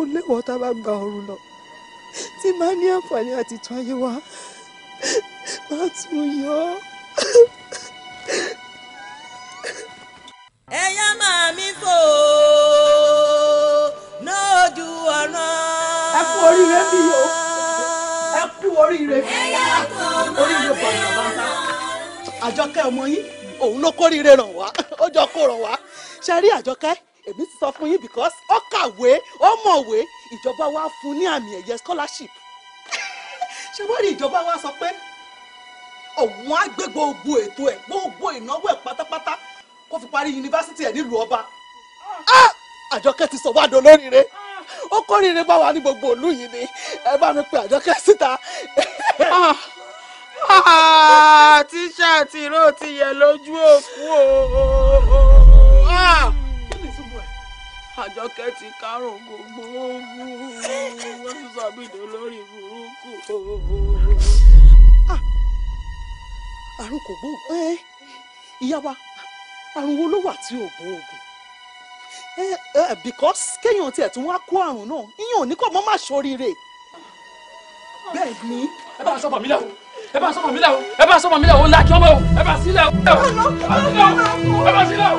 kó léwọ́ tá a bá gba ọ̀run lọ tí máa ní àǹfààní àti tún ayé wa máa tún yọ ẹ̀yà máa mi fò náà ọ̀nà. ẹ kú oríire bí o ẹ kú oríire bí o oríire bọ̀dọ̀ bàbá. àjọkẹ́ ọmọ yín òun ló kórìíre ràn wá ó jọ kó ràn wá ṣe rí àjọkẹ́ èmi ti sọ fún yín because ó kàwé ó mọ̀wé ìjọba wa fún ní àmì ẹ̀yẹ scholarship ṣé wọ́n rí ìjọba wa sọ pé òun á gbé gbogbo ètò ẹ̀ gbogbo ìnáwó ẹ̀ pátápátá kó fi parí yunifásitì ẹ̀ nílùú ọba ah! Ah! àjọkẹ́ ti sọ wádò lóríire ah! ó kórìíre bá wa ní gbogbo ìlú yìí ni ẹ bá mi pe àjọkẹ́ síta. tíṣà tìró ti yẹ lójú òkú o àjọkẹ́ ti kárùn gbogbo wọ́n sọ mí lórí burúkú. Ah, àrùn kò gbóògùn ẹ ìyá wa àrùn wo ló wà tí ò gbóògùn because kéèyàn tiẹ̀ tún wá kó àrùn náà ìyẹn ò ní kó mọ́ má ṣoríire. bẹ́ẹ̀ ni ẹ bá sọ bàmílà o ẹ bá sọmọ mi lẹ o ẹ bá sọmọ mi lẹ o ńlá kí ọmọ o ẹ bá sílẹ̀ o ẹ bá sílẹ̀ o ẹ bá sílẹ̀ o.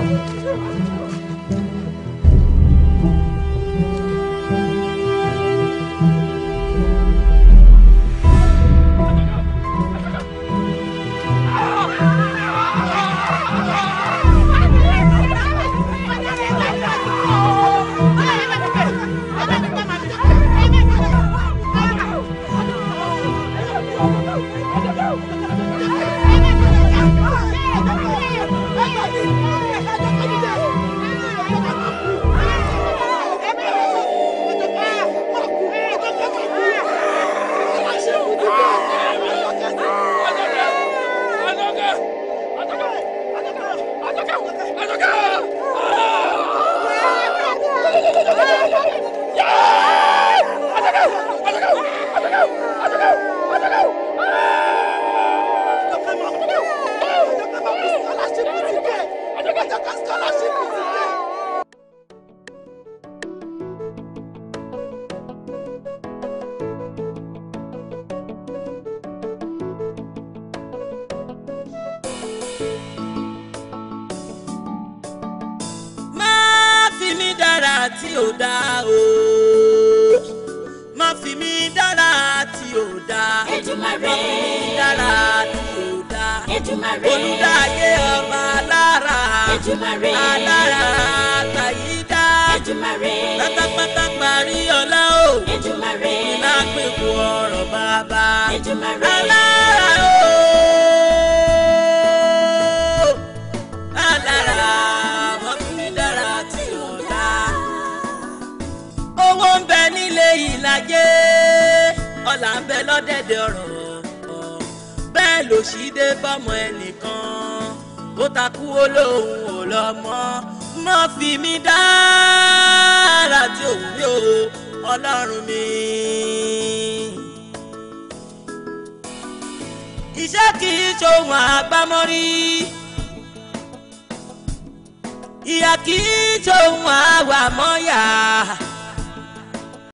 lọ́dẹ̀dẹ̀ ọ̀rọ̀ bẹ́ẹ̀ ló sì dé bọ́mọ ẹnìkan ó takú olóhùn ò lọ́mọ mọ́ fi mí dára tí òun mi ò ọlọ́run mi. iṣẹ́ kì í ṣohun àgbámọ́rí ìyà kì í ṣohun àwàmọ́yà.